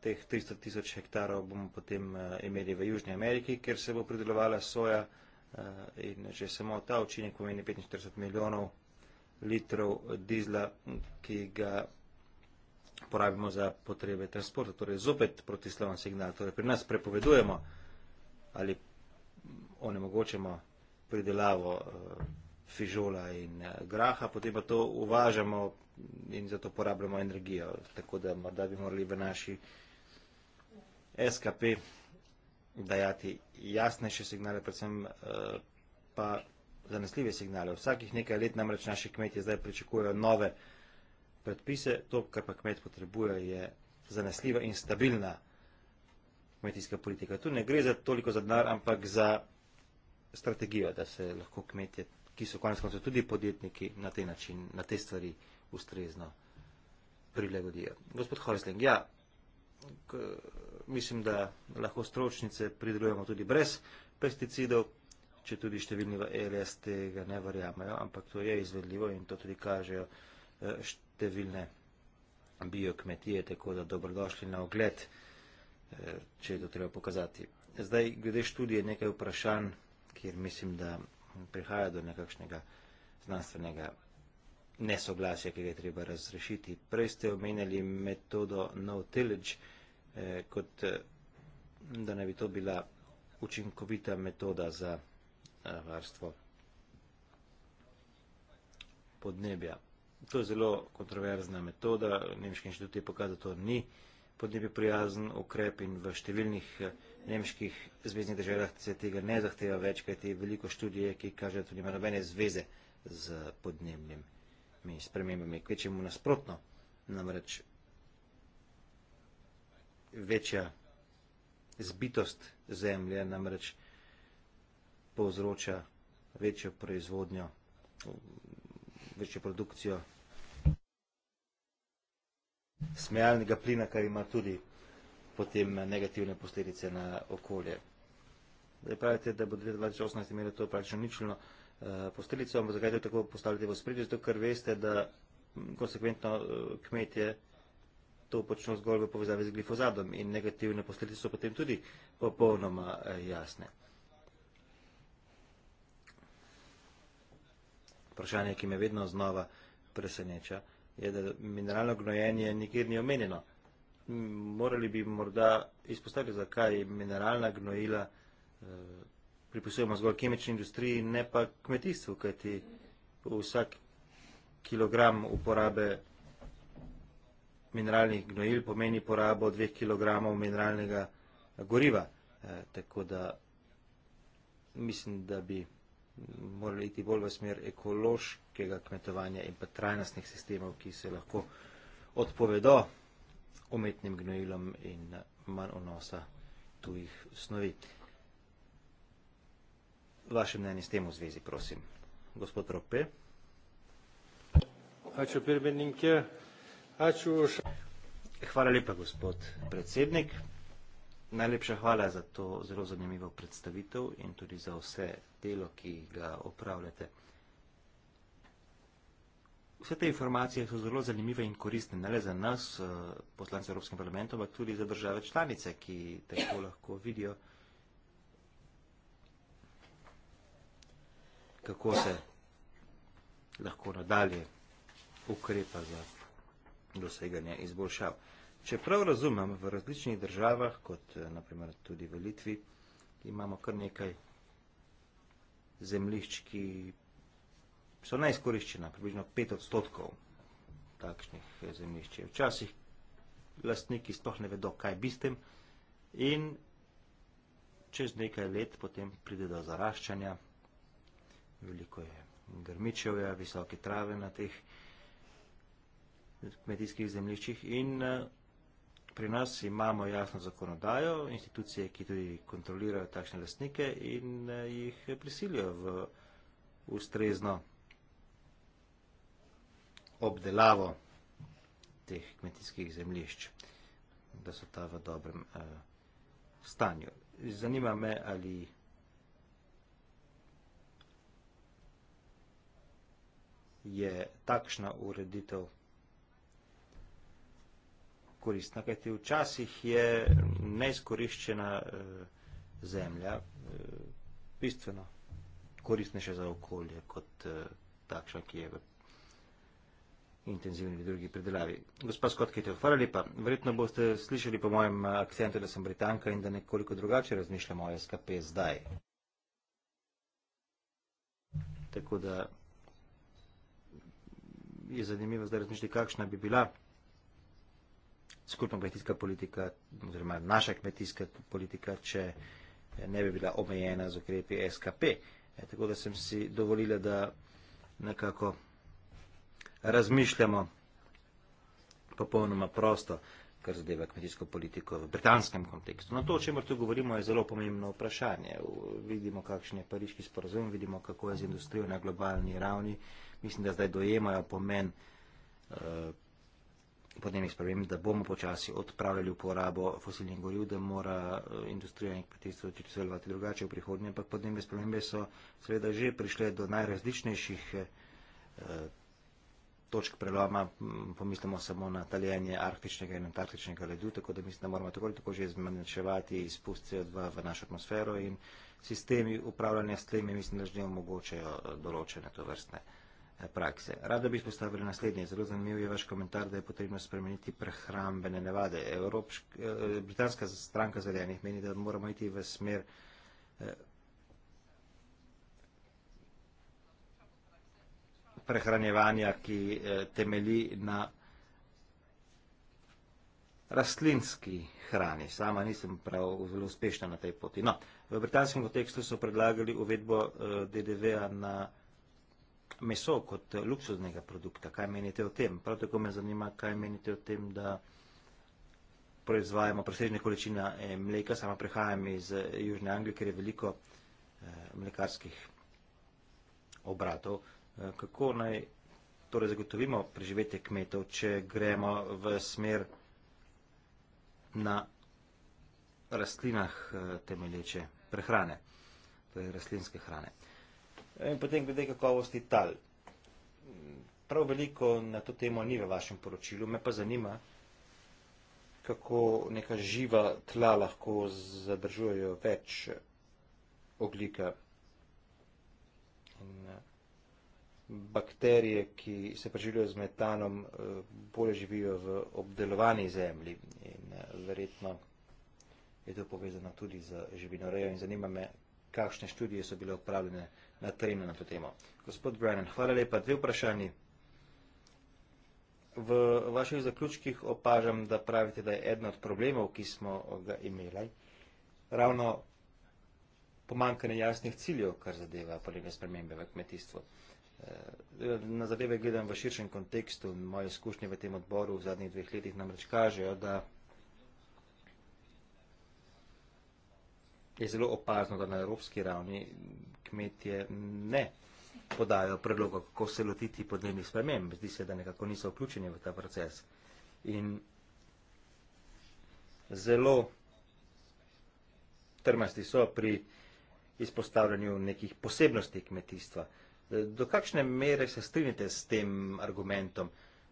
Teh 300 tisoč hektarov bomo potem eh, imeli v Južnji Ameriki, kjer se bo pridelovala soja eh, in že samo ta učinek pomeni 45 milijonov litrov dizla, ki ga porabimo za potrebe transporta. Torej zopet protislovan signal. Torej pri nas prepovedujemo ali onemogočemo pridelavo uh, fižola in eh, graha, potem pa to uvažamo in zato porabljamo energijo. Tako da morda bi morali v naši SKP dajati jasnejše signale, predvsem eh, pa zanesljive signale. Vsakih nekaj let namreč naši kmetje zdaj pričakujejo nove predpise. To, kar pa kmet potrebuje, je zanesljiva in stabilna kmetijska politika. Tu ne gre za toliko za denar, ampak za strategijo, da se lahko kmetje ki so konec koncev tudi podjetniki, na te, način, na te stvari ustrezno prilagodijo. Gospod Horsling, ja, k, mislim, da lahko stročnice pridelujemo tudi brez pesticidov, če tudi številni v ELS tega ne verjamejo, ampak to je izvedljivo in to tudi kažejo eh, številne biokmetije, tako da dobrodošli na ogled, eh, če je to treba pokazati. Zdaj, glede študije, nekaj vprašanj, kjer mislim, da prihaja do nekakšnega znanstvenega nesoglasja, ki ga je treba razrešiti. Prej ste omenjali metodo no tillage, eh, kot eh, da ne bi to bila učinkovita metoda za eh, varstvo podnebja. To je zelo kontroverzna metoda, Nemški inštitut je pokazal, da to ni podnebje prijazen ukrep in v številnih eh, nemških zvezdnih državah se tega ne zahteva več, kajti veliko študije, ki kaže, da tudi ima nobene zveze z podnebnimi spremembami. Kvečemu nasprotno, namreč večja zbitost zemlje namreč povzroča večjo proizvodnjo, večjo produkcijo smejalnega plina, kar ima tudi potem negativne posledice na okolje. Zdaj pravite, da bo 2018 imelo to praktično ničelno eh, posledico, ampak zakaj to tako postavljate v spredje, zato ker veste, da mm, konsekventno eh, kmetje to počno zgolj v povezavi z glifozadom in negativne posledice so potem tudi popolnoma eh, jasne. Vprašanje, ki me vedno znova preseneča, je, da mineralno gnojenje nikjer ni omenjeno. Morali bi morda izpostaviti, zakaj mineralna gnojila eh, pripisujemo zgolj kemični industriji, ne pa kmetijstvu, kajti vsak kilogram uporabe mineralnih gnojil pomeni porabo dveh kilogramov mineralnega goriva. Eh, tako da mislim, da bi morali iti bolj v smer ekološkega kmetovanja in pa trajnostnih sistemov, ki se lahko odpovedo umetnim gnojilom in manj vnosa tujih snovi. Vaše mnenje s tem v zvezi, prosim. Gospod Rope. Hvala lepa, gospod predsednik. Najlepša hvala za to zelo zanimivo predstavitev in tudi za vse delo, ki ga opravljate. Vse te informacije so zelo zanimive in koristne, ne le za nas, eh, poslance Evropskega parlamenta, ampak tudi za države članice, ki tako lahko vidijo, kako se lahko nadalje ukrepa za doseganje izboljšav. Čeprav razumem, v različnih državah, kot eh, naprimer tudi v Litvi, imamo kar nekaj zemljišč, ki so najskoriščena, približno pet odstotkov takšnih eh, zemljišč. Včasih lastniki sploh ne vedo, kaj bi s tem in čez nekaj let potem pride do zaraščanja, veliko je grmičevja, visoke trave na teh kmetijskih zemljiščih in uh, pri nas imamo jasno zakonodajo, institucije, ki tudi kontrolirajo takšne lastnike in eh, jih prisilijo v ustrezno obdelavo teh kmetijskih zemljišč, da so ta v dobrem uh, stanju. Zanima me, ali je takšna ureditev koristna, kajte včasih je neizkoriščena eh, zemlja eh, bistveno koristnejša za okolje kot eh, takšna, ki je v intenzivni drugi predelavi. Gospa Skotkite, hvala lepa. Verjetno boste slišali po mojem akcentu, da sem Britanka in da nekoliko drugače razmišljamo o SKP zdaj. Tako da je zanimivo zdaj razmišljati, kakšna bi bila skupna kmetijska politika, oziroma naša kmetijska politika, če ne bi bila omejena z ukrepi SKP. E, tako da sem si dovolila, da nekako razmišljamo popolnoma prosto, kar zadeva kmetijsko politiko v britanskem kontekstu. No to, o čemer tu govorimo, je zelo pomembno vprašanje. Vidimo, kakšen je pariški sporozum, vidimo, kako je z industrijo na globalni ravni. Mislim, da zdaj dojemajo pomen. Uh, podnebnih sprememb, da bomo počasi odpravljali uporabo fosilnih goriv, da mora eh, industrija in kmetijstvo začeti sodelovati drugače v prihodnje, ampak podnebne spremembe so seveda že prišle do najrazličnejših eh, točk preloma, pomislimo samo na taljenje arktičnega in antarktičnega ledu, tako da mislim, da moramo tako ali tako že zmanjševati izpust CO2 v našo atmosfero in sistemi upravljanja s tem, mislim, da že omogočajo eh, določene to vrstne. Eh, prakse. Rada bi izpostavila naslednje. Zelo zanimiv je vaš komentar, da je potrebno spremeniti prehrambene nevade. Evropšk, eh, Britanska stranka zelenih meni, da moramo iti v smer. Eh, prehranjevanja, ki eh, temelji na rastlinski hrani. Sama nisem prav zelo uspešna na tej poti. No, v britanskem kontekstu so predlagali uvedbo eh, DDV-a na meso kot luksuznega produkta. Kaj menite o tem? Prav tako me zanima, kaj menite o tem, da proizvajamo presežne količine eh, mleka. Sama prehajam iz eh, Južne Anglije, ker je veliko eh, mlekarskih obratov. Kako naj torej zagotovimo preživetje kmetov, če gremo v smer na rastlinah temelječe prehrane, torej rastlinske hrane? in potem glede kakovosti tal. Prav veliko na to temo ni v vašem poročilu, me pa zanima, kako neka živa tla lahko zadržujejo več oglika in eh, bakterije, ki se preživljajo z metanom, eh, bolje živijo v obdelovani zemlji in eh, verjetno je to povezano tudi z živinorejo in zanima me, kakšne študije so bile upravljene na trenu na to temo. Gospod Brennan, hvala lepa. Dve vprašanji. V vaših zaključkih opažam, da pravite, da je eden od problemov, ki smo ga imeli, ravno pomankanje jasnih ciljev, kar zadeva podnebne spremembe v kmetijstvu. Eh, na zadeve gledam v širšem kontekstu. Moje izkušnje v tem odboru v zadnjih dveh letih namreč kažejo, da je zelo opazno, da na evropski ravni kmetje ne podajo predloga, kako se lotiti podnebnih sprememb. Zdi se, da nekako niso vključeni v ta proces. In zelo trmasti so pri izpostavljanju nekih posebnosti kmetijstva. Do kakšne mere se strinjate s tem argumentom,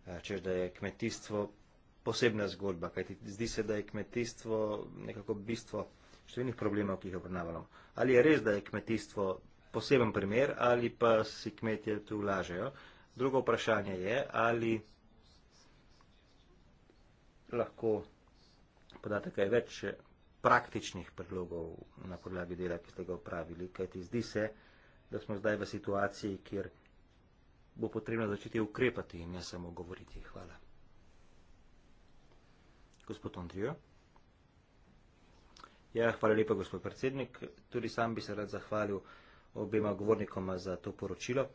eh, čež da je kmetijstvo posebna zgodba, kajti zdi se, da je kmetijstvo nekako bistvo številnih problemov, ki jih obravnavamo. Ali je res, da je kmetijstvo poseben primer ali pa si kmetje tu lažejo. Drugo vprašanje je, ali lahko podate kaj več praktičnih predlogov na podlagi dela, ki ste ga upravili, kajti zdi se, da smo zdaj v situaciji, kjer bo potrebno začeti ukrepati in ne samo govoriti. Hvala. Gospod Andrijo. Ja, hvala lepa, gospod predsednik. Tudi sam bi se rad zahvalil obema govornikoma za to poročilo.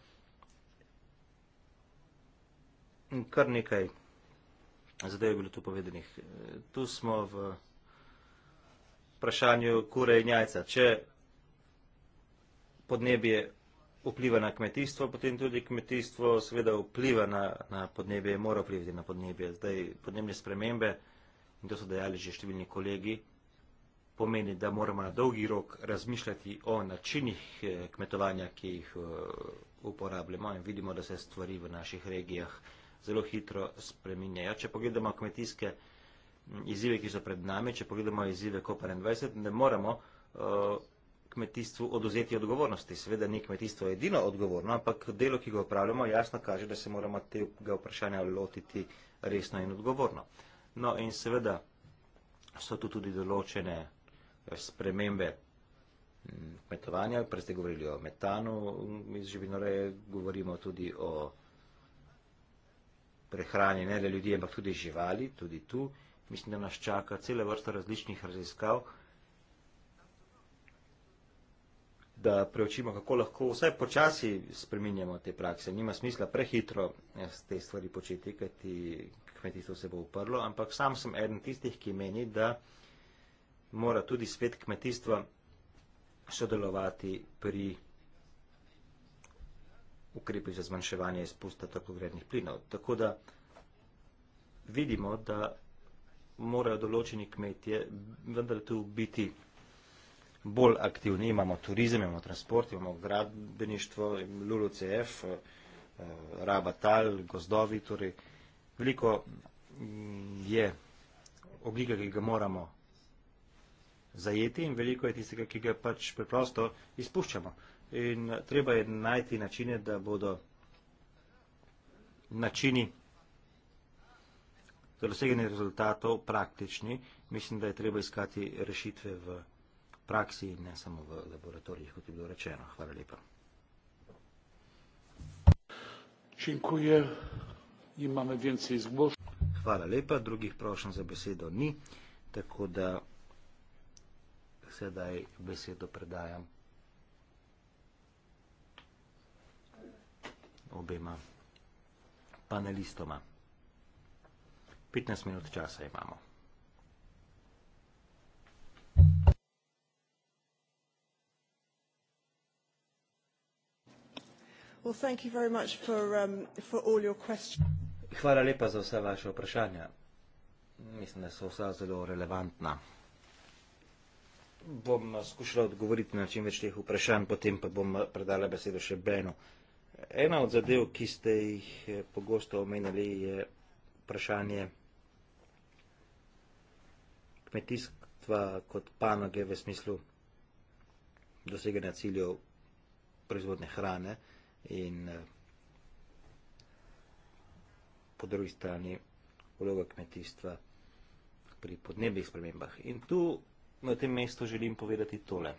Kar nekaj zadev je bilo tu povedanih. Tu smo v vprašanju kure in jajca. Če podnebje vpliva na kmetijstvo, potem tudi kmetijstvo seveda vpliva na, na podnebje, mora vplivati na podnebje. Zdaj podnebne spremembe, in to so dejali že številni kolegi, pomeni, da moramo na dolgi rok razmišljati o načinih eh, kmetovanja, ki jih eh, uporabljamo in vidimo, da se stvari v naših regijah zelo hitro spreminjajo. Če pogledamo kmetijske izzive, ki so pred nami, če pogledamo izzive COP21, ne moramo eh, kmetijstvu oduzeti odgovornosti. Seveda ni kmetijstvo edino odgovorno, ampak delo, ki ga upravljamo, jasno kaže, da se moramo tega vprašanja lotiti resno in odgovorno. No in seveda so tu tudi določene spremembe mm, kmetovanja, prej ste govorili o metanu iz živinoreje, govorimo tudi o prehrani ne le ljudi, ampak tudi živali, tudi tu. Mislim, da nas čaka cele vrsta različnih raziskav, da preučimo, kako lahko vse počasi spreminjamo te prakse. Nima smisla prehitro eh, te stvari početi, kajti kmetijstvo se bo uprlo, ampak sam sem eden tistih, ki meni, da mora tudi svet kmetijstva sodelovati pri ukrepih za zmanjševanje izpusta toplogrednih plinov. Tako da vidimo, da morajo določeni kmetje vendar tu biti bolj aktivni. Imamo turizem, imamo transport, imamo gradbeništvo, LULUCF, eh, raba tal, gozdovi, torej veliko mm, je ogljika, ki ga moramo zajeti in veliko je tistega, ki ga pač preprosto izpuščamo. In treba je najti načine, da bodo načini za doseganje rezultatov praktični. Mislim, da je treba iskati rešitve v praksi in ne samo v laboratorijih, kot je bilo rečeno. Hvala lepa. Činkuje, imamo vence izboljšanje. Hvala lepa, drugih prošenj za besedo ni, tako da sedaj besedo predajam obema panelistoma. 15 minut časa imamo. Um, Hvala lepa za vse vaše vprašanja. Mislim, da so vsa zelo relevantna bom eh, skušala odgovoriti na čim več teh vprašanj, potem pa bom eh, predala besedo še Benu. Ena od zadev, ki ste jih eh, pogosto omenjali, je vprašanje kmetijstva kot panoge v smislu doseganja ciljev proizvodne hrane in po drugi strani vloga kmetijstva pri podnebnih spremembah. In tu na tem mestu želim povedati tole.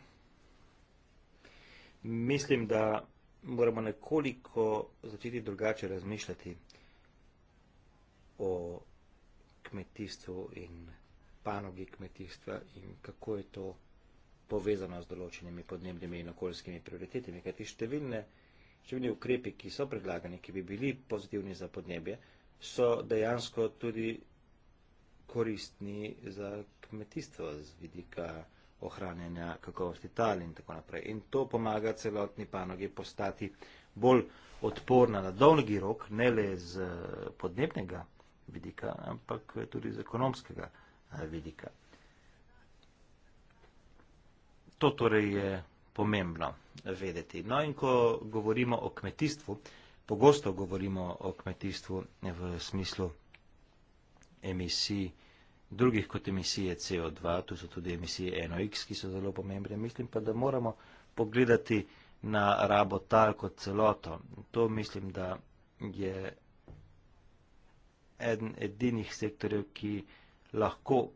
Mislim, da moramo nekoliko začeti drugače razmišljati o kmetijstvu in panogi kmetijstva in kako je to povezano z določenimi podnebnimi in okoljskimi prioritetami, kajti številne, številne ukrepi, ki so predlagani, ki bi bili pozitivni za podnebje, so dejansko tudi koristni za kmetijstvo z vidika ohranjanja kakovosti tal in tako naprej. In to pomaga celotni panogi postati bolj odporna na dolgi rok, ne le z eh, podnebnega vidika, ampak tudi z ekonomskega eh, vidika. To torej je pomembno eh, vedeti. No in ko govorimo o kmetijstvu, pogosto govorimo o kmetijstvu v smislu emisij drugih kot emisije CO2, tu so tudi emisije NOx, ki so zelo pomembne. Mislim pa, da moramo pogledati na rabo tal kot celoto. To mislim, da je eden edinih sektorjev, ki lahko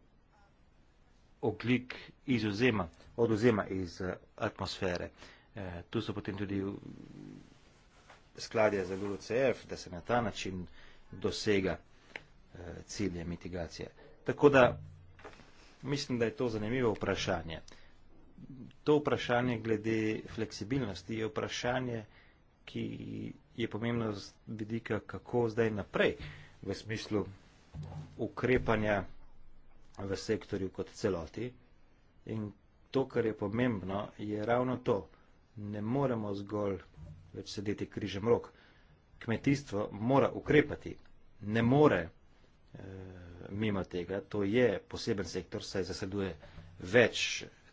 oglik izuzema, oduzema iz eh, atmosfere. E, tu so potem tudi skladje za GLUCF, da se na ta način dosega e, cilje mitigacije. Tako da mislim, da je to zanimivo vprašanje. To vprašanje glede fleksibilnosti je vprašanje, ki je pomembno z vidika, kako zdaj naprej v smislu ukrepanja v sektorju kot celoti. In to, kar je pomembno, je ravno to. Ne moremo zgolj več sedeti križem rok. Kmetijstvo mora ukrepati. Ne more Eh, mimo tega. To je poseben sektor, saj zasleduje več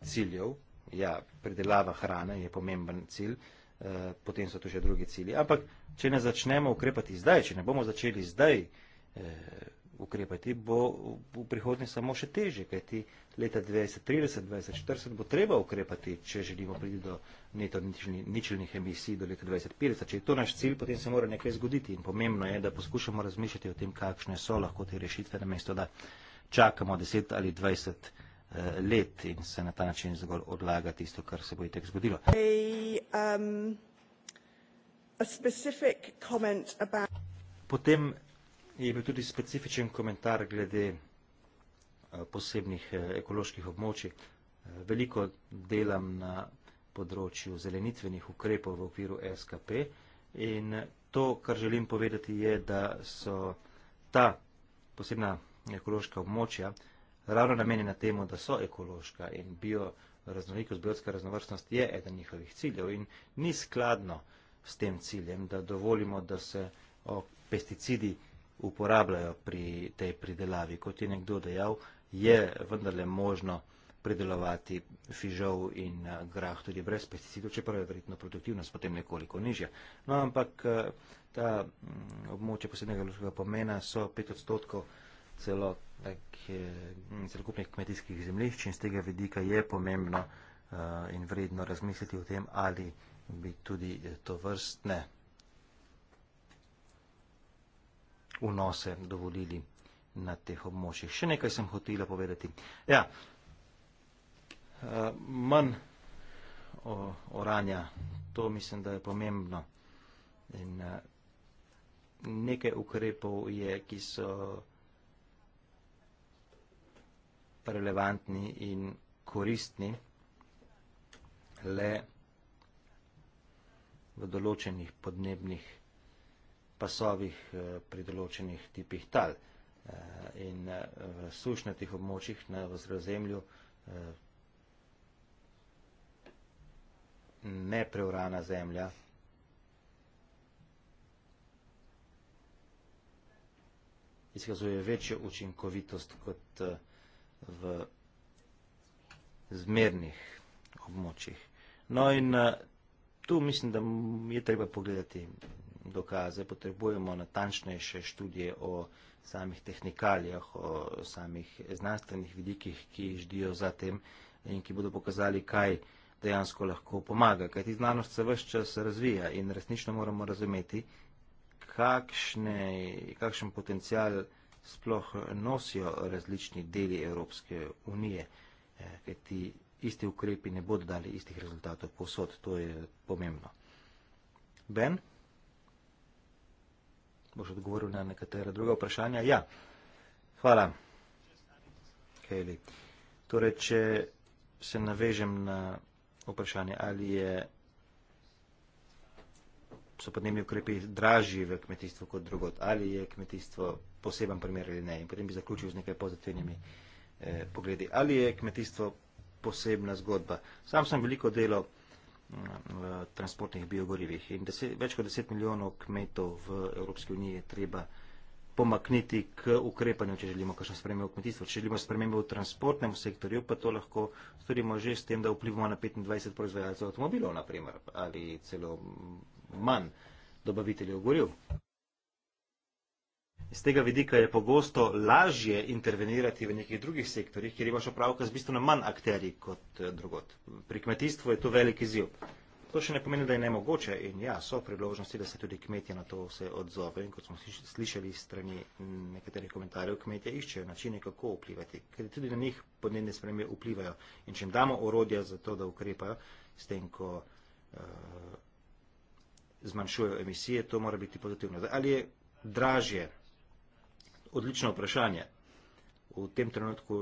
ciljev. Ja, predelava hrane je pomemben cilj, eh, potem so tu še drugi cilji. Ampak, če ne začnemo ukrepati zdaj, če ne bomo začeli zdaj, eh, ukrepati, bo v prihodnje samo še teže, kajti leta 2030, 2040 bo treba ukrepati, če želimo priti do neto ničelnih emisij do leta 2050. Če je to naš cilj, potem se mora nekaj zgoditi in pomembno je, da poskušamo razmišljati o tem, kakšne so lahko te rešitve, namesto da čakamo 10 ali 20 eh, let in se na ta način zgolj odlaga tisto, kar se bo itek zgodilo. Um, potem je bil tudi specifičen komentar glede eh, posebnih eh, ekoloških območij. Eh, veliko delam na področju zelenitvenih ukrepov v okviru SKP in to, kar želim povedati, je, da so ta posebna ekološka območja ravno namenjena temu, da so ekološka in bioraznolikost, biotska raznovrstnost je eden njihovih ciljev in ni skladno s tem ciljem, da dovolimo, da se o pesticidi uporabljajo pri tej pridelavi. Kot je nekdo dejal, je vendarle možno pridelovati fižov in eh, grah tudi brez pesticidov, čeprav je verjetno produktivnost potem nekoliko nižja. No, ampak eh, ta mm, območja posebnega ljudskega pomena so 5 odstotkov celo, tak, eh, celokupnih kmetijskih zemljišč in z tega vidika je pomembno in vredno razmisliti o tem, ali bi tudi to vrstne vnose dovolili na teh območjih. Še nekaj sem hotela povedati. Ja, eh, manj oranja, to mislim, da je pomembno. In eh, nekaj ukrepov je, ki so relevantni in koristni le v določenih podnebnih področjih pasovih eh, pri določenih tipih tal. Eh, in eh, v sušnatih območjih na vzrazemlju nepreurana zemlja izkazuje večjo učinkovitost kot v zmernih območjih. No in tu mislim, da je treba pogledati dokaze, potrebujemo natančnejše študije o samih tehnikalijah, o samih znanstvenih vidikih, ki ždijo za tem in ki bodo pokazali, kaj dejansko lahko pomaga. Kaj ti znanost se vse čas razvija in resnično moramo razumeti, kakšne, kakšen potencial sploh nosijo različni deli Evropske unije, eh, kaj ti isti ukrepi ne bodo dali istih rezultatov posod, to je pomembno. Ben? boš odgovoril na nekatera druga vprašanja. Ja, hvala. Kaylee. Torej, če se navežem na vprašanje, ali je, so podnebni ukrepi dražji v kmetijstvu kot drugot, ali je kmetijstvo poseben primer ali ne. In potem bi zaključil z nekaj pozitivnimi eh, pogledi. Ali je kmetijstvo posebna zgodba? Sam sem veliko delo v transportnih biogorivih. In deset, več kot 10 milijonov kmetov v Evropski uniji je treba pomakniti k ukrepanju, če želimo kakšno spremembo v kmetijstvu. Če želimo spremembo v transportnem sektorju, pa to lahko storimo že s tem, da vplivamo na 25 proizvajalcev avtomobilov, naprimer, ali celo manj dobaviteljev goriv. Z tega vidika je pogosto lažje intervenirati v nekih drugih sektorjih, kjer imaš opravka z bistveno manj akterij kot eh, drugot. Pri kmetijstvu je to velik izjiv. To še ne pomeni, da je nemogoče in ja, so priložnosti, da se tudi kmetje na to vse odzove in kot smo slišali strani nekaterih komentarjev, kmetje iščejo načine, kako vplivati, ker tudi na njih podnebne spremembe vplivajo in če jim damo orodja za to, da ukrepajo s tem, ko uh, zmanjšujejo emisije, to mora biti pozitivno. Ali je dražje odlično vprašanje. V tem trenutku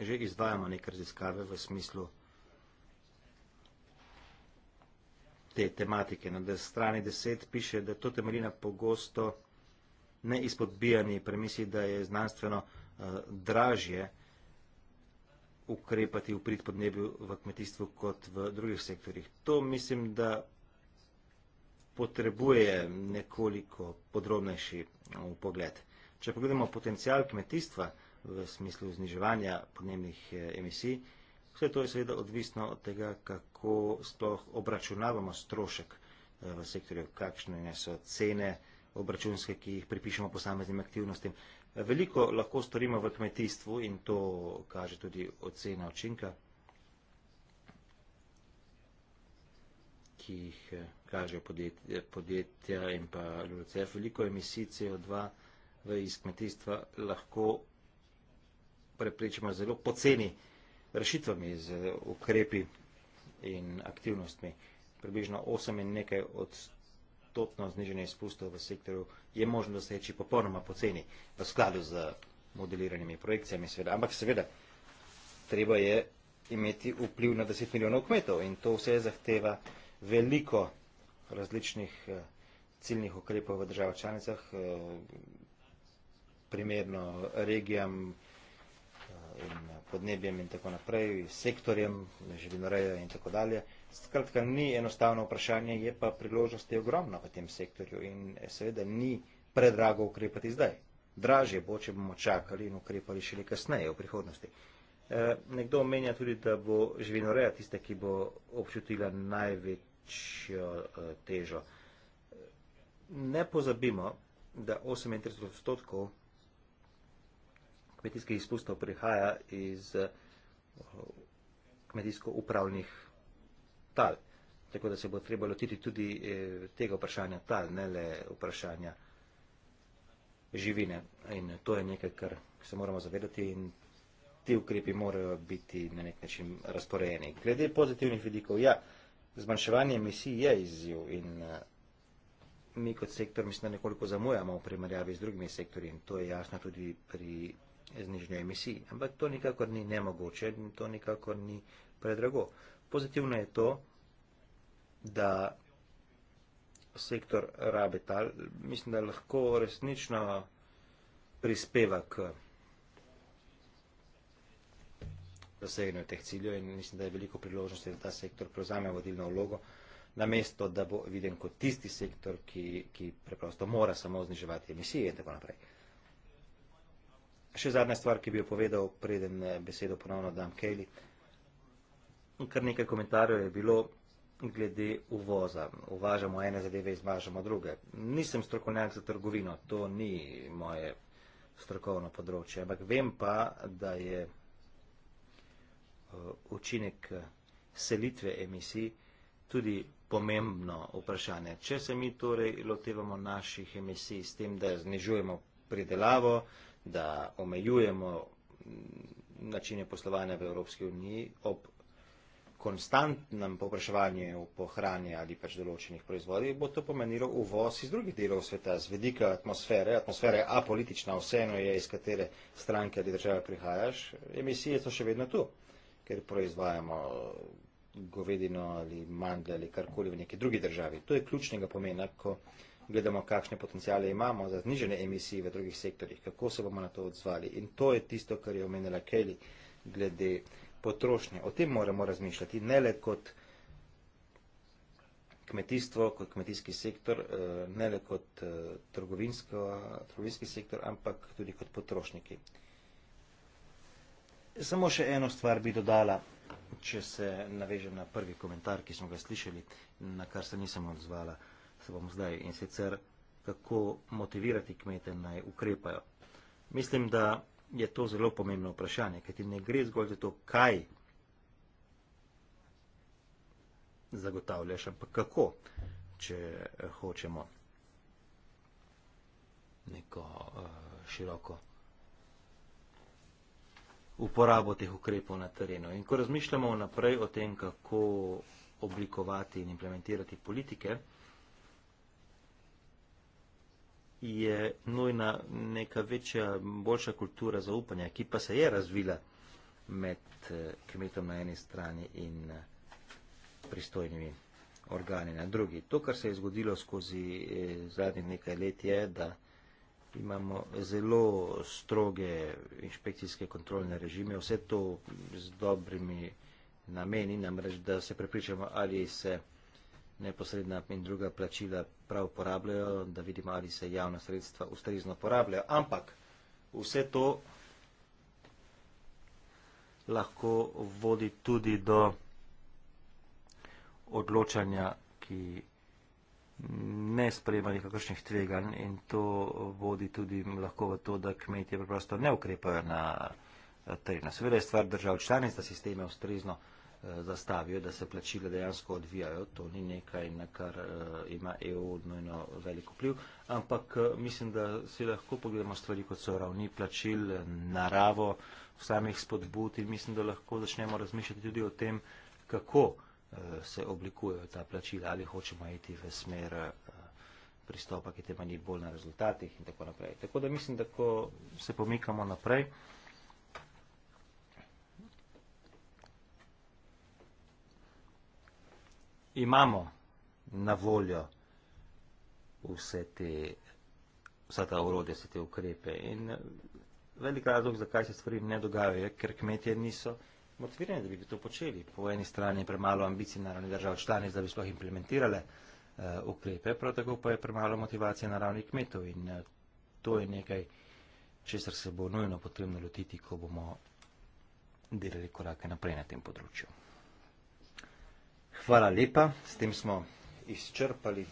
že izvajamo neke raziskave v smislu te tematike. Na strani 10 piše, da to temelji na pogosto neizpodbijani premisli, da je znanstveno uh, dražje ukrepati v prid podnebju v kmetijstvu kot v drugih sektorjih. To mislim, da potrebuje nekoliko podrobnejši mm, pogled. Če pogledamo potencijal kmetijstva v smislu zniževanja podnebnih eh, emisij, vse to je seveda odvisno od tega, kako sploh obračunavamo strošek eh, v sektorju, kakšne so cene obračunske, ki jih pripišemo posameznim aktivnostim. Eh, veliko lahko storimo v kmetijstvu in to kaže tudi ocena očinka, ki jih kaže podjetja in pa LULCF. Veliko emisij CO2 iz kmetijstva lahko preprečimo zelo poceni rešitvami z eh, ukrepi in aktivnostmi. Približno 8 in nekaj odstotno zniženje izpustov v sektorju je možno doseči popolnoma poceni v skladu z modeliranimi projekcijami, seveda. ampak seveda treba je imeti vpliv na 10 milijonov kmetov in to vse zahteva veliko različnih eh, ciljnih ukrepov v državah članicah, eh, primerno regijam eh, in podnebjem in tako naprej, sektorjem, želinoreja in tako dalje. Skratka, ni enostavno vprašanje, je pa priložnosti ogromna v tem sektorju in eh, seveda ni predrago ukrepati zdaj. Dražje bo, če bomo čakali in ukrepali šele kasneje v prihodnosti. Eh, nekdo omenja tudi, da bo živinoreja tista, ki bo občutila največjo težo. Ne pozabimo, da 38 odstotkov kmetijskih izpustov prihaja iz eh, kmetijsko-upravnih tal. Tako da se bo treba lotiti tudi eh, tega vprašanja tal, ne le vprašanja živine. In to je nekaj, kar se moramo zavedati in ti ukrepi morajo biti na nek način razporejeni. Glede pozitivnih vidikov, ja, zmanjševanje emisij je izziv in eh, mi kot sektor mislim, da nekoliko zamujamo v primerjavi z drugimi sektorji in to je jasno tudi pri znižanju emisij. Ampak to nikakor ni nemogoče in to nikakor ni predrago. Pozitivno je to, da sektor rabe tal, mislim, da lahko resnično prispeva k doseganju teh ciljev in mislim, da je veliko priložnosti, da ta sektor prevzame vodilno vlogo, namesto da bo viden kot tisti sektor, ki, ki preprosto mora samo zniževati emisije in tako naprej. Še zadnja stvar, ki bi jo povedal, preden eh, besedo ponovno dam Kejli. Kar nekaj komentarjev je bilo glede uvoza. Uvažamo ene zadeve, izvažamo druge. Nisem strokovnjak za trgovino, to ni moje strokovno področje, ampak vem pa, da je eh, učinek eh, selitve emisij tudi pomembno vprašanje. Če se mi torej lotevamo naših emisij s tem, da znižujemo pridelavo, da omejujemo mm, načine poslovanja v Evropski uniji ob konstantnem popraševanju po hrani ali pač določenih proizvodih, bo to pomenilo uvoz iz drugih delov sveta, z vedika atmosfere, atmosfera je apolitična, vseeno je, iz katere stranke ali države prihajaš, emisije so še vedno tu, ker proizvajamo govedino ali mandle ali karkoli v neki drugi državi. To je ključnega pomena, ko gledamo, kakšne potencijale imamo za znižene emisije v drugih sektorjih, kako se bomo na to odzvali. In to je tisto, kar je omenila Kelly glede potrošnje. O tem moramo razmišljati, ne le kot kmetijstvo, kot kmetijski sektor, eh, ne le kot eh, trgovinski sektor, ampak tudi kot potrošniki. Samo še eno stvar bi dodala, če se navežem na prvi komentar, ki smo ga slišali, na kar se nisem odzvala bom zdaj in sicer kako motivirati kmete naj ukrepajo. Mislim, da je to zelo pomembno vprašanje, ker ti ne gre zgolj za to, kaj zagotavljaš, ampak kako, če eh, hočemo neko uh, široko uporabo teh ukrepov na terenu. In ko razmišljamo naprej o tem, kako oblikovati in implementirati politike, je nujna neka večja, boljša kultura zaupanja, ki pa se je razvila med eh, kmetom na eni strani in eh, pristojnimi organi na drugi. To, kar se je zgodilo skozi eh, zadnjih nekaj let, je, da imamo zelo stroge inšpekcijske kontrolne režime, vse to z dobrimi nameni, namreč da se prepričamo, ali se neposredna in druga plačila prav uporabljajo, da vidimo, ali se javna sredstva ustrezno porabljajo. Ampak vse to lahko vodi tudi do odločanja, ki ne sprejema nekakršnih tveganj in to vodi tudi lahko v to, da kmetje preprosto ne ukrepajo na eh, terenu. Seveda je stvar držav članic, da sisteme ustrezno porabljajo zastavijo, da se plačila dejansko odvijajo. To ni nekaj, na kar uh, ima EU nujno velik vpliv, ampak uh, mislim, da si lahko pogledamo stvari, kot so ravni plačil, naravo samih spodbud in mislim, da lahko začnemo razmišljati tudi o tem, kako uh, se oblikujejo ta plačila, ali hočemo iti v smer uh, pristopa, ki tema ni bolj na rezultatih in tako naprej. Tako da mislim, da ko se pomikamo naprej, uh, imamo na voljo vse te, vsa ta urode, vse te ukrepe. In eh, velik razlog, zakaj se stvari ne dogajajo, je, ker kmetje niso motivirani, da bi to počeli. Po eni strani je premalo ambicij na ravni držav članic, da bi sploh implementirale uh, ukrepe, prav tako pa je premalo motivacije na ravni kmetov. In uh, to je nekaj, česar se bo nujno potrebno lotiti, ko bomo delali korake naprej na tem področju. Hvala lepa, s tem smo izčrpali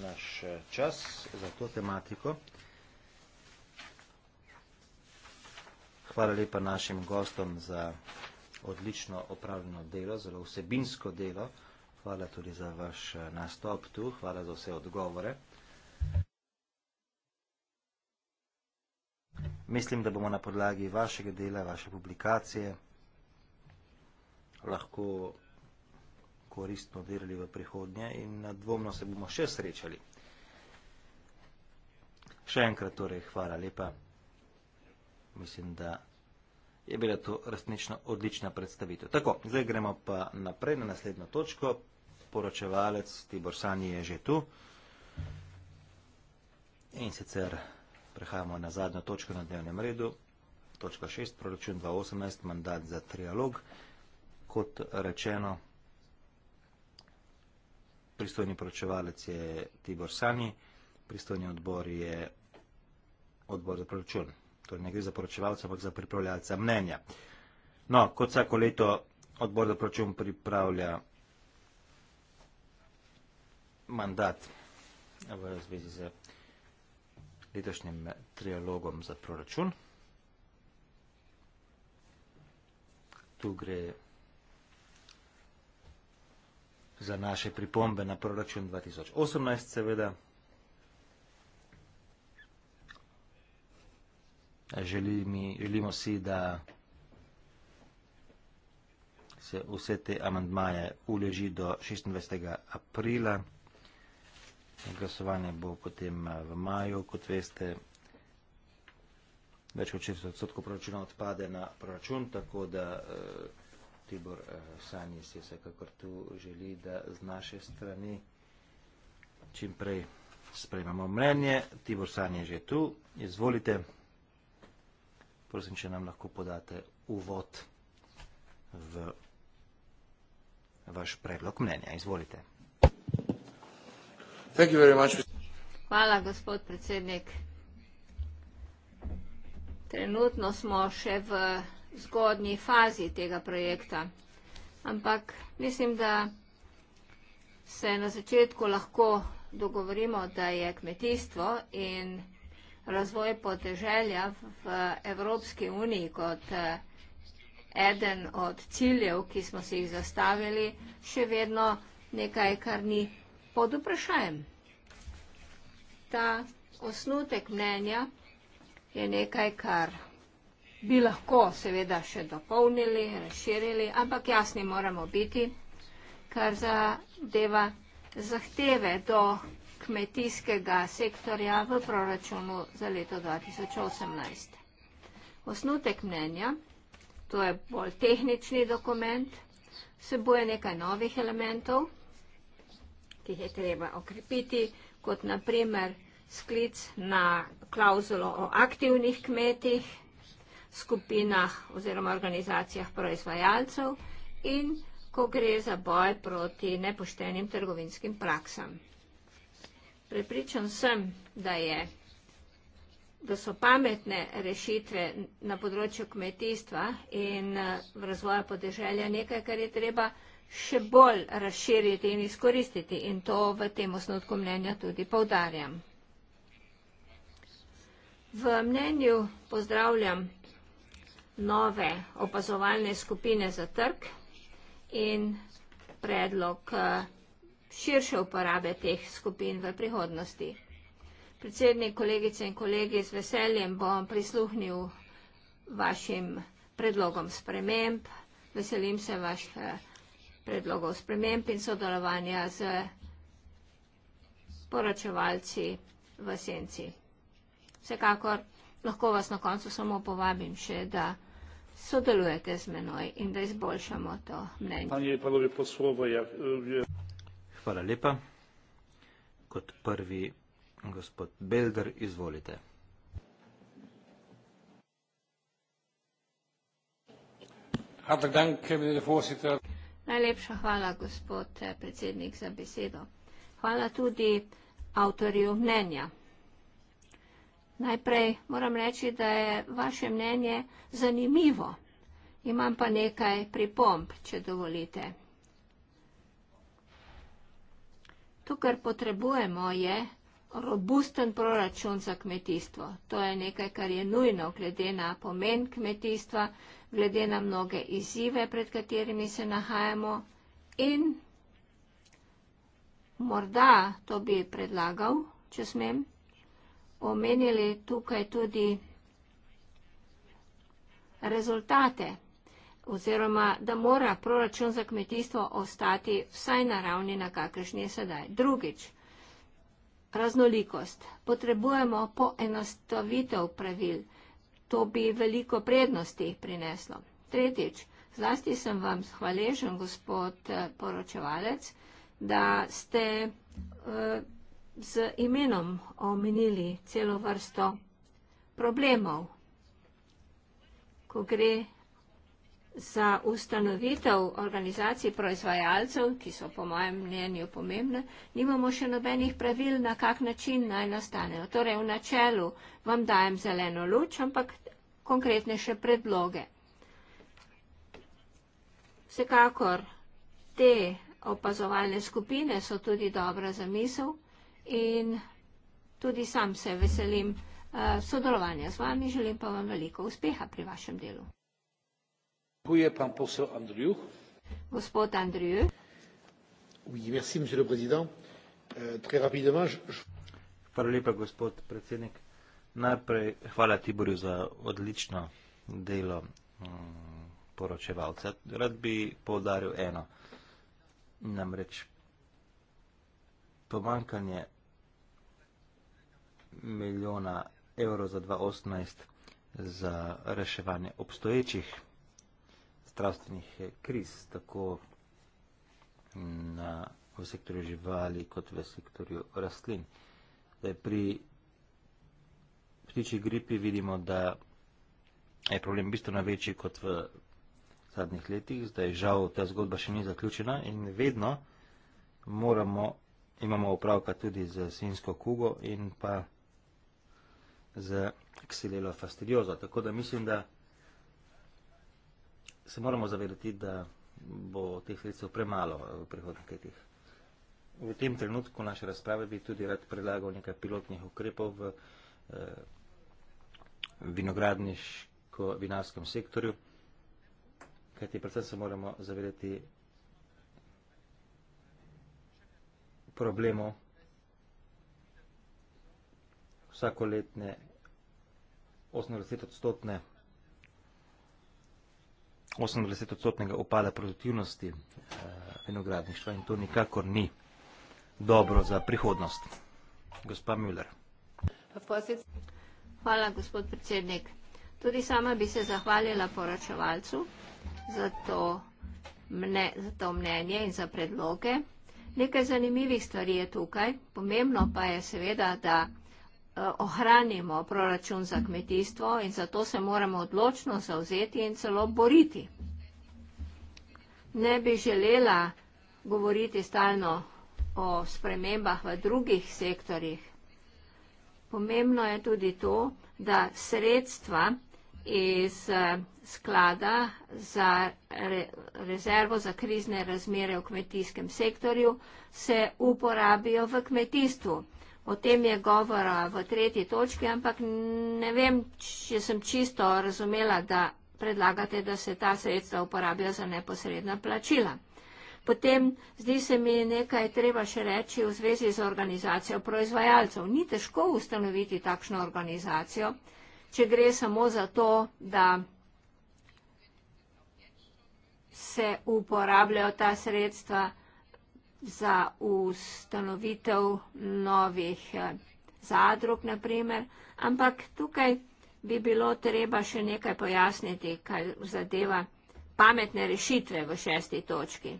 naš eh, čas za to tematiko. Hvala lepa našim gostom za odlično opravljeno delo, zelo vsebinsko delo. Hvala tudi za vaš eh, nastop tu, hvala za vse odgovore. Mislim, da bomo na podlagi vašega dela, vaše publikacije lahko koristno delali v prihodnje in nadvomno se bomo še srečali. Še enkrat torej hvala lepa. Mislim, da je bila to resnično odlična predstavitev. Tako, zdaj gremo pa naprej na naslednjo točko. Poročevalec Tibor Sani je že tu. In sicer prehajamo na zadnjo točko na dnevnem redu. Točka 6, proračun 2018, mandat za trialog. Kot rečeno, pristojni poročevalec je Tibor Sani, pristojni odbor je odbor za proračun. Torej ne gre za poročevalca, ampak za pripravljalca mnenja. No, kot vsako leto odbor za proračun pripravlja mandat v zvezi z letošnjim trialogom za proračun. Tu gre za naše pripombe na proračun 2018, seveda. Želi mi, želimo si, da se vse te amandmaje uleži do 26. aprila. Glasovanje bo potem eh, v maju, kot veste, več kot 40 odstotkov proračuna odpade na proračun, tako da. Eh, Tibor, eh, sanji si se, kakor tu želi, da z naše strani čim prej sprejmemo mnenje. Tibor, sanji je že tu. Izvolite, prosim, če nam lahko podate uvod v vaš predlog mnenja. Izvolite. Hvala, gospod predsednik. Trenutno smo še v zgodnji fazi tega projekta. Ampak mislim, da se na začetku lahko dogovorimo, da je kmetijstvo in razvoj podeželja v Evropski uniji kot eh, eden od ciljev, ki smo si jih zastavili, še vedno nekaj, kar ni pod vprašajem. Ta osnutek mnenja je nekaj, kar bi lahko seveda še dopolnili, razširili, ampak jasni moramo biti, kar zadeva zahteve do kmetijskega sektorja v proračunu za leto 2018. Osnutek mnenja, to je bolj tehnični dokument, seboje nekaj novih elementov, ki jih je treba okrepiti, kot naprimer sklic na klauzulo o aktivnih kmetih, skupinah oziroma organizacijah proizvajalcev in ko gre za boj proti nepoštenim trgovinskim praksam. Prepričan sem, da je da so pametne rešitve na področju kmetijstva in v eh, razvoju podeželja nekaj, kar je treba še bolj razširiti in izkoristiti in to v tem osnotku mnenja tudi povdarjam. V mnenju pozdravljam nove opazovalne skupine za trg in predlog eh, širše uporabe teh skupin v prihodnosti. Predsednik, kolegice in kolegi, z veseljem bom prisluhnil vašim predlogom sprememb. Veselim se vaših eh, predlogov sprememb in sodelovanja z poročevalci v senci. Vsekakor Lahko vas na koncu samo povabim še, da sodelujete z menoj in da izboljšamo to mnenje. Ja, ja- hvala lepa. Kot prvi, gospod Belder, izvolite. Najlepša hvala, gospod eh, predsednik, za besedo. Hvala tudi avtorju mnenja. Najprej moram reči, da je vaše mnenje zanimivo. Imam pa nekaj pripomb, če dovolite. To, kar potrebujemo, je robusten proračun za kmetijstvo. To je nekaj, kar je nujno glede na pomen kmetijstva, glede na mnoge izzive, pred katerimi se nahajamo. In morda to bi predlagal, če smem omenili tukaj tudi rezultate oziroma, da mora proračun za kmetijstvo ostati vsaj na ravni, na kakršni je sedaj. Drugič, raznolikost. Potrebujemo poenostavitev pravil. To bi veliko prednosti prineslo. Tretjič, zlasti sem vam hvaležen, gospod eh, poročevalec, da ste uh, z imenom omenili celo vrsto problemov. Ko gre za ustanovitev organizacij proizvajalcev, ki so po mojem mnenju pomembne, nimamo še nobenih pravil, na kak način naj nastanejo. Torej, v načelu vam dajem zeleno luč, ampak konkretne še predloge. Vsekakor te opazovalne skupine so tudi dobra zamisel, in tudi sam se veselim uh, sodelovanja z vami, želim pa vam veliko uspeha pri vašem delu. Je pan posel Andriju. Gospod Andriju. Oui, merci, monsieur le président. Uh, très rapidement, je... Hvala lepa, gospod predsednik. Najprej hvala Tiborju za odlično delo um, poročevalca. Rad bi poudaril eno. Namreč pomankanje milijona evrov za 2018 za reševanje obstoječih zdravstvenih kriz, tako na, v sektorju živali kot v sektorju rastlin. Zdaj, pri ptičji gripi vidimo, da je problem bistveno večji kot v zadnjih letih. Zdaj, žal, ta zgodba še ni zaključena in vedno moramo, imamo opravka tudi z svinsko kugo in pa z ksilelo fastidiozo. Tako da mislim, da se moramo zavedati, da bo teh sredstev premalo v prihodnih letih. V tem trenutku naše razprave bi tudi rad predlagal nekaj pilotnih ukrepov v eh, vinogradniško-vinarskem sektorju, kajti predvsem se moramo zavedati problemov, vsakoletne 80-odstotne 80-odstotnega upada produktivnosti eh, vinogradništva in to nikakor ni dobro za prihodnost. Gospa Müller. Hvala, gospod predsednik. Tudi sama bi se zahvalila poročevalcu za to, mne, za to mnenje in za predloge. Nekaj zanimivih stvari je tukaj. Pomembno pa je seveda, da Eh, ohranimo proračun za kmetijstvo in zato se moramo odločno zavzeti in celo boriti. Ne bi želela govoriti stalno o spremembah v drugih sektorjih. Pomembno je tudi to, da sredstva iz eh, sklada za re, rezervo za krizne razmere v kmetijskem sektorju se uporabijo v kmetijstvu. O tem je govora v tretji točki, ampak ne vem, če sem čisto razumela, da predlagate, da se ta sredstva uporabijo za neposredna plačila. Potem zdi se mi nekaj treba še reči v zvezi z organizacijo proizvajalcev. Ni težko ustanoviti takšno organizacijo, če gre samo za to, da se uporabljajo ta sredstva za ustanovitev novih eh, zadrug, naprimer, ampak tukaj bi bilo treba še nekaj pojasniti, kar zadeva pametne rešitve v šesti točki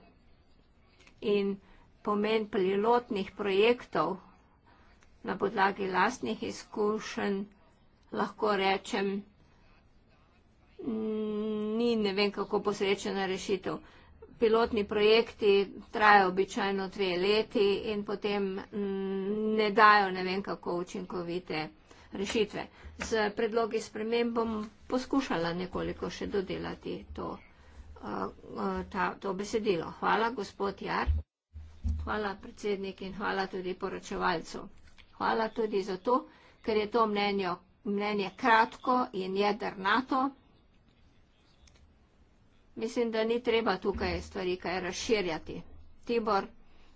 in pomen pilotnih projektov na podlagi lastnih izkušenj, lahko rečem, ni ne vem kako posrečena rešitev pilotni projekti trajajo običajno dve leti in potem mm, ne dajo ne vem kako učinkovite rešitve. Z predlogi sprememb bom poskušala nekoliko še dodelati to, eh, eh, ta, to besedilo. Hvala, gospod Jar. Hvala, predsednik, in hvala tudi poročevalcu. Hvala tudi za to, ker je to mnenje, mnenje kratko in jedrnato. Mislim, da ni treba tukaj stvari kaj razširjati. Tibor,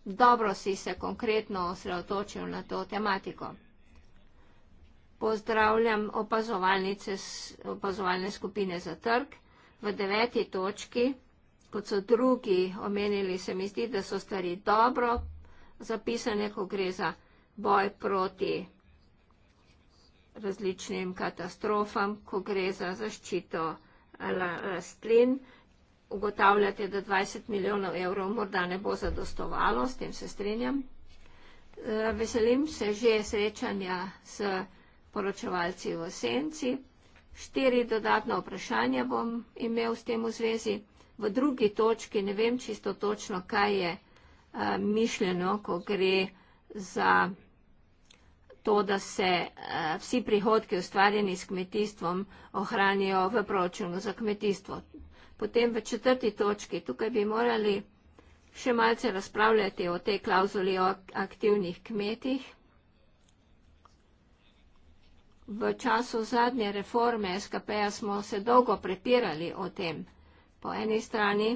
dobro si se konkretno osredotočil na to tematiko. Pozdravljam opazovalne skupine za trg. V deveti točki, kot so drugi omenili, se mi zdi, da so stvari dobro zapisane, ko gre za boj proti različnim katastrofam, ko gre za zaščito rastlin. La, ugotavljate, da 20 milijonov evrov morda ne bo zadostovalo, s tem se strinjam. E, veselim se že srečanja s poročevalci v Senci. Štiri dodatna vprašanja bom imel s tem v zvezi. V drugi točki ne vem čisto točno, kaj je e, mišljeno, ko gre za to, da se e, vsi prihodki ustvarjeni s kmetijstvom ohranijo v proračunu za kmetijstvo potem v četrti točki, tukaj bi morali še malce razpravljati o tej klauzuli o aktivnih kmetih. V času zadnje reforme SKP-ja smo se dolgo prepirali o tem. Po eni strani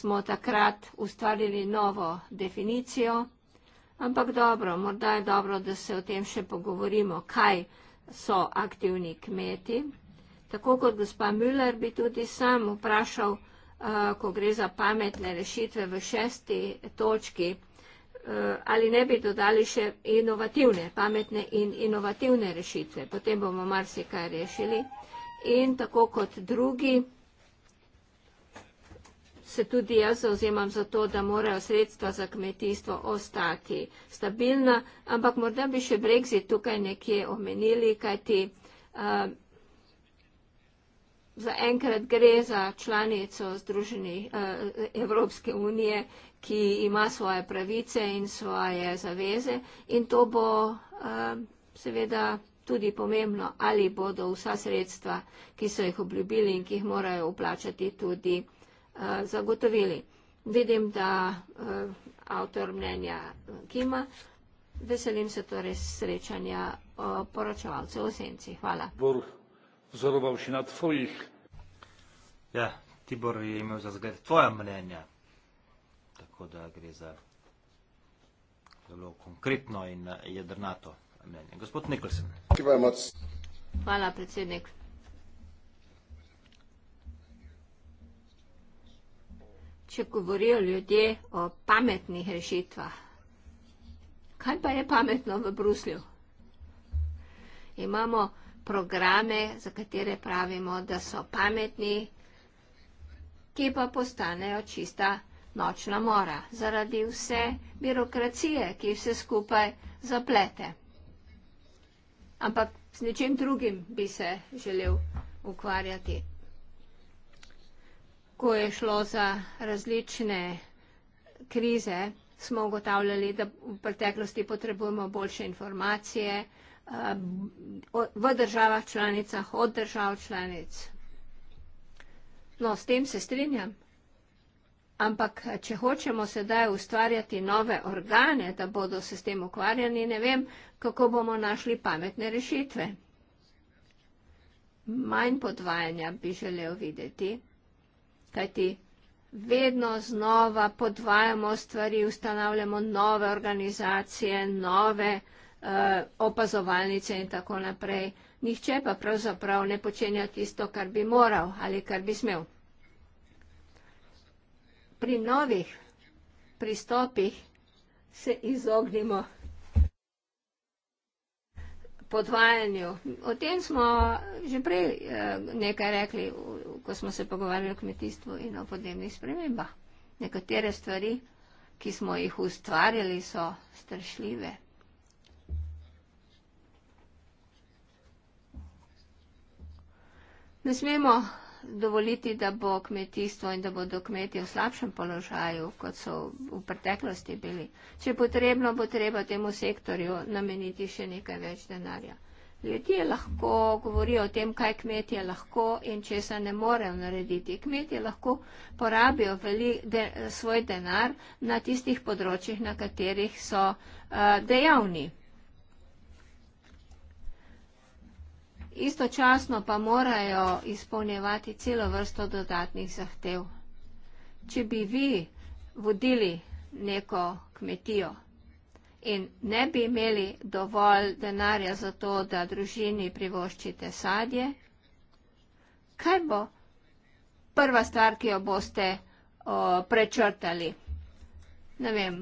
smo takrat ustvarili novo definicijo, ampak dobro, morda je dobro, da se o tem še pogovorimo, kaj so aktivni kmeti. Tako kot gospa Müller bi tudi sam vprašal, eh, ko gre za pametne rešitve v šesti točki, eh, ali ne bi dodali še inovativne, pametne in inovativne rešitve. Potem bomo marsikaj rešili. In tako kot drugi, se tudi jaz zauzemam za to, da morajo sredstva za kmetijstvo ostati stabilna, ampak morda bi še Brexit tukaj nekje omenili, kajti eh, zaenkrat gre za članico Združene eh, Evropske unije, ki ima svoje pravice in svoje zaveze in to bo eh, seveda tudi pomembno, ali bodo vsa sredstva, ki so jih obljubili in ki jih morajo uplačati, tudi eh, zagotovili. Vidim, da avtor mnenja Kima. Veselim se torej srečanja poročevalcev o senci. Hvala. Boruh vzoroval še na tvojih. Ja, Tibor je imel za zgled tvoja mnenja, tako da gre za zelo konkretno in eh, jedrnato mnenje. Gospod Nikolsen. Hvala, predsednik. Če govorijo ljudje o pametnih rešitvah, kaj pa je pametno v Bruslju? Imamo vsega, programe, za katere pravimo, da so pametni, ki pa postanejo čista nočna mora zaradi vse birokracije, ki vse skupaj zaplete. Ampak s ničem drugim bi se želel ukvarjati. Ko je šlo za različne krize, smo ugotavljali, da v preteklosti potrebujemo boljše informacije, Um, v državah članicah, od držav članic. No, s tem se strinjam. Ampak, če hočemo sedaj ustvarjati nove organe, da bodo se s tem ukvarjali, ne vem, kako bomo našli pametne rešitve. Manj podvajanja bi želel videti, kajti vedno znova podvajamo stvari, ustanavljamo nove organizacije, nove organizacije, Eh, opazovalnice in tako naprej. Nihče pa pravzaprav ne počenja tisto, kar bi moral ali kar bi smel. Pri novih pristopih se izognimo podvajanju. O tem smo že prej eh, nekaj rekli, ko smo se pogovarjali o kmetijstvu in o podnebnih spremembah. Nekatere stvari, ki smo jih ustvarjali, so strašljive. Ne smemo dovoliti, da bo kmetijstvo in da bodo kmetje v slabšem položaju, kot so v preteklosti bili. Če potrebno, bo treba temu sektorju nameniti še nekaj več denarja. Ljudje lahko govorijo o tem, kaj kmetje lahko in česa ne morejo narediti. Kmetje lahko porabijo veli, de, svoj denar na tistih področjih, na katerih so uh, dejavni. istočasno pa morajo izpolnjevati celo vrsto dodatnih zahtev. Če bi vi vodili neko kmetijo in ne bi imeli dovolj denarja za to, da družini privoščite sadje, kaj bo prva stvar, ki jo boste o, prečrtali? Ne vem,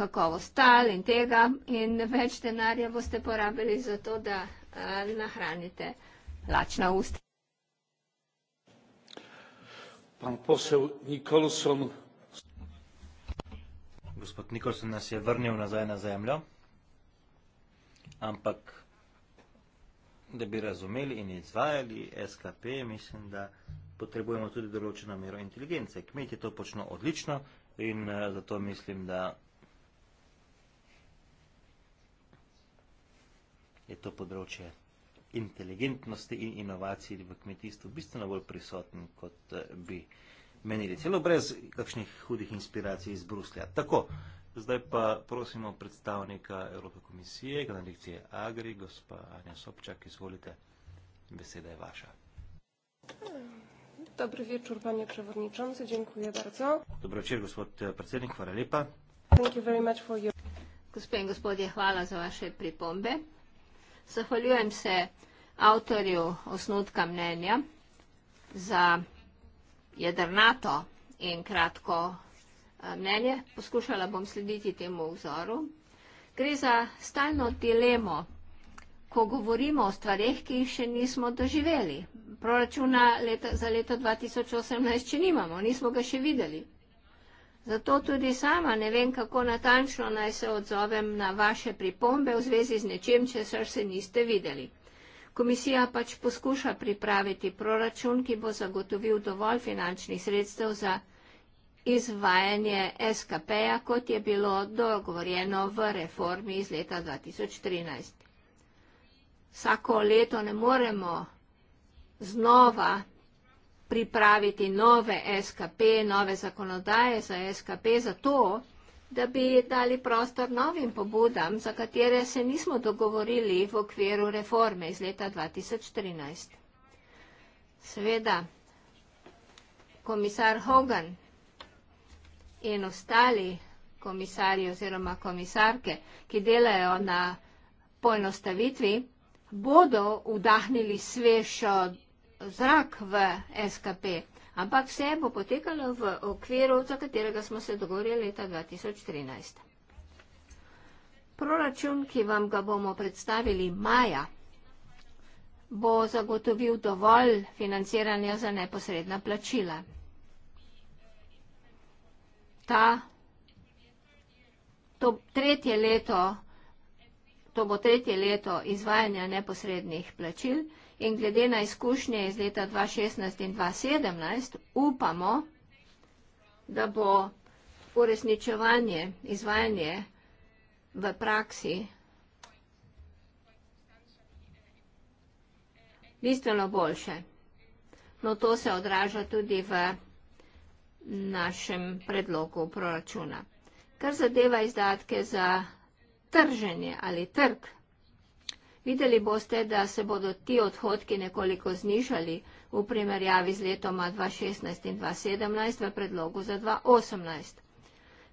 kako bo stal in tega in več denarja boste porabili za to, da nahranite lačna usta. Pan posel Nikolson. Gospod Nikolson nas je vrnil nazaj na zemljo, ampak da bi razumeli in izvajali SKP, mislim, da potrebujemo tudi določeno mero inteligence. Kmetje to počno odlično in eh, zato mislim, da je to področje inteligentnosti in inovacij v kmetijstvu bistveno bolj prisoten, kot eh, bi menili. Celo brez kakšnih hudih inspiracij iz Bruslja. Tako, zdaj pa prosimo predstavnika Evropske komisije, kanadikcije Agri, gospa Anja Sobčak, izvolite, beseda je vaša. Dober večer, panje prevodničance, dziękuję bardzo. Dobro večer, gospod eh, predsednik, hvala lepa. Gospe in gospodje, hvala za vaše pripombe. Zahvaljujem se avtorju osnutka mnenja za jedrnato in kratko eh, mnenje. Poskušala bom slediti temu vzoru. Gre za stalno dilemo, ko govorimo o stvareh, ki jih še nismo doživeli. Proračuna leta, za leto 2018 še nimamo, nismo ga še videli. Zato tudi sama ne vem, kako natančno naj se odzovem na vaše pripombe v zvezi z nečem, če se niste videli. Komisija pač poskuša pripraviti proračun, ki bo zagotovil dovolj finančnih sredstev za izvajanje SKP-ja, kot je bilo dogovorjeno v reformi iz leta 2013. Vsako leto ne moremo znova pripraviti nove SKP, nove zakonodaje za SKP, zato, da bi dali prostor novim pobudam, za katere se nismo dogovorili v okviru reforme iz leta 2013. Seveda, komisar Hogan in ostali komisarji oziroma komisarke, ki delajo na poenostavitvi, bodo vdahnili svežo zrak v SKP, ampak vse bo potekalo v okviru, za katerega smo se dogovorili leta 2013. Proračun, ki vam ga bomo predstavili maja, bo zagotovil dovolj financiranja za neposredna plačila. Ta, to, tretje leto, to bo tretje leto izvajanja neposrednih plačil in glede na izkušnje iz leta 2016 in 2017 upamo, da bo uresničevanje, izvajanje v praksi bistveno boljše. No to se odraža tudi v našem predlogu proračuna. Kar zadeva izdatke za trženje ali trg Videli boste, da se bodo ti odhodki nekoliko znižali v primerjavi z letoma 2016 in 2017 v predlogu za 2018.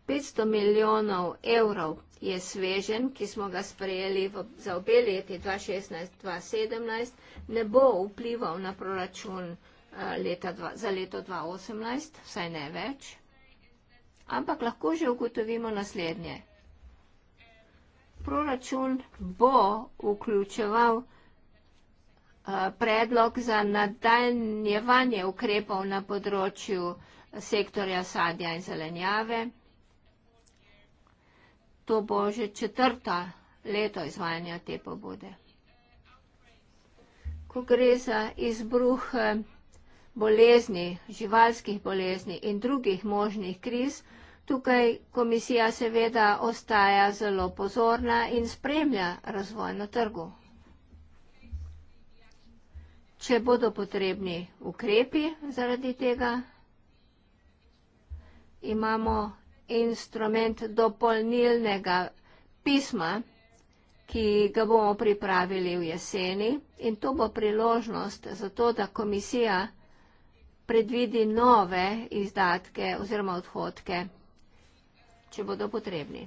500 milijonov evrov je svežen, ki smo ga sprejeli v, za obe leti 2016-2017, ne bo vplival na proračun eh, leta, za leto 2018, vsaj ne več. Ampak lahko že ugotovimo naslednje proračun bo vključeval eh, predlog za nadaljevanje ukrepov na področju sektorja sadja in zelenjave. To bo že četrta leto izvajanja te pobude. Ko gre za izbruh eh, bolezni, živalskih bolezni in drugih možnih kriz, Tukaj komisija seveda ostaja zelo pozorna in spremlja razvoj na trgu. Če bodo potrebni ukrepi zaradi tega, imamo instrument dopolnilnega pisma, ki ga bomo pripravili v jeseni in to bo priložnost za to, da komisija predvidi nove izdatke oziroma odhodke če bodo potrebni.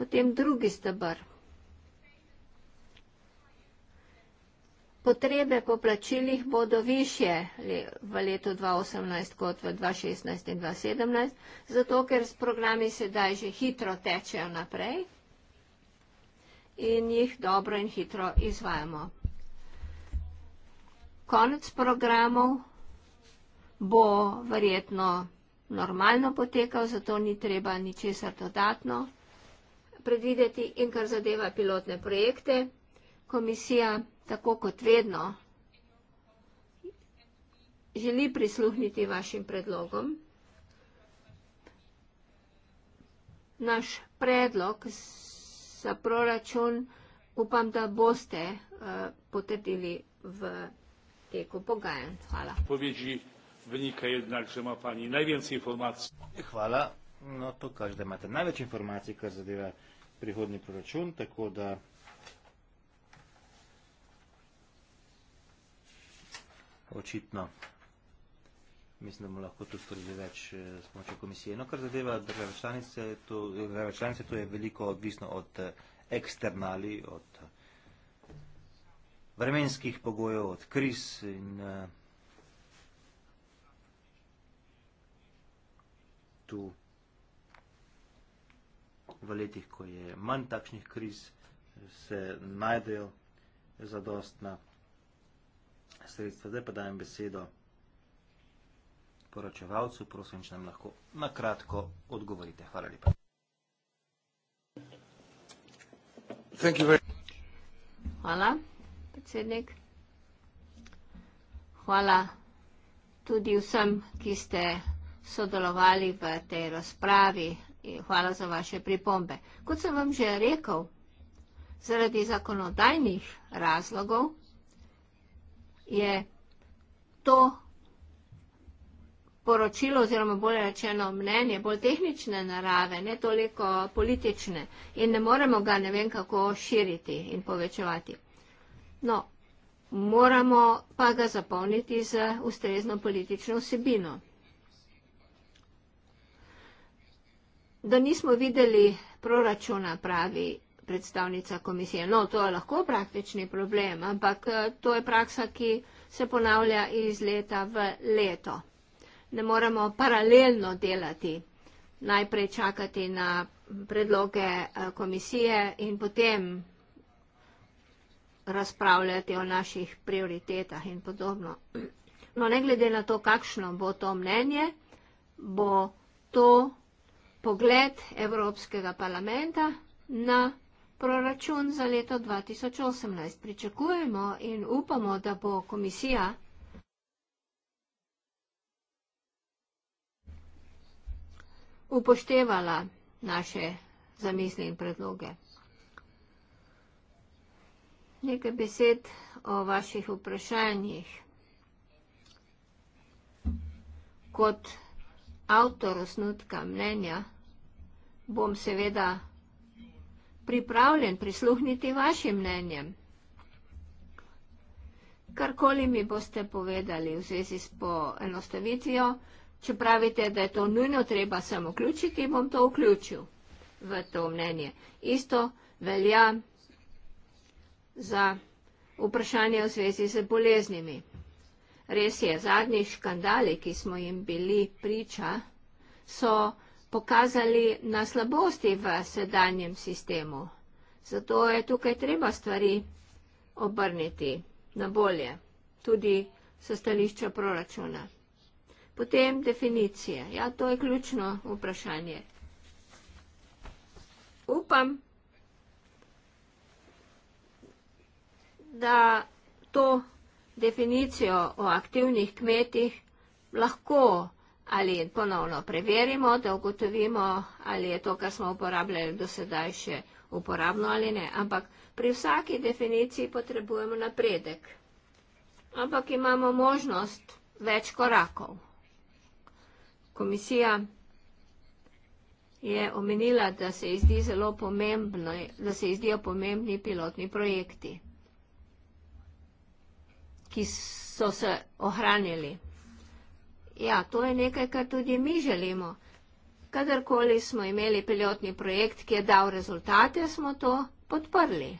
Potem drugi stebr. Potrebe po plačilih bodo više v letu 2018 kot v 2016 in 2017, zato ker s programi sedaj že hitro tečejo naprej in jih dobro in hitro izvajamo. Konec programov bo verjetno vsega normalno potekal, zato ni treba ničesar dodatno predvideti. In kar zadeva pilotne projekte, komisija tako kot vedno želi prisluhniti vašim predlogom. Naš predlog za proračun upam, da boste uh, potrdili v teku pogajanj. Hvala wynika jednak, że ma Pani najwięcej informacji. Chwala. No to każdy ma te najwięcej informacji, która zadziewa przychodni proračun, tako da očitno mislim, da mu lahko tudi storili več eh, s pomočjo komisije. No, kar zadeva države članice, to, države članice, to je veliko odvisno od eh, eksternali, od eh, vremenskih pogojev, od kriz in uh, tu v letih, ko je manj takšnih kriz, se najdejo zadostna sredstva. Zdaj pa dajem besedo poročevalcu, prosim, če nam lahko nakratko odgovorite. Hvala lepa. Hvala, predsednik. Hvala tudi vsem, ki ste sodelovali v tej razpravi. Hvala za vaše pripombe. Kot sem vam že rekel, zaradi zakonodajnih razlogov je to poročilo oziroma bolje rečeno mnenje bolj tehnične narave, ne toliko politične in ne moremo ga ne vem kako širiti in povečevati. No, moramo pa ga zapolniti z ustrezno politično vsebino. da nismo videli proračuna, pravi predstavnica komisije. No, to je lahko praktični problem, ampak eh, to je praksa, ki se ponavlja iz leta v leto. Ne moremo paralelno delati, najprej čakati na predloge eh, komisije in potem razpravljati o naših prioritetah in podobno. No, ne glede na to, kakšno bo to mnenje, bo to pogled Evropskega parlamenta na proračun za leto 2018. Pričakujemo in upamo, da bo komisija upoštevala naše zamisli in predloge. Nekaj besed o vaših vprašanjih. Kot avtor osnutka mnenja, bom seveda pripravljen prisluhniti vašim mnenjem. Karkoli mi boste povedali v zvezi s poenostavitvijo, če pravite, da je to nujno treba samo vključiti, bom to vključil v to mnenje. Isto velja za vprašanje v zvezi z boleznimi. Res je, zadnji škandali, ki smo jim bili priča, so pokazali na slabosti v sedanjem sistemu. Zato je tukaj treba stvari obrniti na bolje, tudi so stališča proračuna. Potem definicije. Ja, to je ključno vprašanje. Upam, da to definicijo o aktivnih kmetih, lahko ali ponovno preverimo, da ugotovimo, ali je to, kar smo uporabljali do sedaj, še uporabno ali ne. Ampak pri vsaki definiciji potrebujemo napredek. Ampak imamo možnost več korakov. Komisija je omenila, da se izdijo pomembni pilotni projekti ki so se ohranili. Ja, to je nekaj, kar tudi mi želimo. Kadarkoli smo imeli pilotni projekt, ki je dal rezultate, smo to podprli.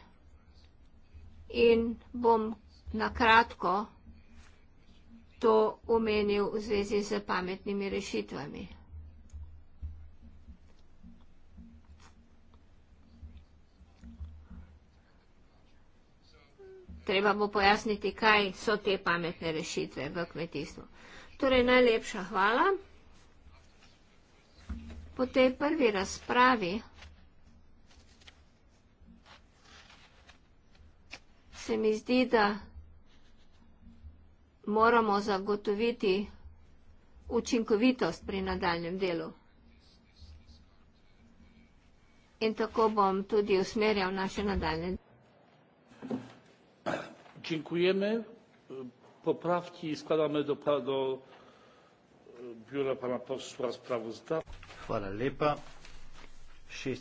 In bom na kratko to omenil v zvezi z pametnimi rešitvami. treba bo pojasniti, kaj so te pametne rešitve v kmetijstvu. Torej, najlepša hvala. Po tej prvi razpravi se mi zdi, da moramo zagotoviti učinkovitost pri nadaljem delu. In tako bom tudi usmerjal naše nadaljne dziękujemy poprawki składamy do e, biura pana posła sprawozdawcy.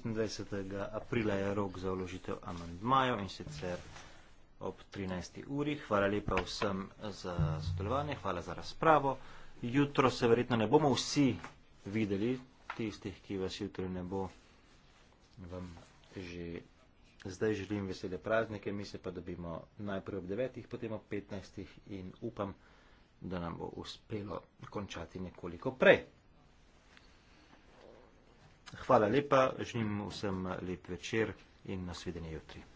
26. aprila je rok za vložitev amandmajev in sicer ob 13. uri. Hvala lepa vsem za sodelovanje, hvala za razpravo. Jutro se verjetno ne bomo vsi videli, tistih, ki vas jutri ne bo, vam že Zdaj želim vesele praznike, mi se pa dobimo najprej ob 9, potem ob 15 in upam, da nam bo uspelo končati nekoliko prej. Hvala lepa, želim vsem lep večer in nasvidenje jutri.